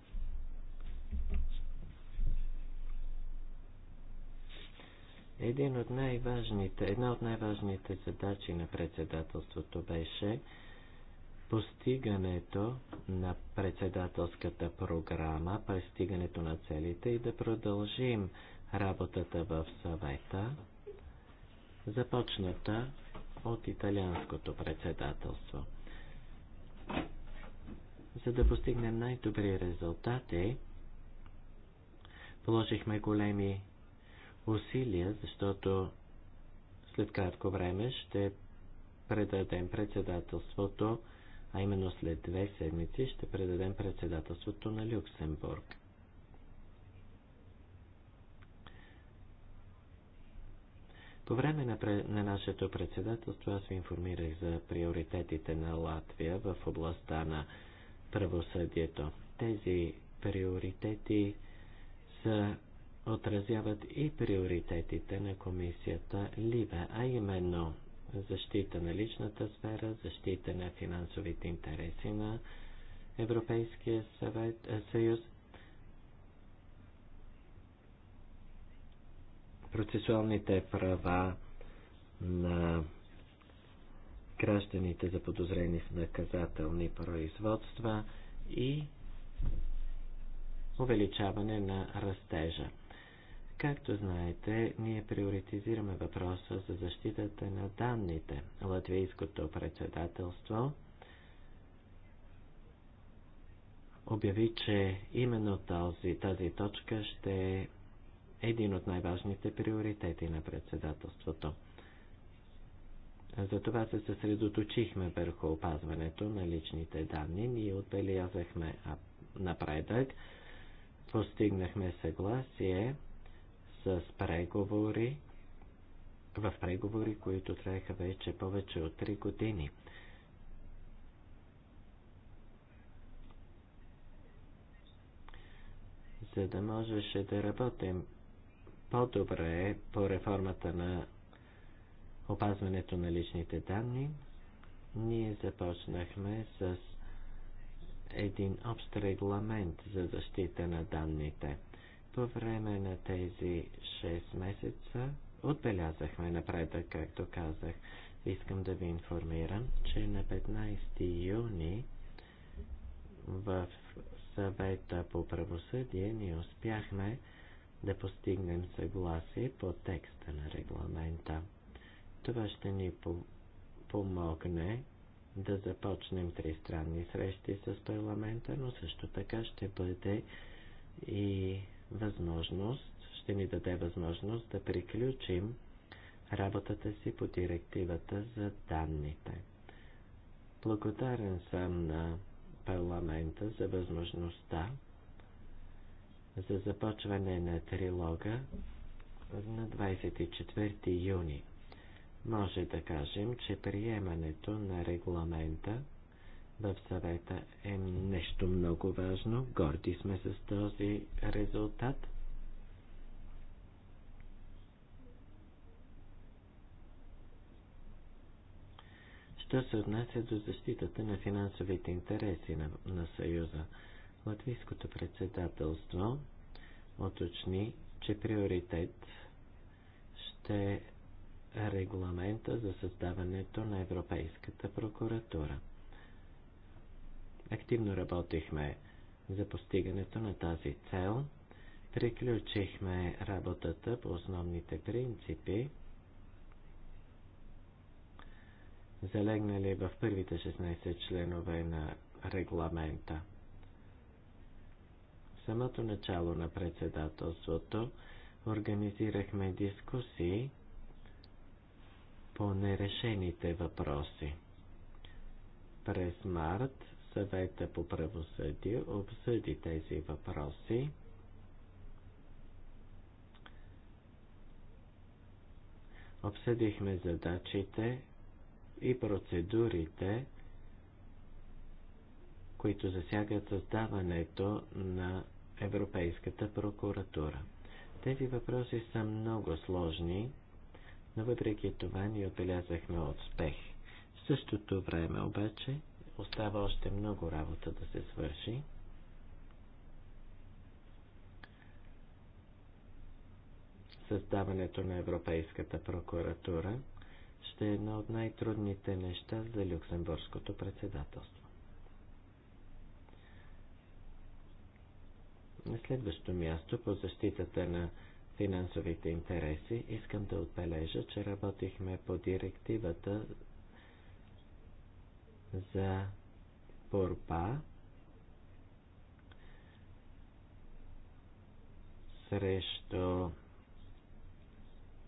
Един от най-важните, една от най-важните задачи на председателството беше постигането на председателската програма, постигането на целите и да продължим работата в съвета, започната от италианското председателство. За да постигнем най-добри резултати, положихме големи усилия, защото след кратко време ще предадем председателството, а именно след две седмици ще предадем председателството на Люксембург. По време на, пре... на нашето председателство аз ви информирах за приоритетите на Латвия в областта на правосъдието. Тези приоритети са отразяват и приоритетите на комисията ЛИВА, а именно защита на личната сфера, защита на финансовите интереси на Европейския съвет, е, съюз, процесуалните права на гражданите за подозрени в наказателни производства и увеличаване на растежа. Както знаете, ние приоритизираме въпроса за защитата на данните. Латвийското председателство обяви, че именно тази, тази точка ще е един от най-важните приоритети на председателството. Затова се съсредоточихме върху опазването на личните данни. Ние отбелязахме напредък, постигнахме съгласие с преговори, в преговори, които траеха вече повече от 3 години. За да можеше да работим по-добре по реформата на опазването на личните данни, ние започнахме с един общ регламент за защита на данните. По време на тези 6 месеца отбелязахме напредък, както казах. Искам да ви информирам, че на 15 юни в съвета по правосъдие ние успяхме да постигнем съгласие по текста на регламента. Това ще ни по помогне да започнем тристранни срещи с парламента, но също така ще бъде и възможност, ще ни даде възможност да приключим работата си по директивата за данните. Благодарен съм на парламента за възможността за започване на трилога на 24 юни. Може да кажем, че приемането на регламента в съвета е нещо много важно. Горди сме с този резултат. Що се отнася до защитата на финансовите интереси на, на Съюза, Латвийското председателство оточни, че приоритет ще е регламента за създаването на Европейската прокуратура. Активно работихме за постигането на тази цел. Приключихме работата по основните принципи, залегнали в първите 16 членове на регламента. В самото начало на председателството организирахме дискусии по нерешените въпроси. През март съвета по правосъдие обсъди тези въпроси. Обсъдихме задачите и процедурите, които засягат създаването на Европейската прокуратура. Тези въпроси са много сложни, но въпреки това ни отбелязахме успех. В същото време обаче Остава още много работа да се свърши. Създаването на Европейската прокуратура ще е една от най-трудните неща за Люксембургското председателство. На следващо място по защитата на финансовите интереси искам да отбележа, че работихме по директивата за борба срещу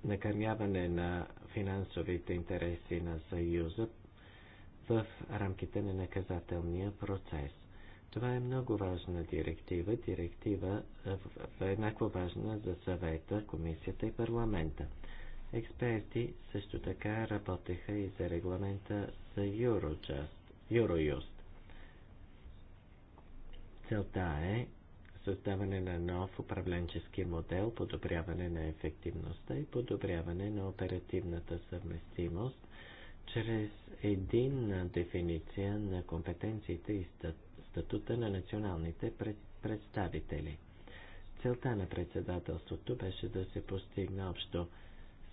накърняване на финансовите интереси на Съюза в рамките на наказателния процес. Това е много важна директива, директива е еднакво важна за съвета, комисията и парламента. Експерти също така работеха и за регламента за Eurojust. Евроюст. Целта е създаване на нов управленчески модел, подобряване на ефективността и подобряване на оперативната съвместимост чрез единна дефиниция на компетенциите и статута на националните представители. Целта на председателството беше да се постигне общо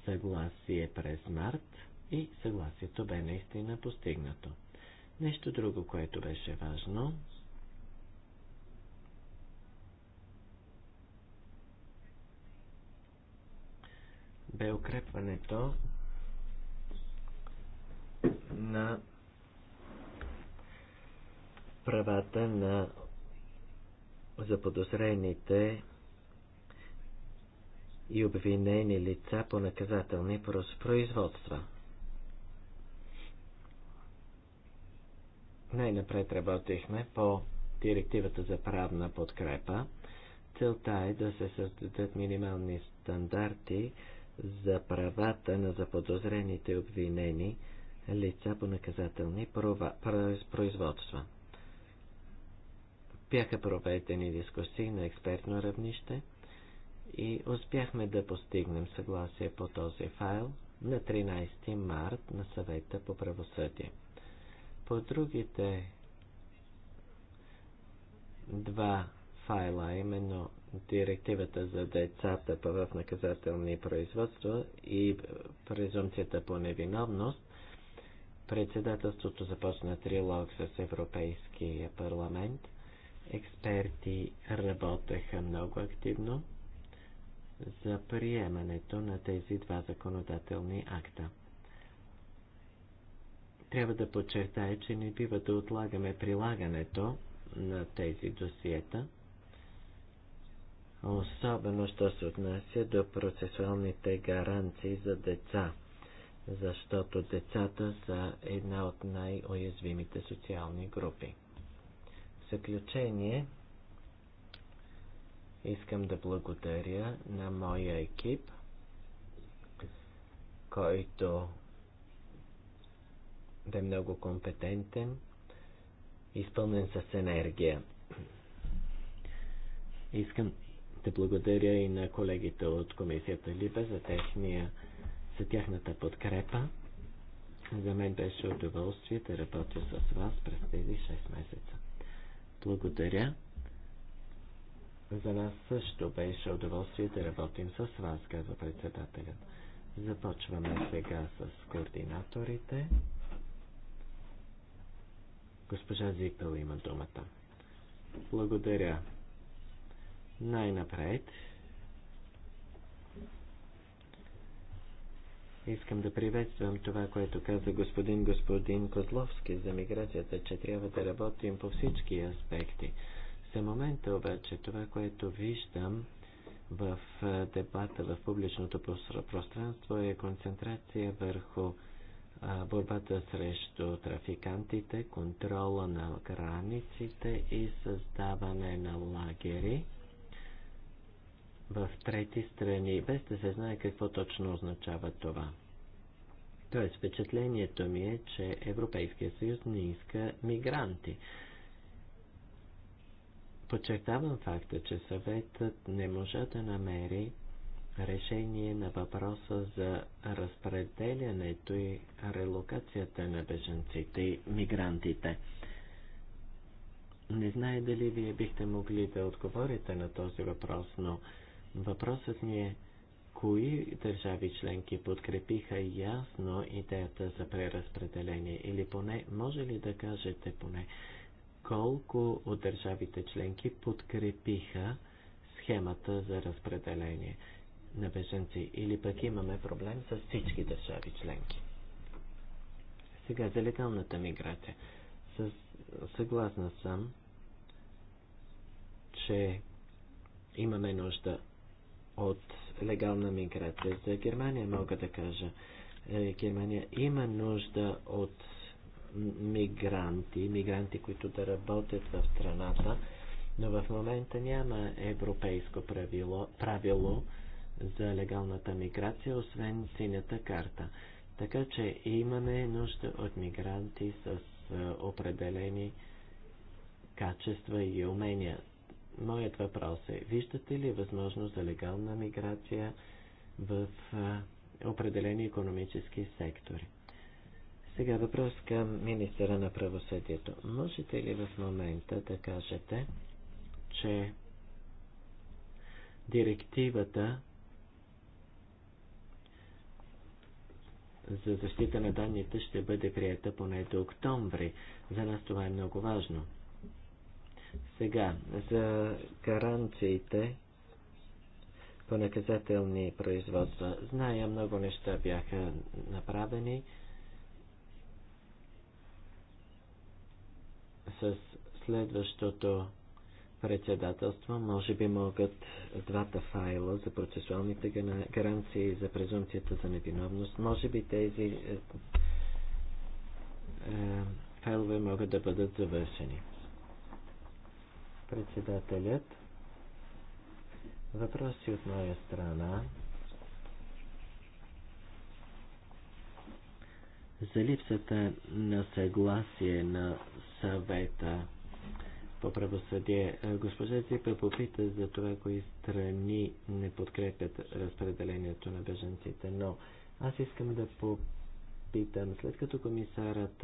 съгласие през март и съгласието бе наистина постигнато. Нещо друго, което беше важно. Бе укрепването на правата на заподозрените и обвинени лица по наказателни производства. Най-напред работихме по директивата за правна подкрепа. Целта е да се създадат минимални стандарти за правата на заподозрените обвинени лица по наказателни производства. Бяха проведени дискусии на експертно равнище и успяхме да постигнем съгласие по този файл на 13 март на съвета по правосъдие. По другите два файла, именно директивата за децата в наказателни производства и презумцията по невиновност, председателството започна трилог с Европейския парламент. Експерти работеха много активно за приемането на тези два законодателни акта. Трябва да подчертая, че не бива да отлагаме прилагането на тези досиета, особено що се отнася до процесуалните гаранции за деца, защото децата са една от най-уязвимите социални групи. В заключение, искам да благодаря на моя екип, който да е много компетентен, изпълнен с енергия. Искам да благодаря и на колегите от комисията Либе за, техния, за тяхната подкрепа. За мен беше удоволствие да работя с вас през тези 6 месеца. Благодаря. За нас също беше удоволствие да работим с вас, каза председателят. Започваме сега с координаторите. Госпожа Зипел има думата. Благодаря. Най-напред Искам да приветствам това, което каза господин господин Козловски за миграцията, че трябва да работим по всички аспекти. За момента обаче това, което виждам в дебата в публичното пространство е концентрация върху борбата срещу трафикантите, контрола на границите и създаване на лагери в трети страни, без да се знае какво точно означава това. Тоест, впечатлението ми е, че Европейския съюз не иска мигранти. Подчертавам факта, че съветът не може да намери решение на въпроса за разпределянето и релокацията на беженците и мигрантите. Не знае дали вие бихте могли да отговорите на този въпрос, но въпросът ми е кои държави членки подкрепиха ясно идеята за преразпределение или поне може ли да кажете поне колко от държавите членки подкрепиха схемата за разпределение? на беженци или пък имаме проблем с всички държави членки. Сега за легалната миграция. С, съгласна съм, че имаме нужда от легална миграция. За Германия мога да кажа. Е, Германия има нужда от мигранти, мигранти, които да работят в страната, но в момента няма европейско правило, правило за легалната миграция, освен синята карта. Така че имаме нужда от мигранти с определени качества и умения. Моят въпрос е, виждате ли възможност за легална миграция в определени економически сектори? Сега въпрос към министъра на правосъдието. Можете ли в момента да кажете, че директивата за защита на данните ще бъде прията поне до октомври. За нас това е много важно. Сега, за гаранциите по наказателни производства. Зная, много неща бяха направени с следващото председателства, може би могат двата файла за процесуалните гаранции за презумцията за невиновност, може би тези е, е, файлове могат да бъдат завършени. Председателят, въпроси от моя страна. За липсата на съгласие на съвета по правосъдие. Е, госпожа Ципа попита за това, кои страни не подкрепят разпределението на беженците, но аз искам да попитам, след като комисарът,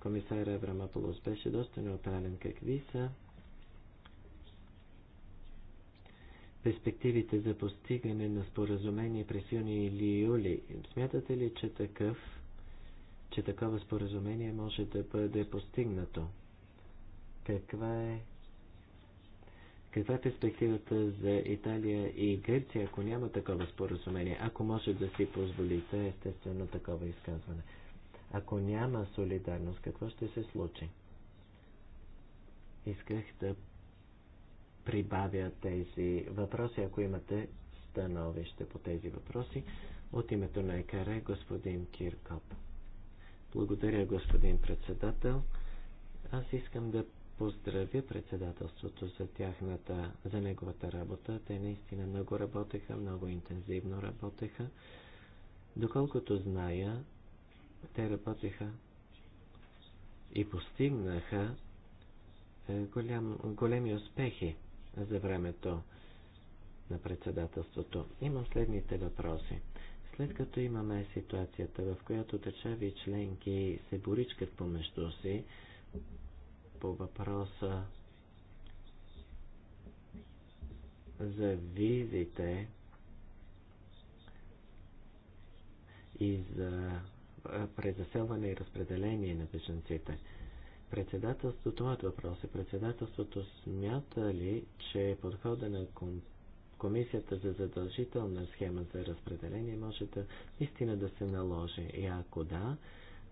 комисар Аврамополос беше доста неутрален, какви са перспективите за постигане на споразумение през юни или юли? Смятате ли, че такъв че такова споразумение може да бъде постигнато? каква е каква е перспективата за Италия и Гърция, ако няма такова споразумение? Ако може да си позволите, естествено, такова изказване. Ако няма солидарност, какво ще се случи? Исках да прибавя тези въпроси, ако имате становище по тези въпроси. От името на ЕКАРЕ, господин Киркоп. Благодаря, господин председател. Аз искам да поздравя председателството за тяхната, за неговата работа. Те наистина много работеха, много интензивно работеха. Доколкото зная, те работеха и постигнаха е, голям, големи успехи за времето на председателството. Имам следните въпроси. След като имаме ситуацията, в която държави членки се боричкат помежду си по въпроса за визите и за презаселване и разпределение на беженците. Председателството, моят въпрос е, председателството смята ли, че подхода на комисията за задължителна схема за разпределение може да истина да се наложи? И ако да,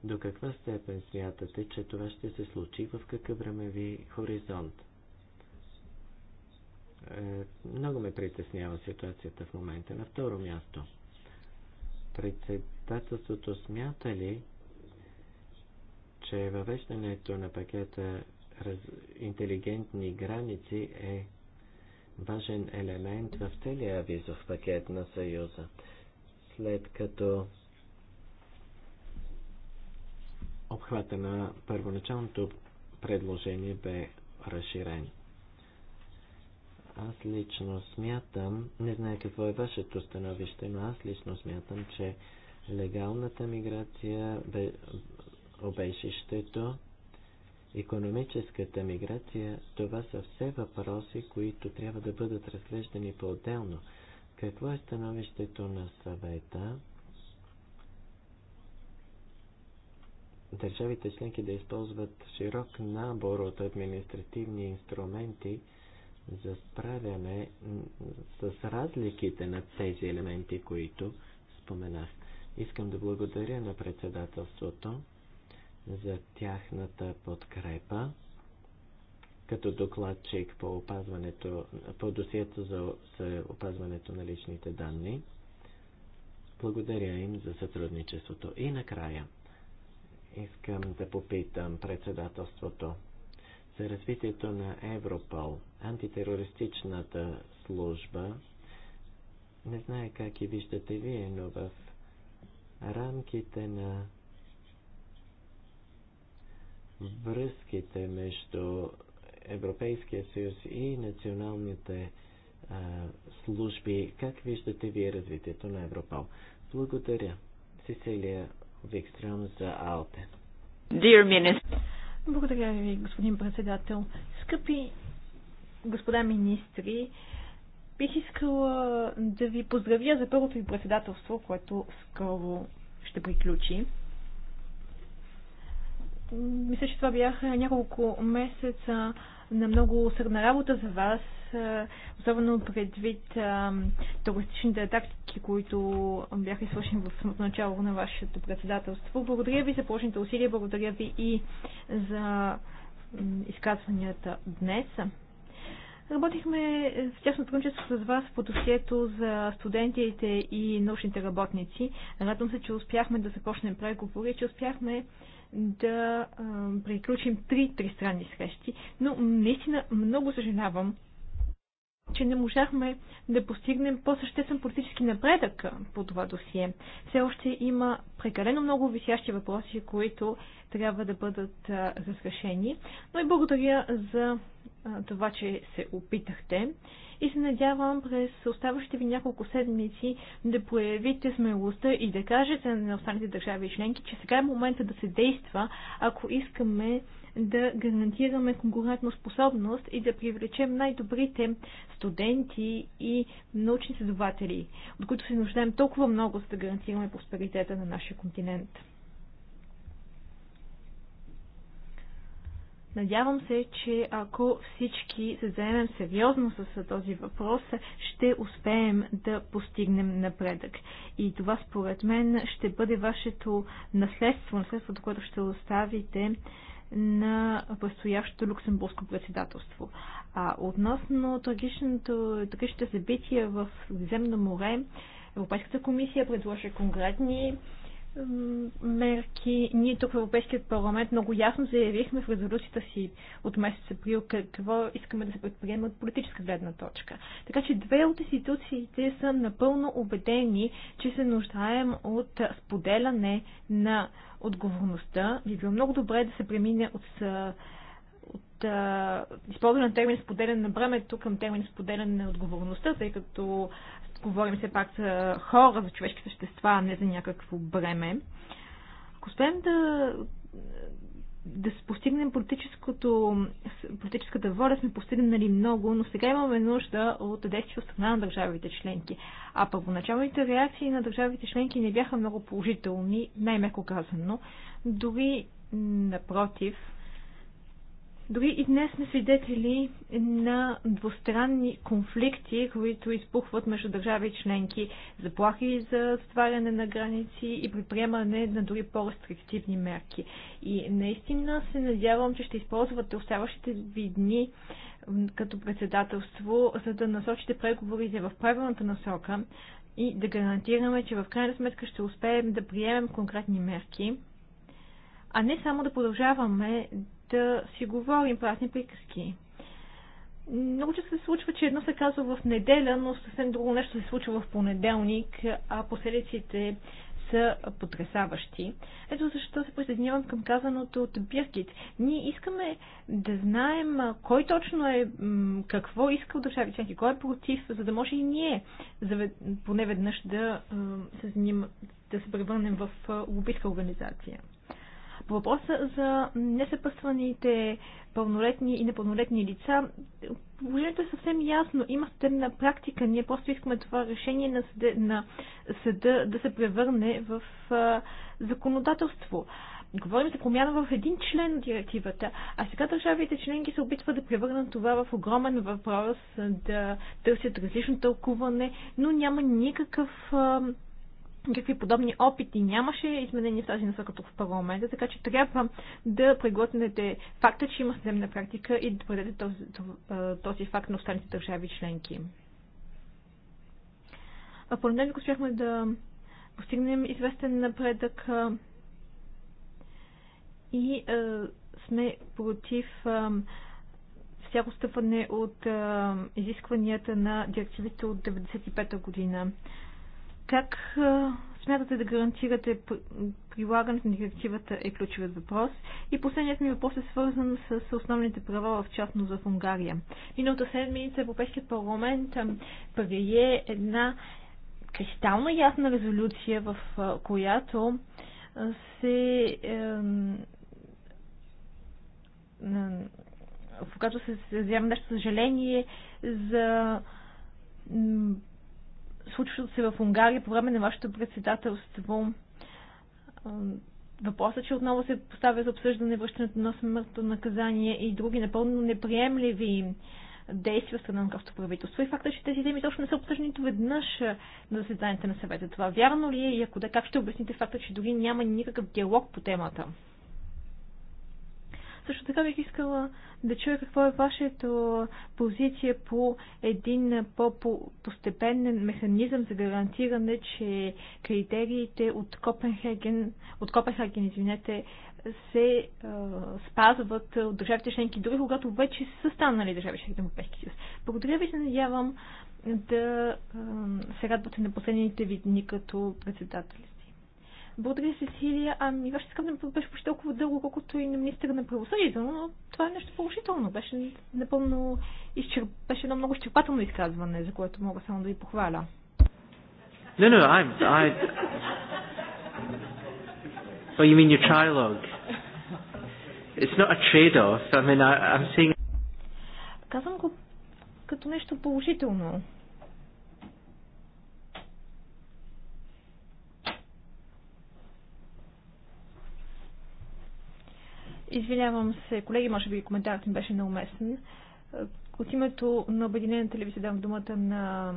до каква степен смятате, че това ще се случи в какъв времеви хоризонт? Е, много ме притеснява ситуацията в момента. На второ място. Председателството смята ли, че въвеждането на пакета раз... интелигентни граници е важен елемент в целия визов пакет на Съюза, след като Обхвата на първоначалното предложение бе разширен. Аз лично смятам, не знае какво е вашето становище, но аз лично смятам, че легалната миграция, бе, обежището, економическата миграция, това са все въпроси, които трябва да бъдат разглеждани по-отделно. Какво е становището на съвета? държавите членки да използват широк набор от административни инструменти за справяне с разликите на тези елементи, които споменах. Искам да благодаря на председателството за тяхната подкрепа като докладчик по, опазването, по досието за, за опазването на личните данни. Благодаря им за сътрудничеството. И накрая. Искам да попитам председателството за развитието на Европол, антитерористичната служба. Не знае как и виждате вие, но в рамките на връзките между Европейския съюз и националните а, служби, как виждате вие развитието на Европол? Благодаря. Сесилия Викстрюм за Алпе. Dear Minister. Благодаря ви, господин председател. Скъпи господа министри, бих искала да ви поздравя за първото ви председателство, което скоро ще приключи. Мисля, че това бяха няколко месеца на много усърдна работа за вас, особено предвид терористичните тактики, които бяха извършени в самото начало на вашето председателство. Благодаря ви за положените усилия, благодаря ви и за изказванията днес. Работихме в тясно сътрудничество с вас по досието за студентите и научните работници. Радвам се, че успяхме да започнем преговори, че успяхме да приключим три тристранни срещи, но наистина много съжалявам, че не можахме да постигнем по-съществен политически напредък по това досие. Все още има прекалено много висящи въпроси, които трябва да бъдат разрешени. Но и благодаря за това, че се опитахте и се надявам през оставащите ви няколко седмици да проявите смелостта и да кажете на останалите държави и членки, че сега е момента да се действа, ако искаме да гарантираме конкурентна способност и да привлечем най-добрите студенти и научни следователи, от които се нуждаем толкова много, за да гарантираме просперитета на нашия континент. Надявам се, че ако всички се заемем сериозно с този въпрос, ще успеем да постигнем напредък. И това според мен ще бъде вашето наследство, наследството, което ще оставите на предстоящото люксембургско председателство. А относно трагичните събития в Земно море, Европейската комисия предложи конкретни мерки. Ние тук в Европейският парламент много ясно заявихме в резолюцията си от месец април какво искаме да се предприеме от политическа гледна точка. Така че две от институциите са напълно убедени, че се нуждаем от споделяне на отговорността. Би било много добре да се премине от, от използване на термин споделяне на бремето към термин споделяне на отговорността, тъй като Говорим все пак за хора, за човешки същества, а не за някакво бреме. Ако успеем да, да постигнем политическата воля, сме постигнали много, но сега имаме нужда от действия от страна на държавите членки. А първоначалните реакции на държавите членки не бяха много положителни, най-меко казано. Дори напротив, дори и днес сме свидетели на двустранни конфликти, които изпухват между държави и членки, заплахи за отваряне на граници и предприемане на дори по-рестриктивни мерки. И наистина се надявам, че ще използвате оставащите ви дни като председателство, за да насочите преговорите в правилната насока и да гарантираме, че в крайна сметка ще успеем да приемем конкретни мерки, а не само да продължаваме да си говорим празни приказки. Много често се случва, че едно се казва в неделя, но съвсем друго нещо се случва в понеделник, а последиците са потрясаващи. Ето защо се присъединявам към казаното от Биркит. Ние искаме да знаем кой точно е, какво иска от държави членки, кой е против, за да може и ние поне веднъж да, да се превърнем в лобистка организация. По въпроса за несъпъстваните пълнолетни и непълнолетни лица, положението е съвсем ясно. Има съдебна практика. Ние просто искаме това решение на съда, на съда да се превърне в а, законодателство. Говорим за промяна в един член на директивата, а сега държавите членки се опитват да превърнат това в огромен въпрос, да търсят различно тълкуване, но няма никакъв а, какви подобни опити нямаше изменение в тази насока тук в парламента, така че трябва да преглътнете факта, че има съдебна практика и да предадете този, е, този факт на останалите държави членки. В понеделник успяхме да постигнем известен напредък и а, сме против а, всяко стъпване от а, изискванията на директивите от 1995 година. Как смятате да гарантирате прилагането на директивата е ключовият въпрос. И последният ми въпрос е свързан с основните права, в частност в Унгария. Миналата седмица Европейският парламент прие една кристално ясна резолюция, в която се в която се взема нещо съжаление за случващото се в Унгария по време на вашето председателство. Въпросът, е, че отново се поставя за обсъждане връщането на смъртно наказание и други напълно неприемливи действия страна на нашето правителство и факта, че тези теми точно не са обсъждани нито веднъж на заседанията на съвета. Това вярно ли е и ако да, как ще обясните факта, че дори няма никакъв диалог по темата? Също така бих искала да чуя какво е вашето позиция по един по-постепенен механизъм за гарантиране, че критериите от Копенхаген, от Копенхаген извинете, се е, спазват от държавите членки, дори когато вече са станали държави членки на Европейския съюз. Благодаря ви, се надявам да е, се радвате на последните ви дни като председатели. Благодаря, Сесилия. Ами, ваше вашето изказване беше почти толкова дълго, колкото и на министра на правосъдието, но това е нещо положително. Беше напълно изчерп... беше едно много изчерпателно изказване, за което мога само да ви похваля. Не, не, I'm... I... So oh, you mean your trilogue? It's not a trade-off. I mean, I, I'm saying... Казвам го като нещо положително. Извинявам се, колеги, може би коментарът ми беше неуместен. От името на Обединената телевизия давам думата на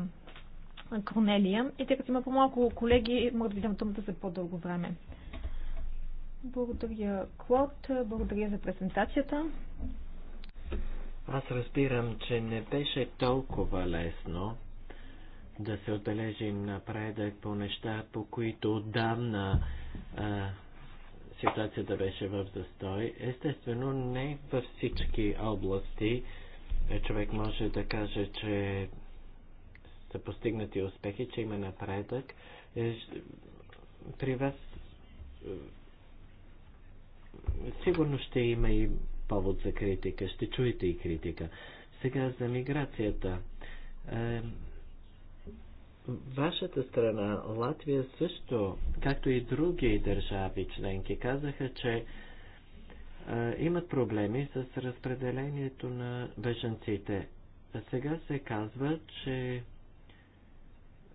Кронелия. и тъй като има по-малко колеги, мога да ви дам думата за по-дълго време. Благодаря, Клод. Благодаря за презентацията. Аз разбирам, че не беше толкова лесно да се отбележи напредък по неща, по които отдавна а, ситуацията беше в застой. Естествено, не във всички области човек може да каже, че са постигнати успехи, че има напредък. Е, при вас е, сигурно ще има и повод за критика, ще чуете и критика. Сега за миграцията. Е, Вашата страна, Латвия също, както и други държави членки, казаха, че а, имат проблеми с разпределението на бежанците. А сега се казва, че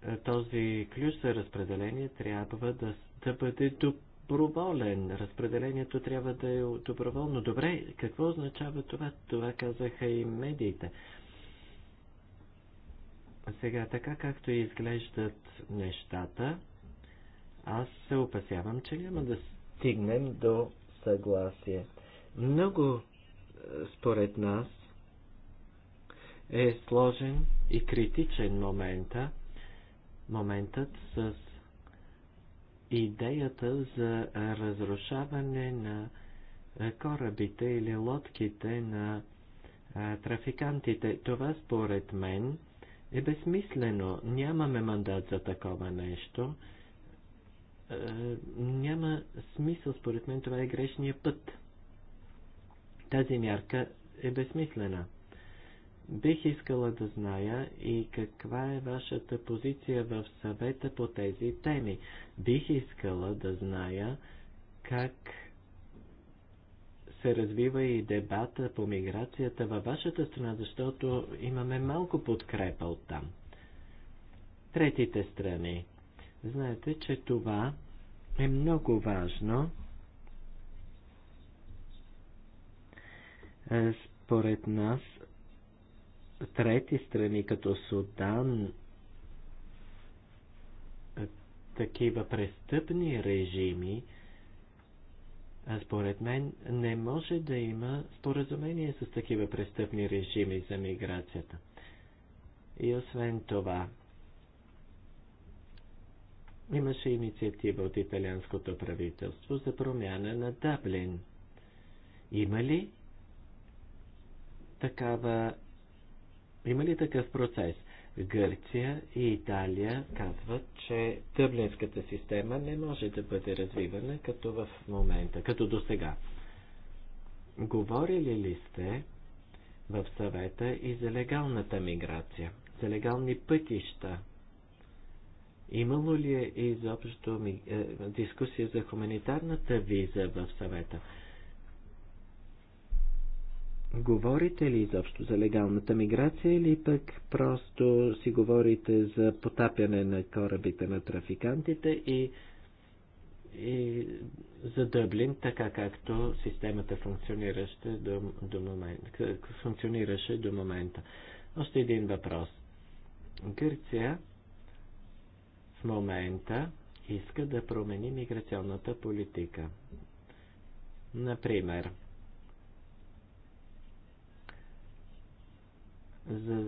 а, този ключ за разпределение трябва да, да бъде доброволен. Разпределението трябва да е доброволно. Добре, какво означава това? Това казаха и медиите. Сега, така както изглеждат нещата, аз се опасявам, че няма да стигнем до съгласие. Много, е, според нас, е сложен и критичен момента, моментът с идеята за разрушаване на е, корабите или лодките на е, трафикантите. Това според мен е безсмислено. Нямаме мандат за такова нещо. Е, няма смисъл, според мен това е грешния път. Тази мярка е безмислена. Бих искала да зная и каква е вашата позиция в съвета по тези теми. Бих искала да зная как се развива и дебата по миграцията във вашата страна, защото имаме малко подкрепа от там. Третите страни. Знаете, че това е много важно. Е, според нас, трети страни, като Судан, е, такива престъпни режими, а Според мен не може да има споразумение с такива престъпни режими за миграцията. И освен това, имаше инициатива от италианското правителство за промяна на Даблин. Има ли такава има ли такъв процес? Гърция и Италия казват, че тъблинската система не може да бъде развивана като в момента, като до сега. Говорили ли сте в съвета и за легалната миграция, за легални пътища? Имало ли е изобщо е, дискусия за хуманитарната виза в съвета? Говорите ли изобщо за легалната миграция или пък просто си говорите за потапяне на корабите на трафикантите и, и за Дъблин, така както системата функционираше до, до момента, функционираше до момента? Още един въпрос. Гърция в момента иска да промени миграционната политика. Например, за...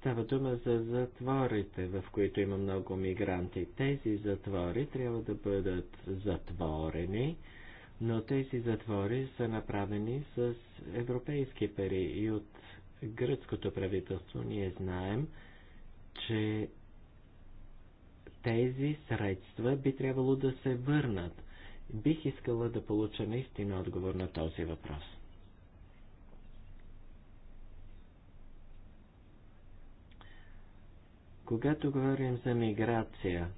Става дума за затворите, в които има много мигранти. Тези затвори трябва да бъдат затворени, но тези затвори са направени с европейски пари и от гръцкото правителство ние знаем, че тези средства би трябвало да се върнат. Бих искала да получа наистина отговор на този въпрос. Когато говорим за миграция,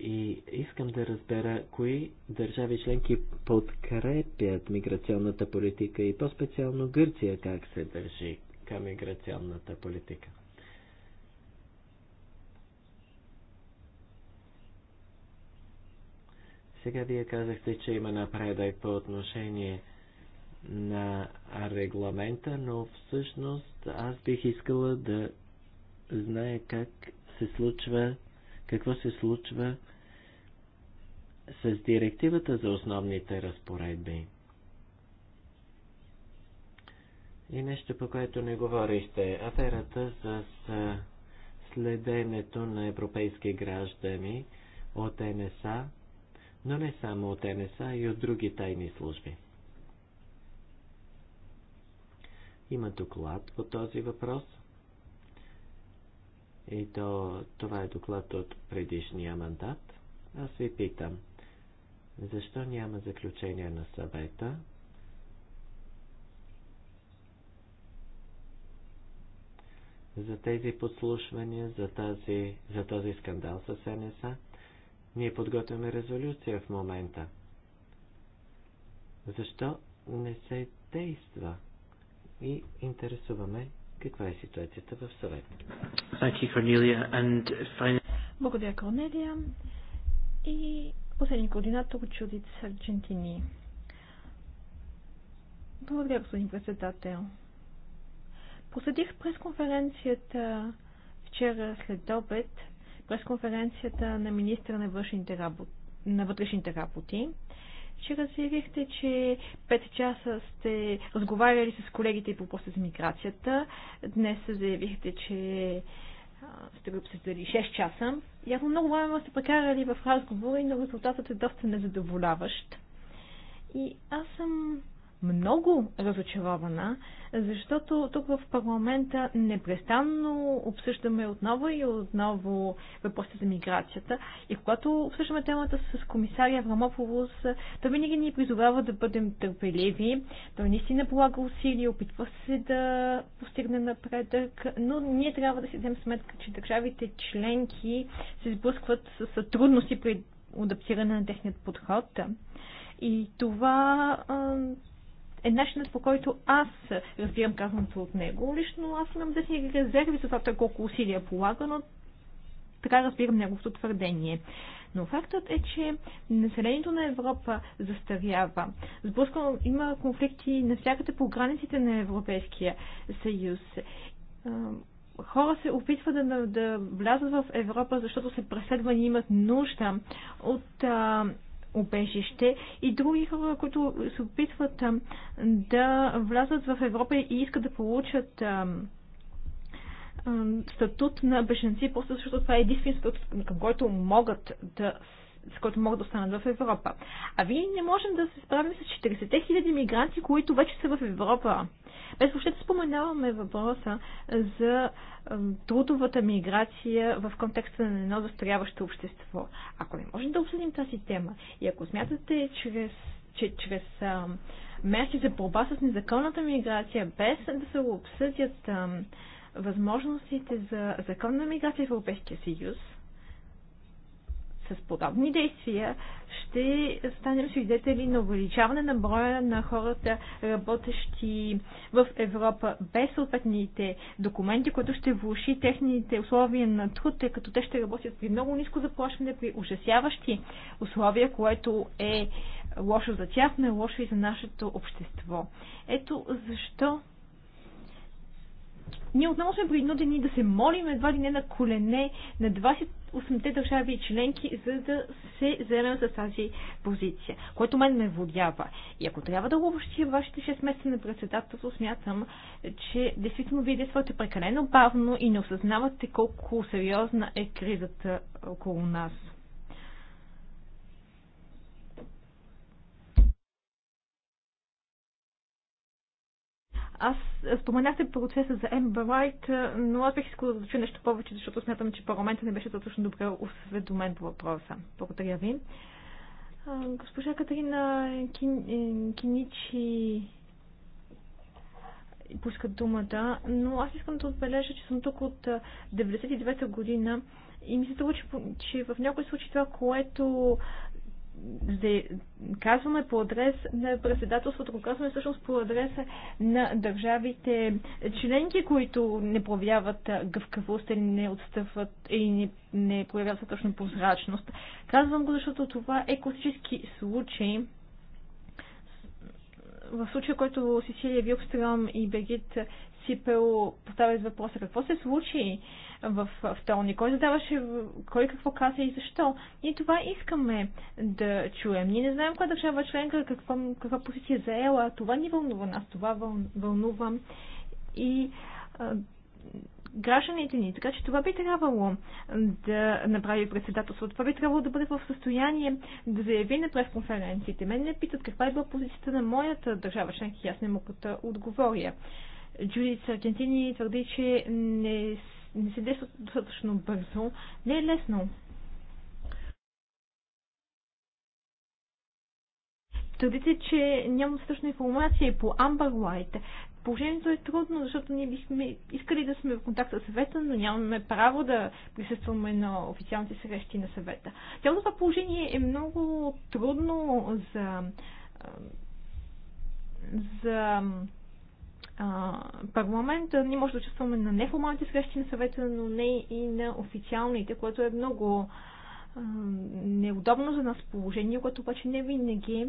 и искам да разбера кои държави членки подкрепят миграционната политика и по-специално Гърция как се държи към миграционната политика. Сега вие казахте, че има напредък по отношение на регламента, но всъщност аз бих искала да знае как се случва, какво се случва с директивата за основните разпоредби. И нещо, по което не говорихте, аферата с следенето на европейски граждани от НСА, но не само от НСА и от други тайни служби. Има доклад по този въпрос – и то, това е доклад от предишния мандат, аз ви питам, защо няма заключение на съвета? За тези подслушвания, за, тази, за този скандал с НСА, ние подготвяме резолюция в момента. Защо не се действа? И интересуваме каква е ситуацията в съвета. Благодаря, Корнелия. И последния координатор Чудит Сарджентини. Благодаря, господин председател. Проследих пресконференцията вчера след обед, конференцията на министра на, на вътрешните работи вчера заявихте, че 5 часа сте разговаряли с колегите по после за миграцията. Днес заявихте, че сте го обсъждали 6 часа. Явно много време сте прекарали в разговори, но резултатът е доста незадоволяващ. И аз съм много разочарована, защото тук в парламента непрестанно обсъждаме отново и отново въпроса за миграцията. И когато обсъждаме темата с комисария Аврамополос, той винаги ни призовава да бъдем търпеливи. Той наистина полага усилия, опитва се да постигне напредък, но ние трябва да си дадем сметка, че държавите членки се сблъскват с трудности при адаптиране на техният подход. И това е начинът по който аз разбирам казаното от него. Лично аз имам десни резерви за това колко усилия полага, но така разбирам неговото твърдение. Но фактът е, че населението на Европа застарява. Сблъскано има конфликти навсякъде по границите на Европейския съюз. Хора се опитват да, да влязат в Европа, защото се преследвани и имат нужда от а, убежище и други хора, които се опитват да влязат в Европа и искат да получат статут на беженци, просто защото това е единствен статут, към който могат да с който могат да останат в Европа. А вие не можем да се справим с 40 000 мигранти, които вече са в Европа. Без въобще да споменаваме въпроса за трудовата миграция в контекста на едно застряващо общество. Ако не можем да обсъдим тази тема и ако смятате, чрез, че чрез мерки за борба с незаконната миграция, без да се обсъдят възможностите за законна миграция в Европейския съюз, с подобни действия ще станем свидетели на увеличаване на броя на хората, работещи в Европа без съответните документи, които ще влуши техните условия на труд, тъй като те ще работят при много ниско заплащане, при ужасяващи условия, което е лошо за тях, но е лошо и за нашето общество. Ето защо ние отново сме принудени да се молим едва ли не на колене на 28-те държави и членки, за да се заемем с тази позиция, което мен ме водява. И ако трябва да обобщя вашите 6 месеца на председателство, смятам, че действително вие действате прекалено бавно и не осъзнавате колко сериозна е кризата около нас. Аз е, споменахте процеса за Amber е, но аз бих искала да чуя нещо повече, защото смятам, че парламентът не беше точно добре осведомен по въпроса. Благодаря ви. Госпожа Катерина Кин, е, Киничи пуска думата, но аз искам да отбележа, че съм тук от 99-та година и ми се че, че в някои случаи това, което да е- казваме по адрес на председателството, го казваме всъщност по адреса на държавите членки, които не проявяват гъвкавост или не отстъпват и не, не проявяват точно прозрачност. Казвам го, защото това е класически случай, в случая, който Сицилия Вилкстрам и Бегит Сипел поставят въпроса какво се случи в вторник? Кой задаваше, кой какво каза и защо? Ние това искаме да чуем. Ние не знаем коя държава членка, каква, каква позиция е заела. Това ни вълнува нас, това вълнува и гражданите ни. Така че това би трябвало да направи председателство. Това би трябвало да бъде в състояние да заяви на пресконференциите. Мен не питат каква е била позицията на моята държава членка и аз не мога да отговоря. Джудит Саргентини твърди, че не не се действат достатъчно бързо, не е лесно. Твърдите, че няма достатъчно информация по Amber Light. Положението е трудно, защото ние бихме искали да сме в контакт с съвета, но нямаме право да присъстваме на официалните срещи на съвета. Цялото това положение е много трудно за, за парламент. Ние може да участваме на неформалните срещи на съвета, но не и на официалните, което е много неудобно за нас положение, което обаче не винаги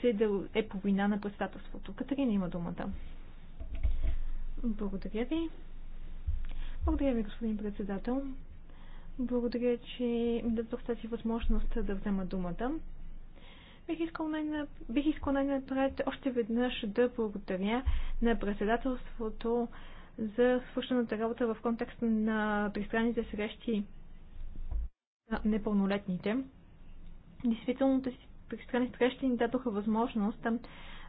се е по вина на председателството. Катерина има думата. Благодаря ви. Благодаря ви, господин председател. Благодаря, че ми дадох тази възможност да взема думата. Бих искал най-напред, бих искал най още веднъж да благодаря на председателството за свършената работа в контекста на тристранните срещи на непълнолетните. Действително тези тристранни срещи ни дадоха възможност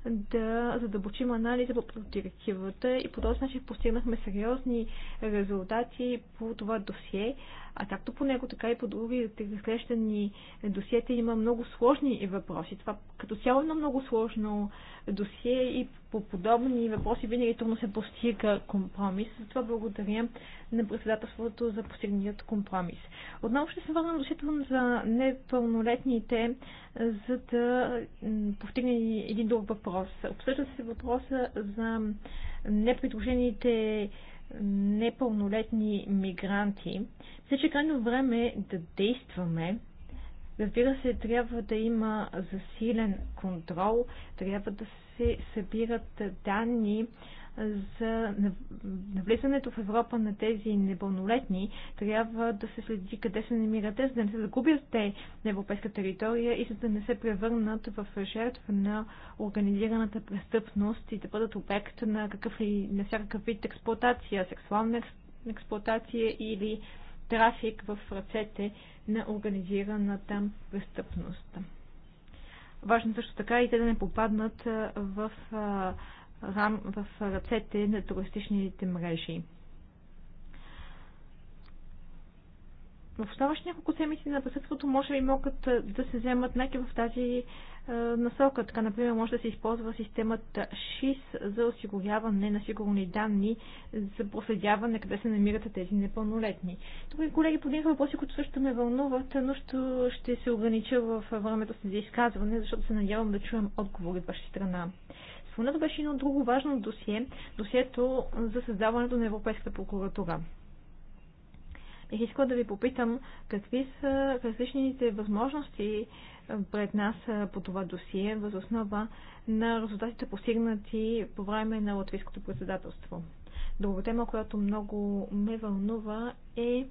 да задълбочим анализа по директивата и по този начин постигнахме сериозни резултати по това досие, а както по него, така и по другите разглеждани досиета има много сложни въпроси. Това като цяло е едно много сложно досие и по подобни въпроси винаги трудно се постига компромис. Затова благодаря на председателството за постигният компромис. Отново ще се върна досието за непълнолетните, за да постигне един друг въпрос. Обсъжда се въпроса за непредложените непълнолетни мигранти. Мисля, че крайно време е да действаме. Разбира се, трябва да има засилен контрол, трябва да се събират данни за навлизането в Европа на тези непълнолетни, трябва да се следи къде се намират те, за да не се загубят те на европейска територия и за да не се превърнат в жертва на организираната престъпност и да бъдат обект на, какъв ли, на всякакъв вид експлуатация, сексуална експлуатация или трафик в ръцете на организираната престъпност. Важно също така и те да не попаднат в рам в ръцете на туристичните мрежи. в оставащи няколко седмици на присъствието може би могат да се вземат мерки в тази е, насока. Така, например, може да се използва системата ШИС за осигуряване на сигурни данни за проследяване къде се намират тези непълнолетни. Други колеги подинаха въпроси, които също ме вълнуват, но ще се огранича в времето си за изказване, защото се надявам да чуем отговори от ваша страна. Споменато беше едно друго важно досие, досието за създаването на Европейската прокуратура. Бих искала да ви попитам какви са различните възможности пред нас по това досие, въз основа на резултатите постигнати по време на латвийското председателство. Друга тема, която много ме вълнува е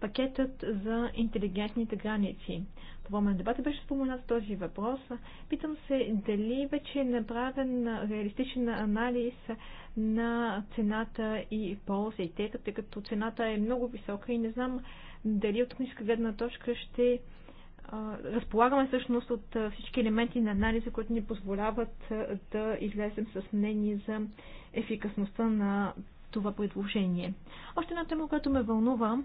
пакетът за интелигентните граници. По време на дебата беше споменат този въпрос. Питам се дали вече е направен реалистичен анализ на цената и ползите, тъй като цената е много висока и не знам дали от техническа гледна точка ще разполагаме всъщност от всички елементи на анализа, които ни позволяват да излезем с мнение за ефикасността на това предложение. Още една тема, която ме вълнува,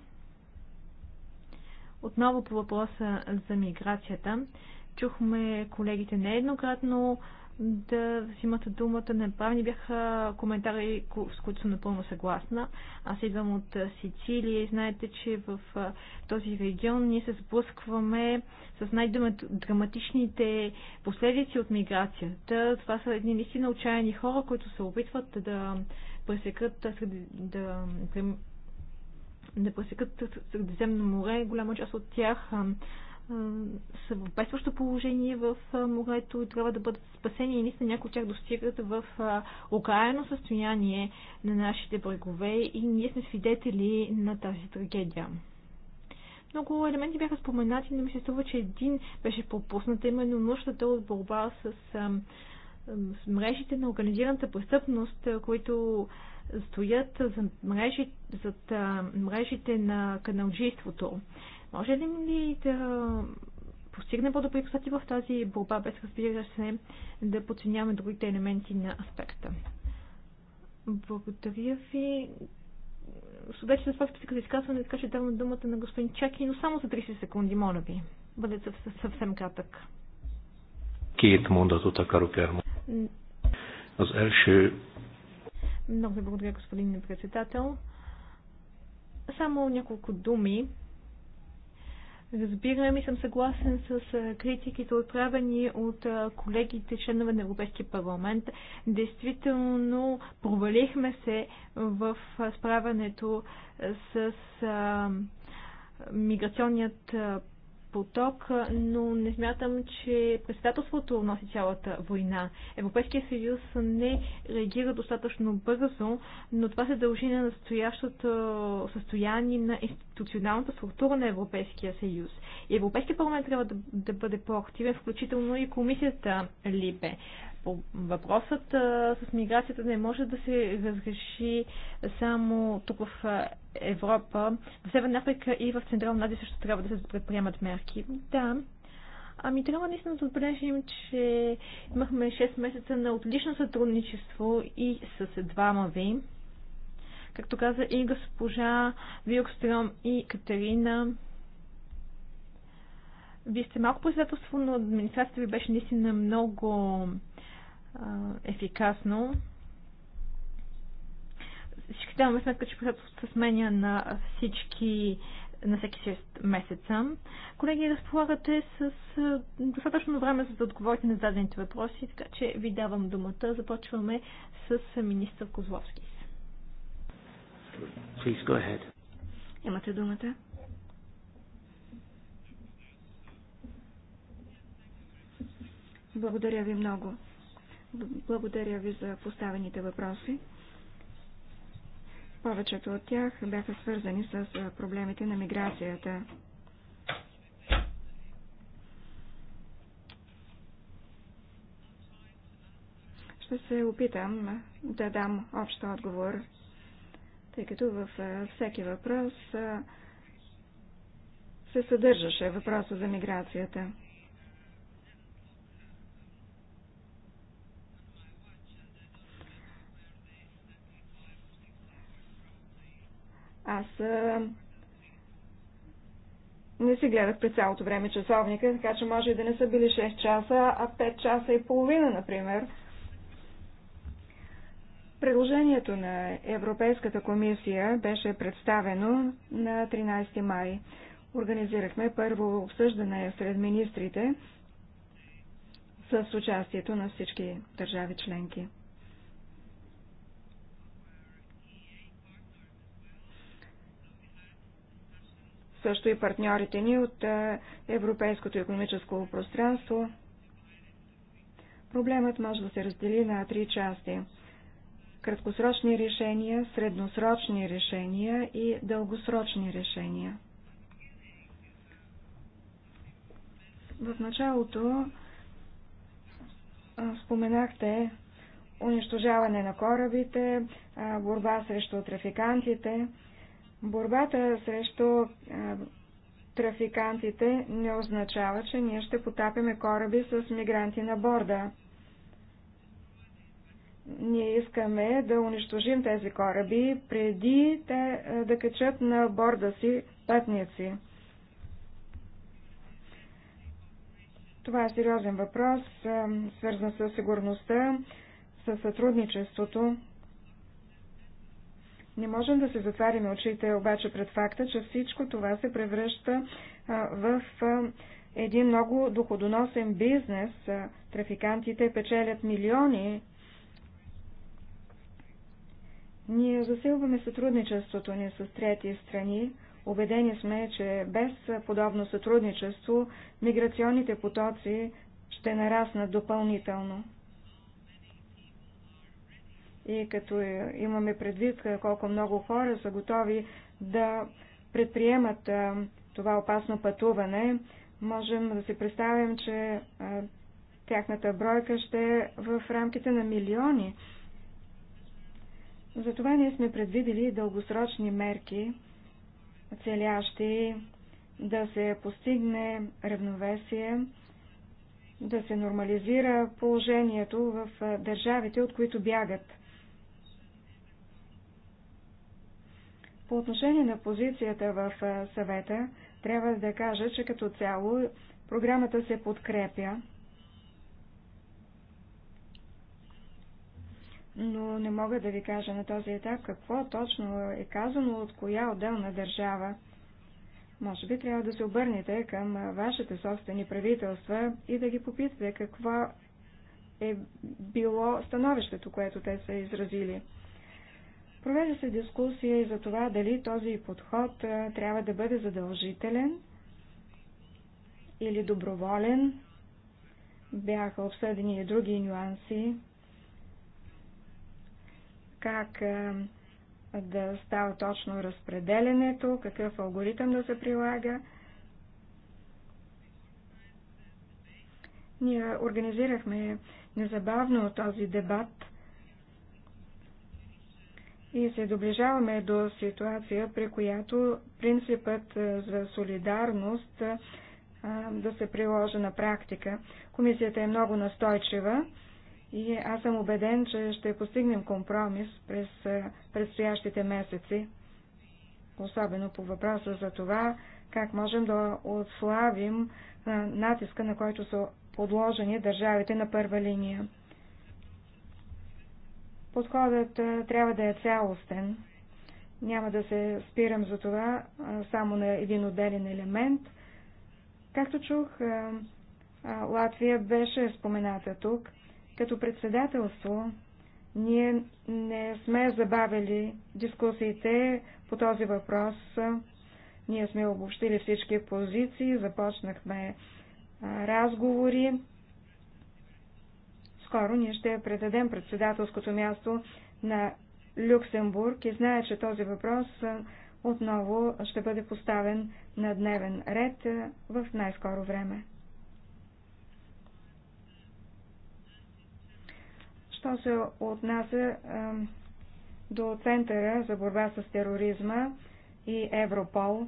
отново по въпроса за миграцията. Чухме колегите нееднократно да взимат думата. Направени бяха коментари, с които съм напълно съгласна. Аз идвам от Сицилия и знаете, че в този регион ние се сблъскваме с най-драматичните последици от миграцията. Това са едни наистина отчаяни хора, които се опитват да пресекат, да не пресекат Средиземно море. Голяма част от тях са в бедстващо положение в морето и трябва да бъдат спасени и наистина някои от тях достигат в окаяно състояние на нашите брегове и ние сме свидетели на тази трагедия. Много елементи бяха споменати, но ми се струва, че един беше пропуснат, именно нуждата от борба с, с мрежите на организираната престъпност, които стоят за мрежи, зад мрежите на каналжиството. Може ли, ли да постигнем по-добри в тази борба, без разбира се да подценяваме другите елементи на аспекта? Благодаря ви. Вече на това като за изказване, така ще давам думата на господин Чаки, но само за 30 секунди, моля ви. Бъде съвсем кратък. Кит mondatot akarok Az első много ви благодаря, господин председател. Само няколко думи. Разбирам и съм съгласен с критиките, отправени от колегите, членове на Европейския парламент. Действително провалихме се в справянето с миграционният поток, но не смятам, че председателството носи цялата война. Европейския съюз не реагира достатъчно бързо, но това се дължи на настоящото състояние на институционалната структура на Европейския съюз. И Европейския парламент трябва да, да бъде по-активен, включително и комисията Либе. Въпросът с миграцията не може да се разреши само тук в Европа. В Северна Африка и в Централна Азия също трябва да се предприемат мерки. Да, Ами трябва наистина да отбележим, че имахме 6 месеца на отлично сътрудничество и с двама ви. Както каза и госпожа Вилкстром и Катерина, вие сте малко председателство, но администрацията ви беше наистина много ефикасно. Всички даваме сметка, че председателството се сменя на всички на всеки 6 месеца. Колеги, разполагате с достатъчно време, за да отговорите на зададените въпроси, така че ви давам думата. Започваме с министър Козловски. Please go ahead. Имате думата. Благодаря ви много. Благодаря ви за поставените въпроси. Повечето от тях бяха свързани с проблемите на миграцията. Ще се опитам да дам общ отговор, тъй като във всеки въпрос се съдържаше въпроса за миграцията. Аз а, не си гледах през цялото време часовника, така че може и да не са били 6 часа, а 5 часа и половина, например. Предложението на Европейската комисия беше представено на 13 май. Организирахме първо обсъждане сред министрите с участието на всички държави членки. също и партньорите ни от е, Европейското економическо пространство. Проблемът може да се раздели на три части. Краткосрочни решения, средносрочни решения и дългосрочни решения. В началото споменахте унищожаване на корабите, борба срещу трафикантите, Борбата срещу трафикантите не означава, че ние ще потапяме кораби с мигранти на борда. Ние искаме да унищожим тези кораби преди те да качат на борда си пътници. Това е сериозен въпрос, свързан с сигурността, с сътрудничеството. Не можем да се затваряме очите обаче пред факта, че всичко това се превръща в един много доходоносен бизнес. Трафикантите печелят милиони. Ние засилваме сътрудничеството ни с трети страни. Обедени сме, че без подобно сътрудничество миграционните потоци ще нараснат допълнително. И като е, имаме предвид е, колко много хора са готови да предприемат е, това опасно пътуване, можем да си представим, че тяхната бройка ще е в рамките на милиони. Затова ние сме предвидели дългосрочни мерки, целящи да се постигне равновесие, да се нормализира положението в държавите, от които бягат По отношение на позицията в съвета, трябва да кажа, че като цяло програмата се подкрепя, но не мога да ви кажа на този етап какво точно е казано от коя отделна държава. Може би трябва да се обърнете към вашите собствени правителства и да ги попитате какво е било становището, което те са изразили. Провежда се дискусия и за това дали този подход трябва да бъде задължителен или доброволен. Бяха обсъдени и други нюанси, как да става точно разпределенето, какъв алгоритъм да се прилага. Ние организирахме незабавно този дебат – и се доближаваме до ситуация, при която принципът е, за солидарност е, да се приложи на практика. Комисията е много настойчива и аз съм убеден, че ще постигнем компромис през е, предстоящите месеци, особено по въпроса за това, как можем да отслабим натиска, на който са подложени държавите на първа линия. Подходът е, трябва да е цялостен. Няма да се спирам за това само на един отделен елемент. Както чух, е, Латвия беше спомената тук. Като председателство ние не сме забавили дискусиите по този въпрос. Ние сме обобщили всички позиции, започнахме разговори скоро ние ще предадем председателското място на Люксембург и знае, че този въпрос отново ще бъде поставен на дневен ред в най-скоро време. Що се отнася до Центъра за борба с тероризма и Европол,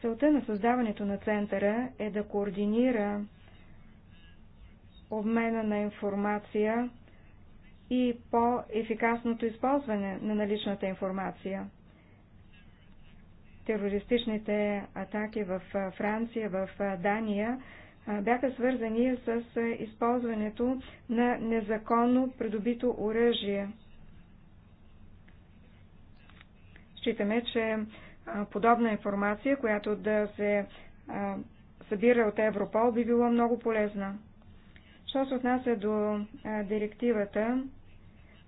целта на създаването на Центъра е да координира обмена на информация и по-ефикасното използване на наличната информация. Терористичните атаки в Франция, в Дания бяха свързани с използването на незаконно придобито оръжие. Считаме, че подобна информация, която да се събира от Европол, би била много полезна. Що се отнася до директивата,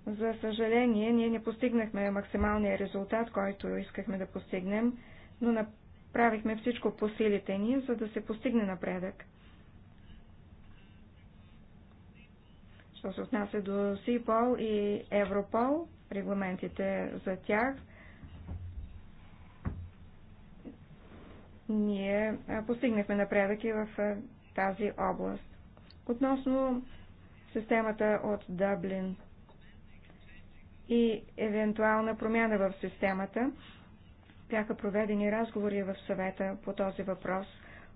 за съжаление, ние не постигнахме максималния резултат, който искахме да постигнем, но направихме всичко по силите ни, за да се постигне напредък. Що се отнася до СИПОЛ и Европол, регламентите за тях, ние постигнахме напредък и в тази област. Относно системата от Дъблин и евентуална промяна в системата, бяха проведени разговори в съвета по този въпрос.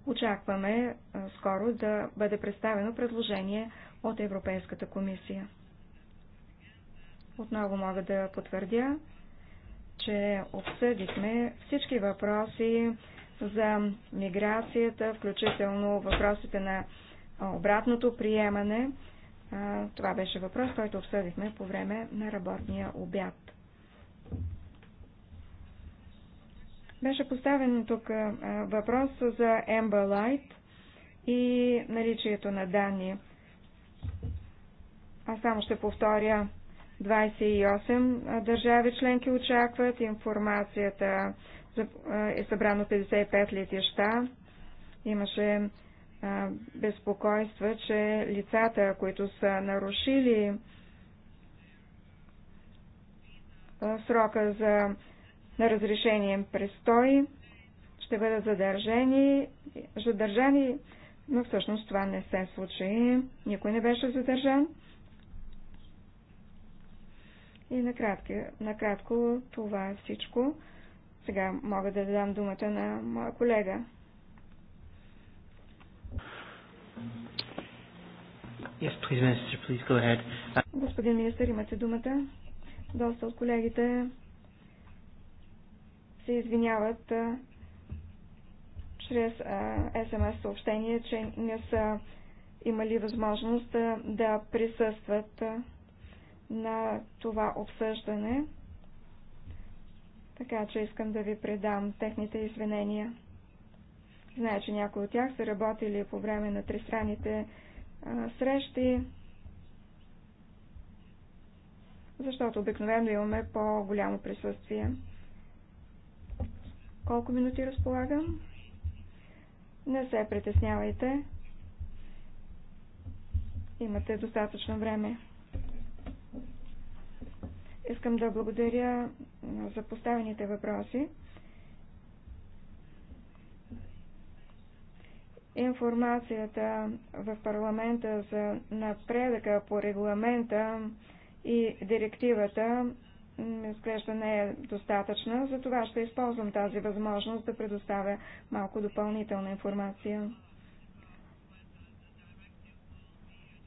Очакваме скоро да бъде представено предложение от Европейската комисия. Отново мога да потвърдя, че обсъдихме всички въпроси за миграцията, включително въпросите на обратното приемане. Това беше въпрос, който обсъдихме по време на работния обяд. Беше поставен тук въпрос за Amber Light и наличието на данни. Аз само ще повторя. 28 държави членки очакват. Информацията е събрана 55 летища. Имаше безпокойства, че лицата, които са нарушили срока за, на разрешение престой, ще бъдат задържани, задържани, но всъщност това не се случи. Никой не беше задържан. И накратко, накратко това е всичко. Сега мога да дам думата на моя колега. Yes, please, Minister, please go ahead. Господин министър, имате думата. Доста от колегите се извиняват а, чрез СМС съобщение, че не са имали възможност а, да присъстват а, на това обсъждане. Така че искам да ви предам техните извинения. Знае, че някои от тях са работили по време на тристранните срещи, защото обикновено имаме по-голямо присъствие. Колко минути разполагам? Не се притеснявайте. Имате достатъчно време. Искам да благодаря за поставените въпроси. информацията в парламента за напредъка по регламента и директивата изглежда не е достатъчна, затова ще използвам тази възможност да предоставя малко допълнителна информация.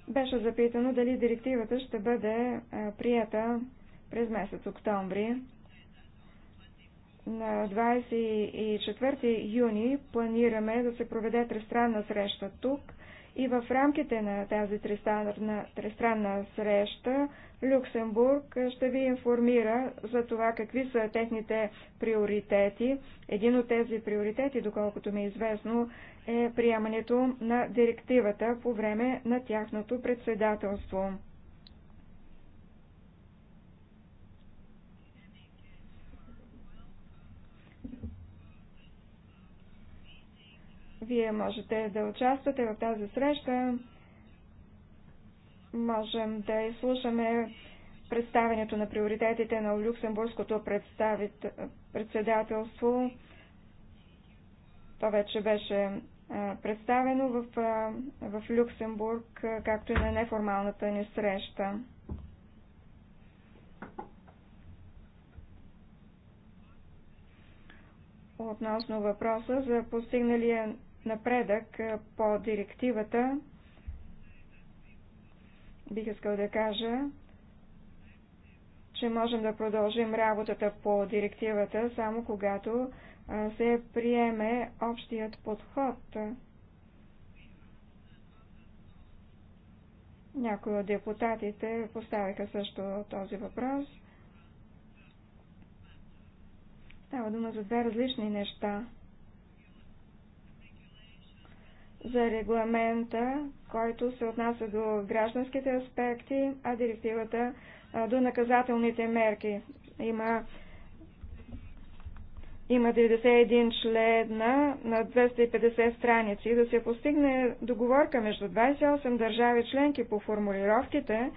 Беше запитано дали директивата ще бъде е, прията през месец октомври на 24 юни планираме да се проведе тристранна среща тук и в рамките на тази тристранна, тристранна среща Люксембург ще ви информира за това какви са техните приоритети. Един от тези приоритети, доколкото ми е известно, е приемането на директивата по време на тяхното председателство. Вие можете да участвате в тази среща. Можем да изслушаме представянето на приоритетите на Люксембургското председателство. То вече беше представено в, в Люксембург, както и на неформалната ни среща. Относно въпроса за постигналия напредък по директивата, бих искал да кажа, че можем да продължим работата по директивата само когато се приеме общият подход. Някои от депутатите поставиха също този въпрос. Става дума за две различни неща за регламента, който се отнася до гражданските аспекти, а директивата до наказателните мерки. Има, има 91 члена на 250 страници. Да се постигне договорка между 28 държави членки по формулировките,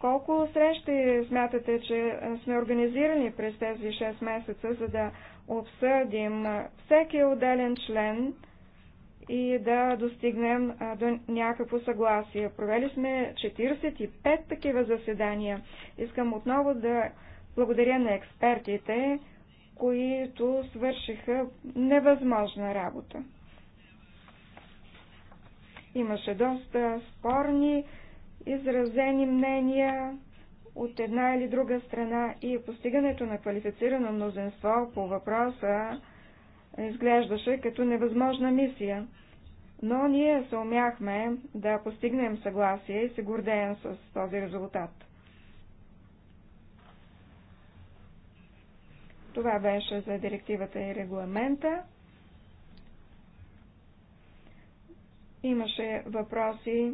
колко срещи смятате, че сме организирани през тези 6 месеца, за да обсъдим всеки отделен член и да достигнем до някакво съгласие. Провели сме 45 такива заседания. Искам отново да благодаря на експертите, които свършиха невъзможна работа. Имаше доста спорни, изразени мнения, от една или друга страна и постигането на квалифицирано мнозинство по въпроса изглеждаше като невъзможна мисия. Но ние се умяхме да постигнем съгласие и се гордеем с този резултат. Това беше за директивата и регламента. Имаше въпроси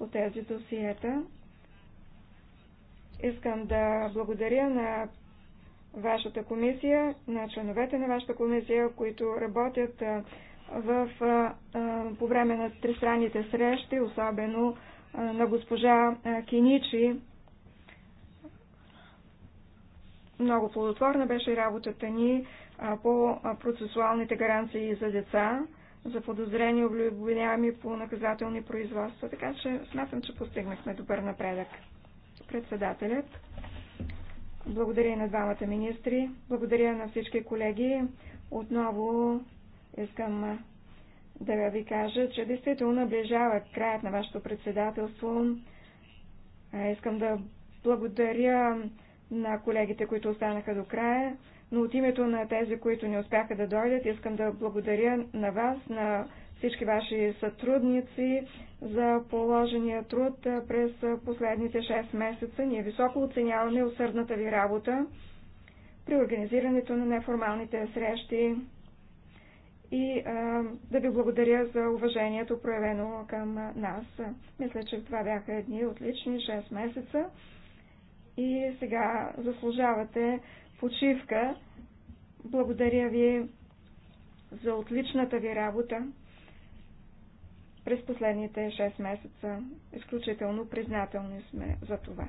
по тези досиета. Искам да благодаря на вашата комисия, на членовете на вашата комисия, които работят в, по време на тристранните срещи, особено на госпожа Киничи. Много плодотворна беше работата ни по процесуалните гаранции за деца за подозрени обвиняеми по наказателни производства, така че смятам, че постигнахме добър напредък. Председателят. Благодаря и на двамата министри. Благодаря на всички колеги. Отново искам да ви кажа, че действително наближава краят на вашето председателство. Искам да благодаря на колегите, които останаха до края. Но от името на тези, които не успяха да дойдат, искам да благодаря на вас, на всички ваши сътрудници за положения труд през последните 6 месеца. Ние високо оценяваме усърдната ви работа при организирането на неформалните срещи и а, да ви благодаря за уважението, проявено към нас. Мисля, че това бяха едни отлични 6 месеца и сега заслужавате почивка. Благодаря ви за отличната ви работа през последните 6 месеца. Изключително признателни сме за това.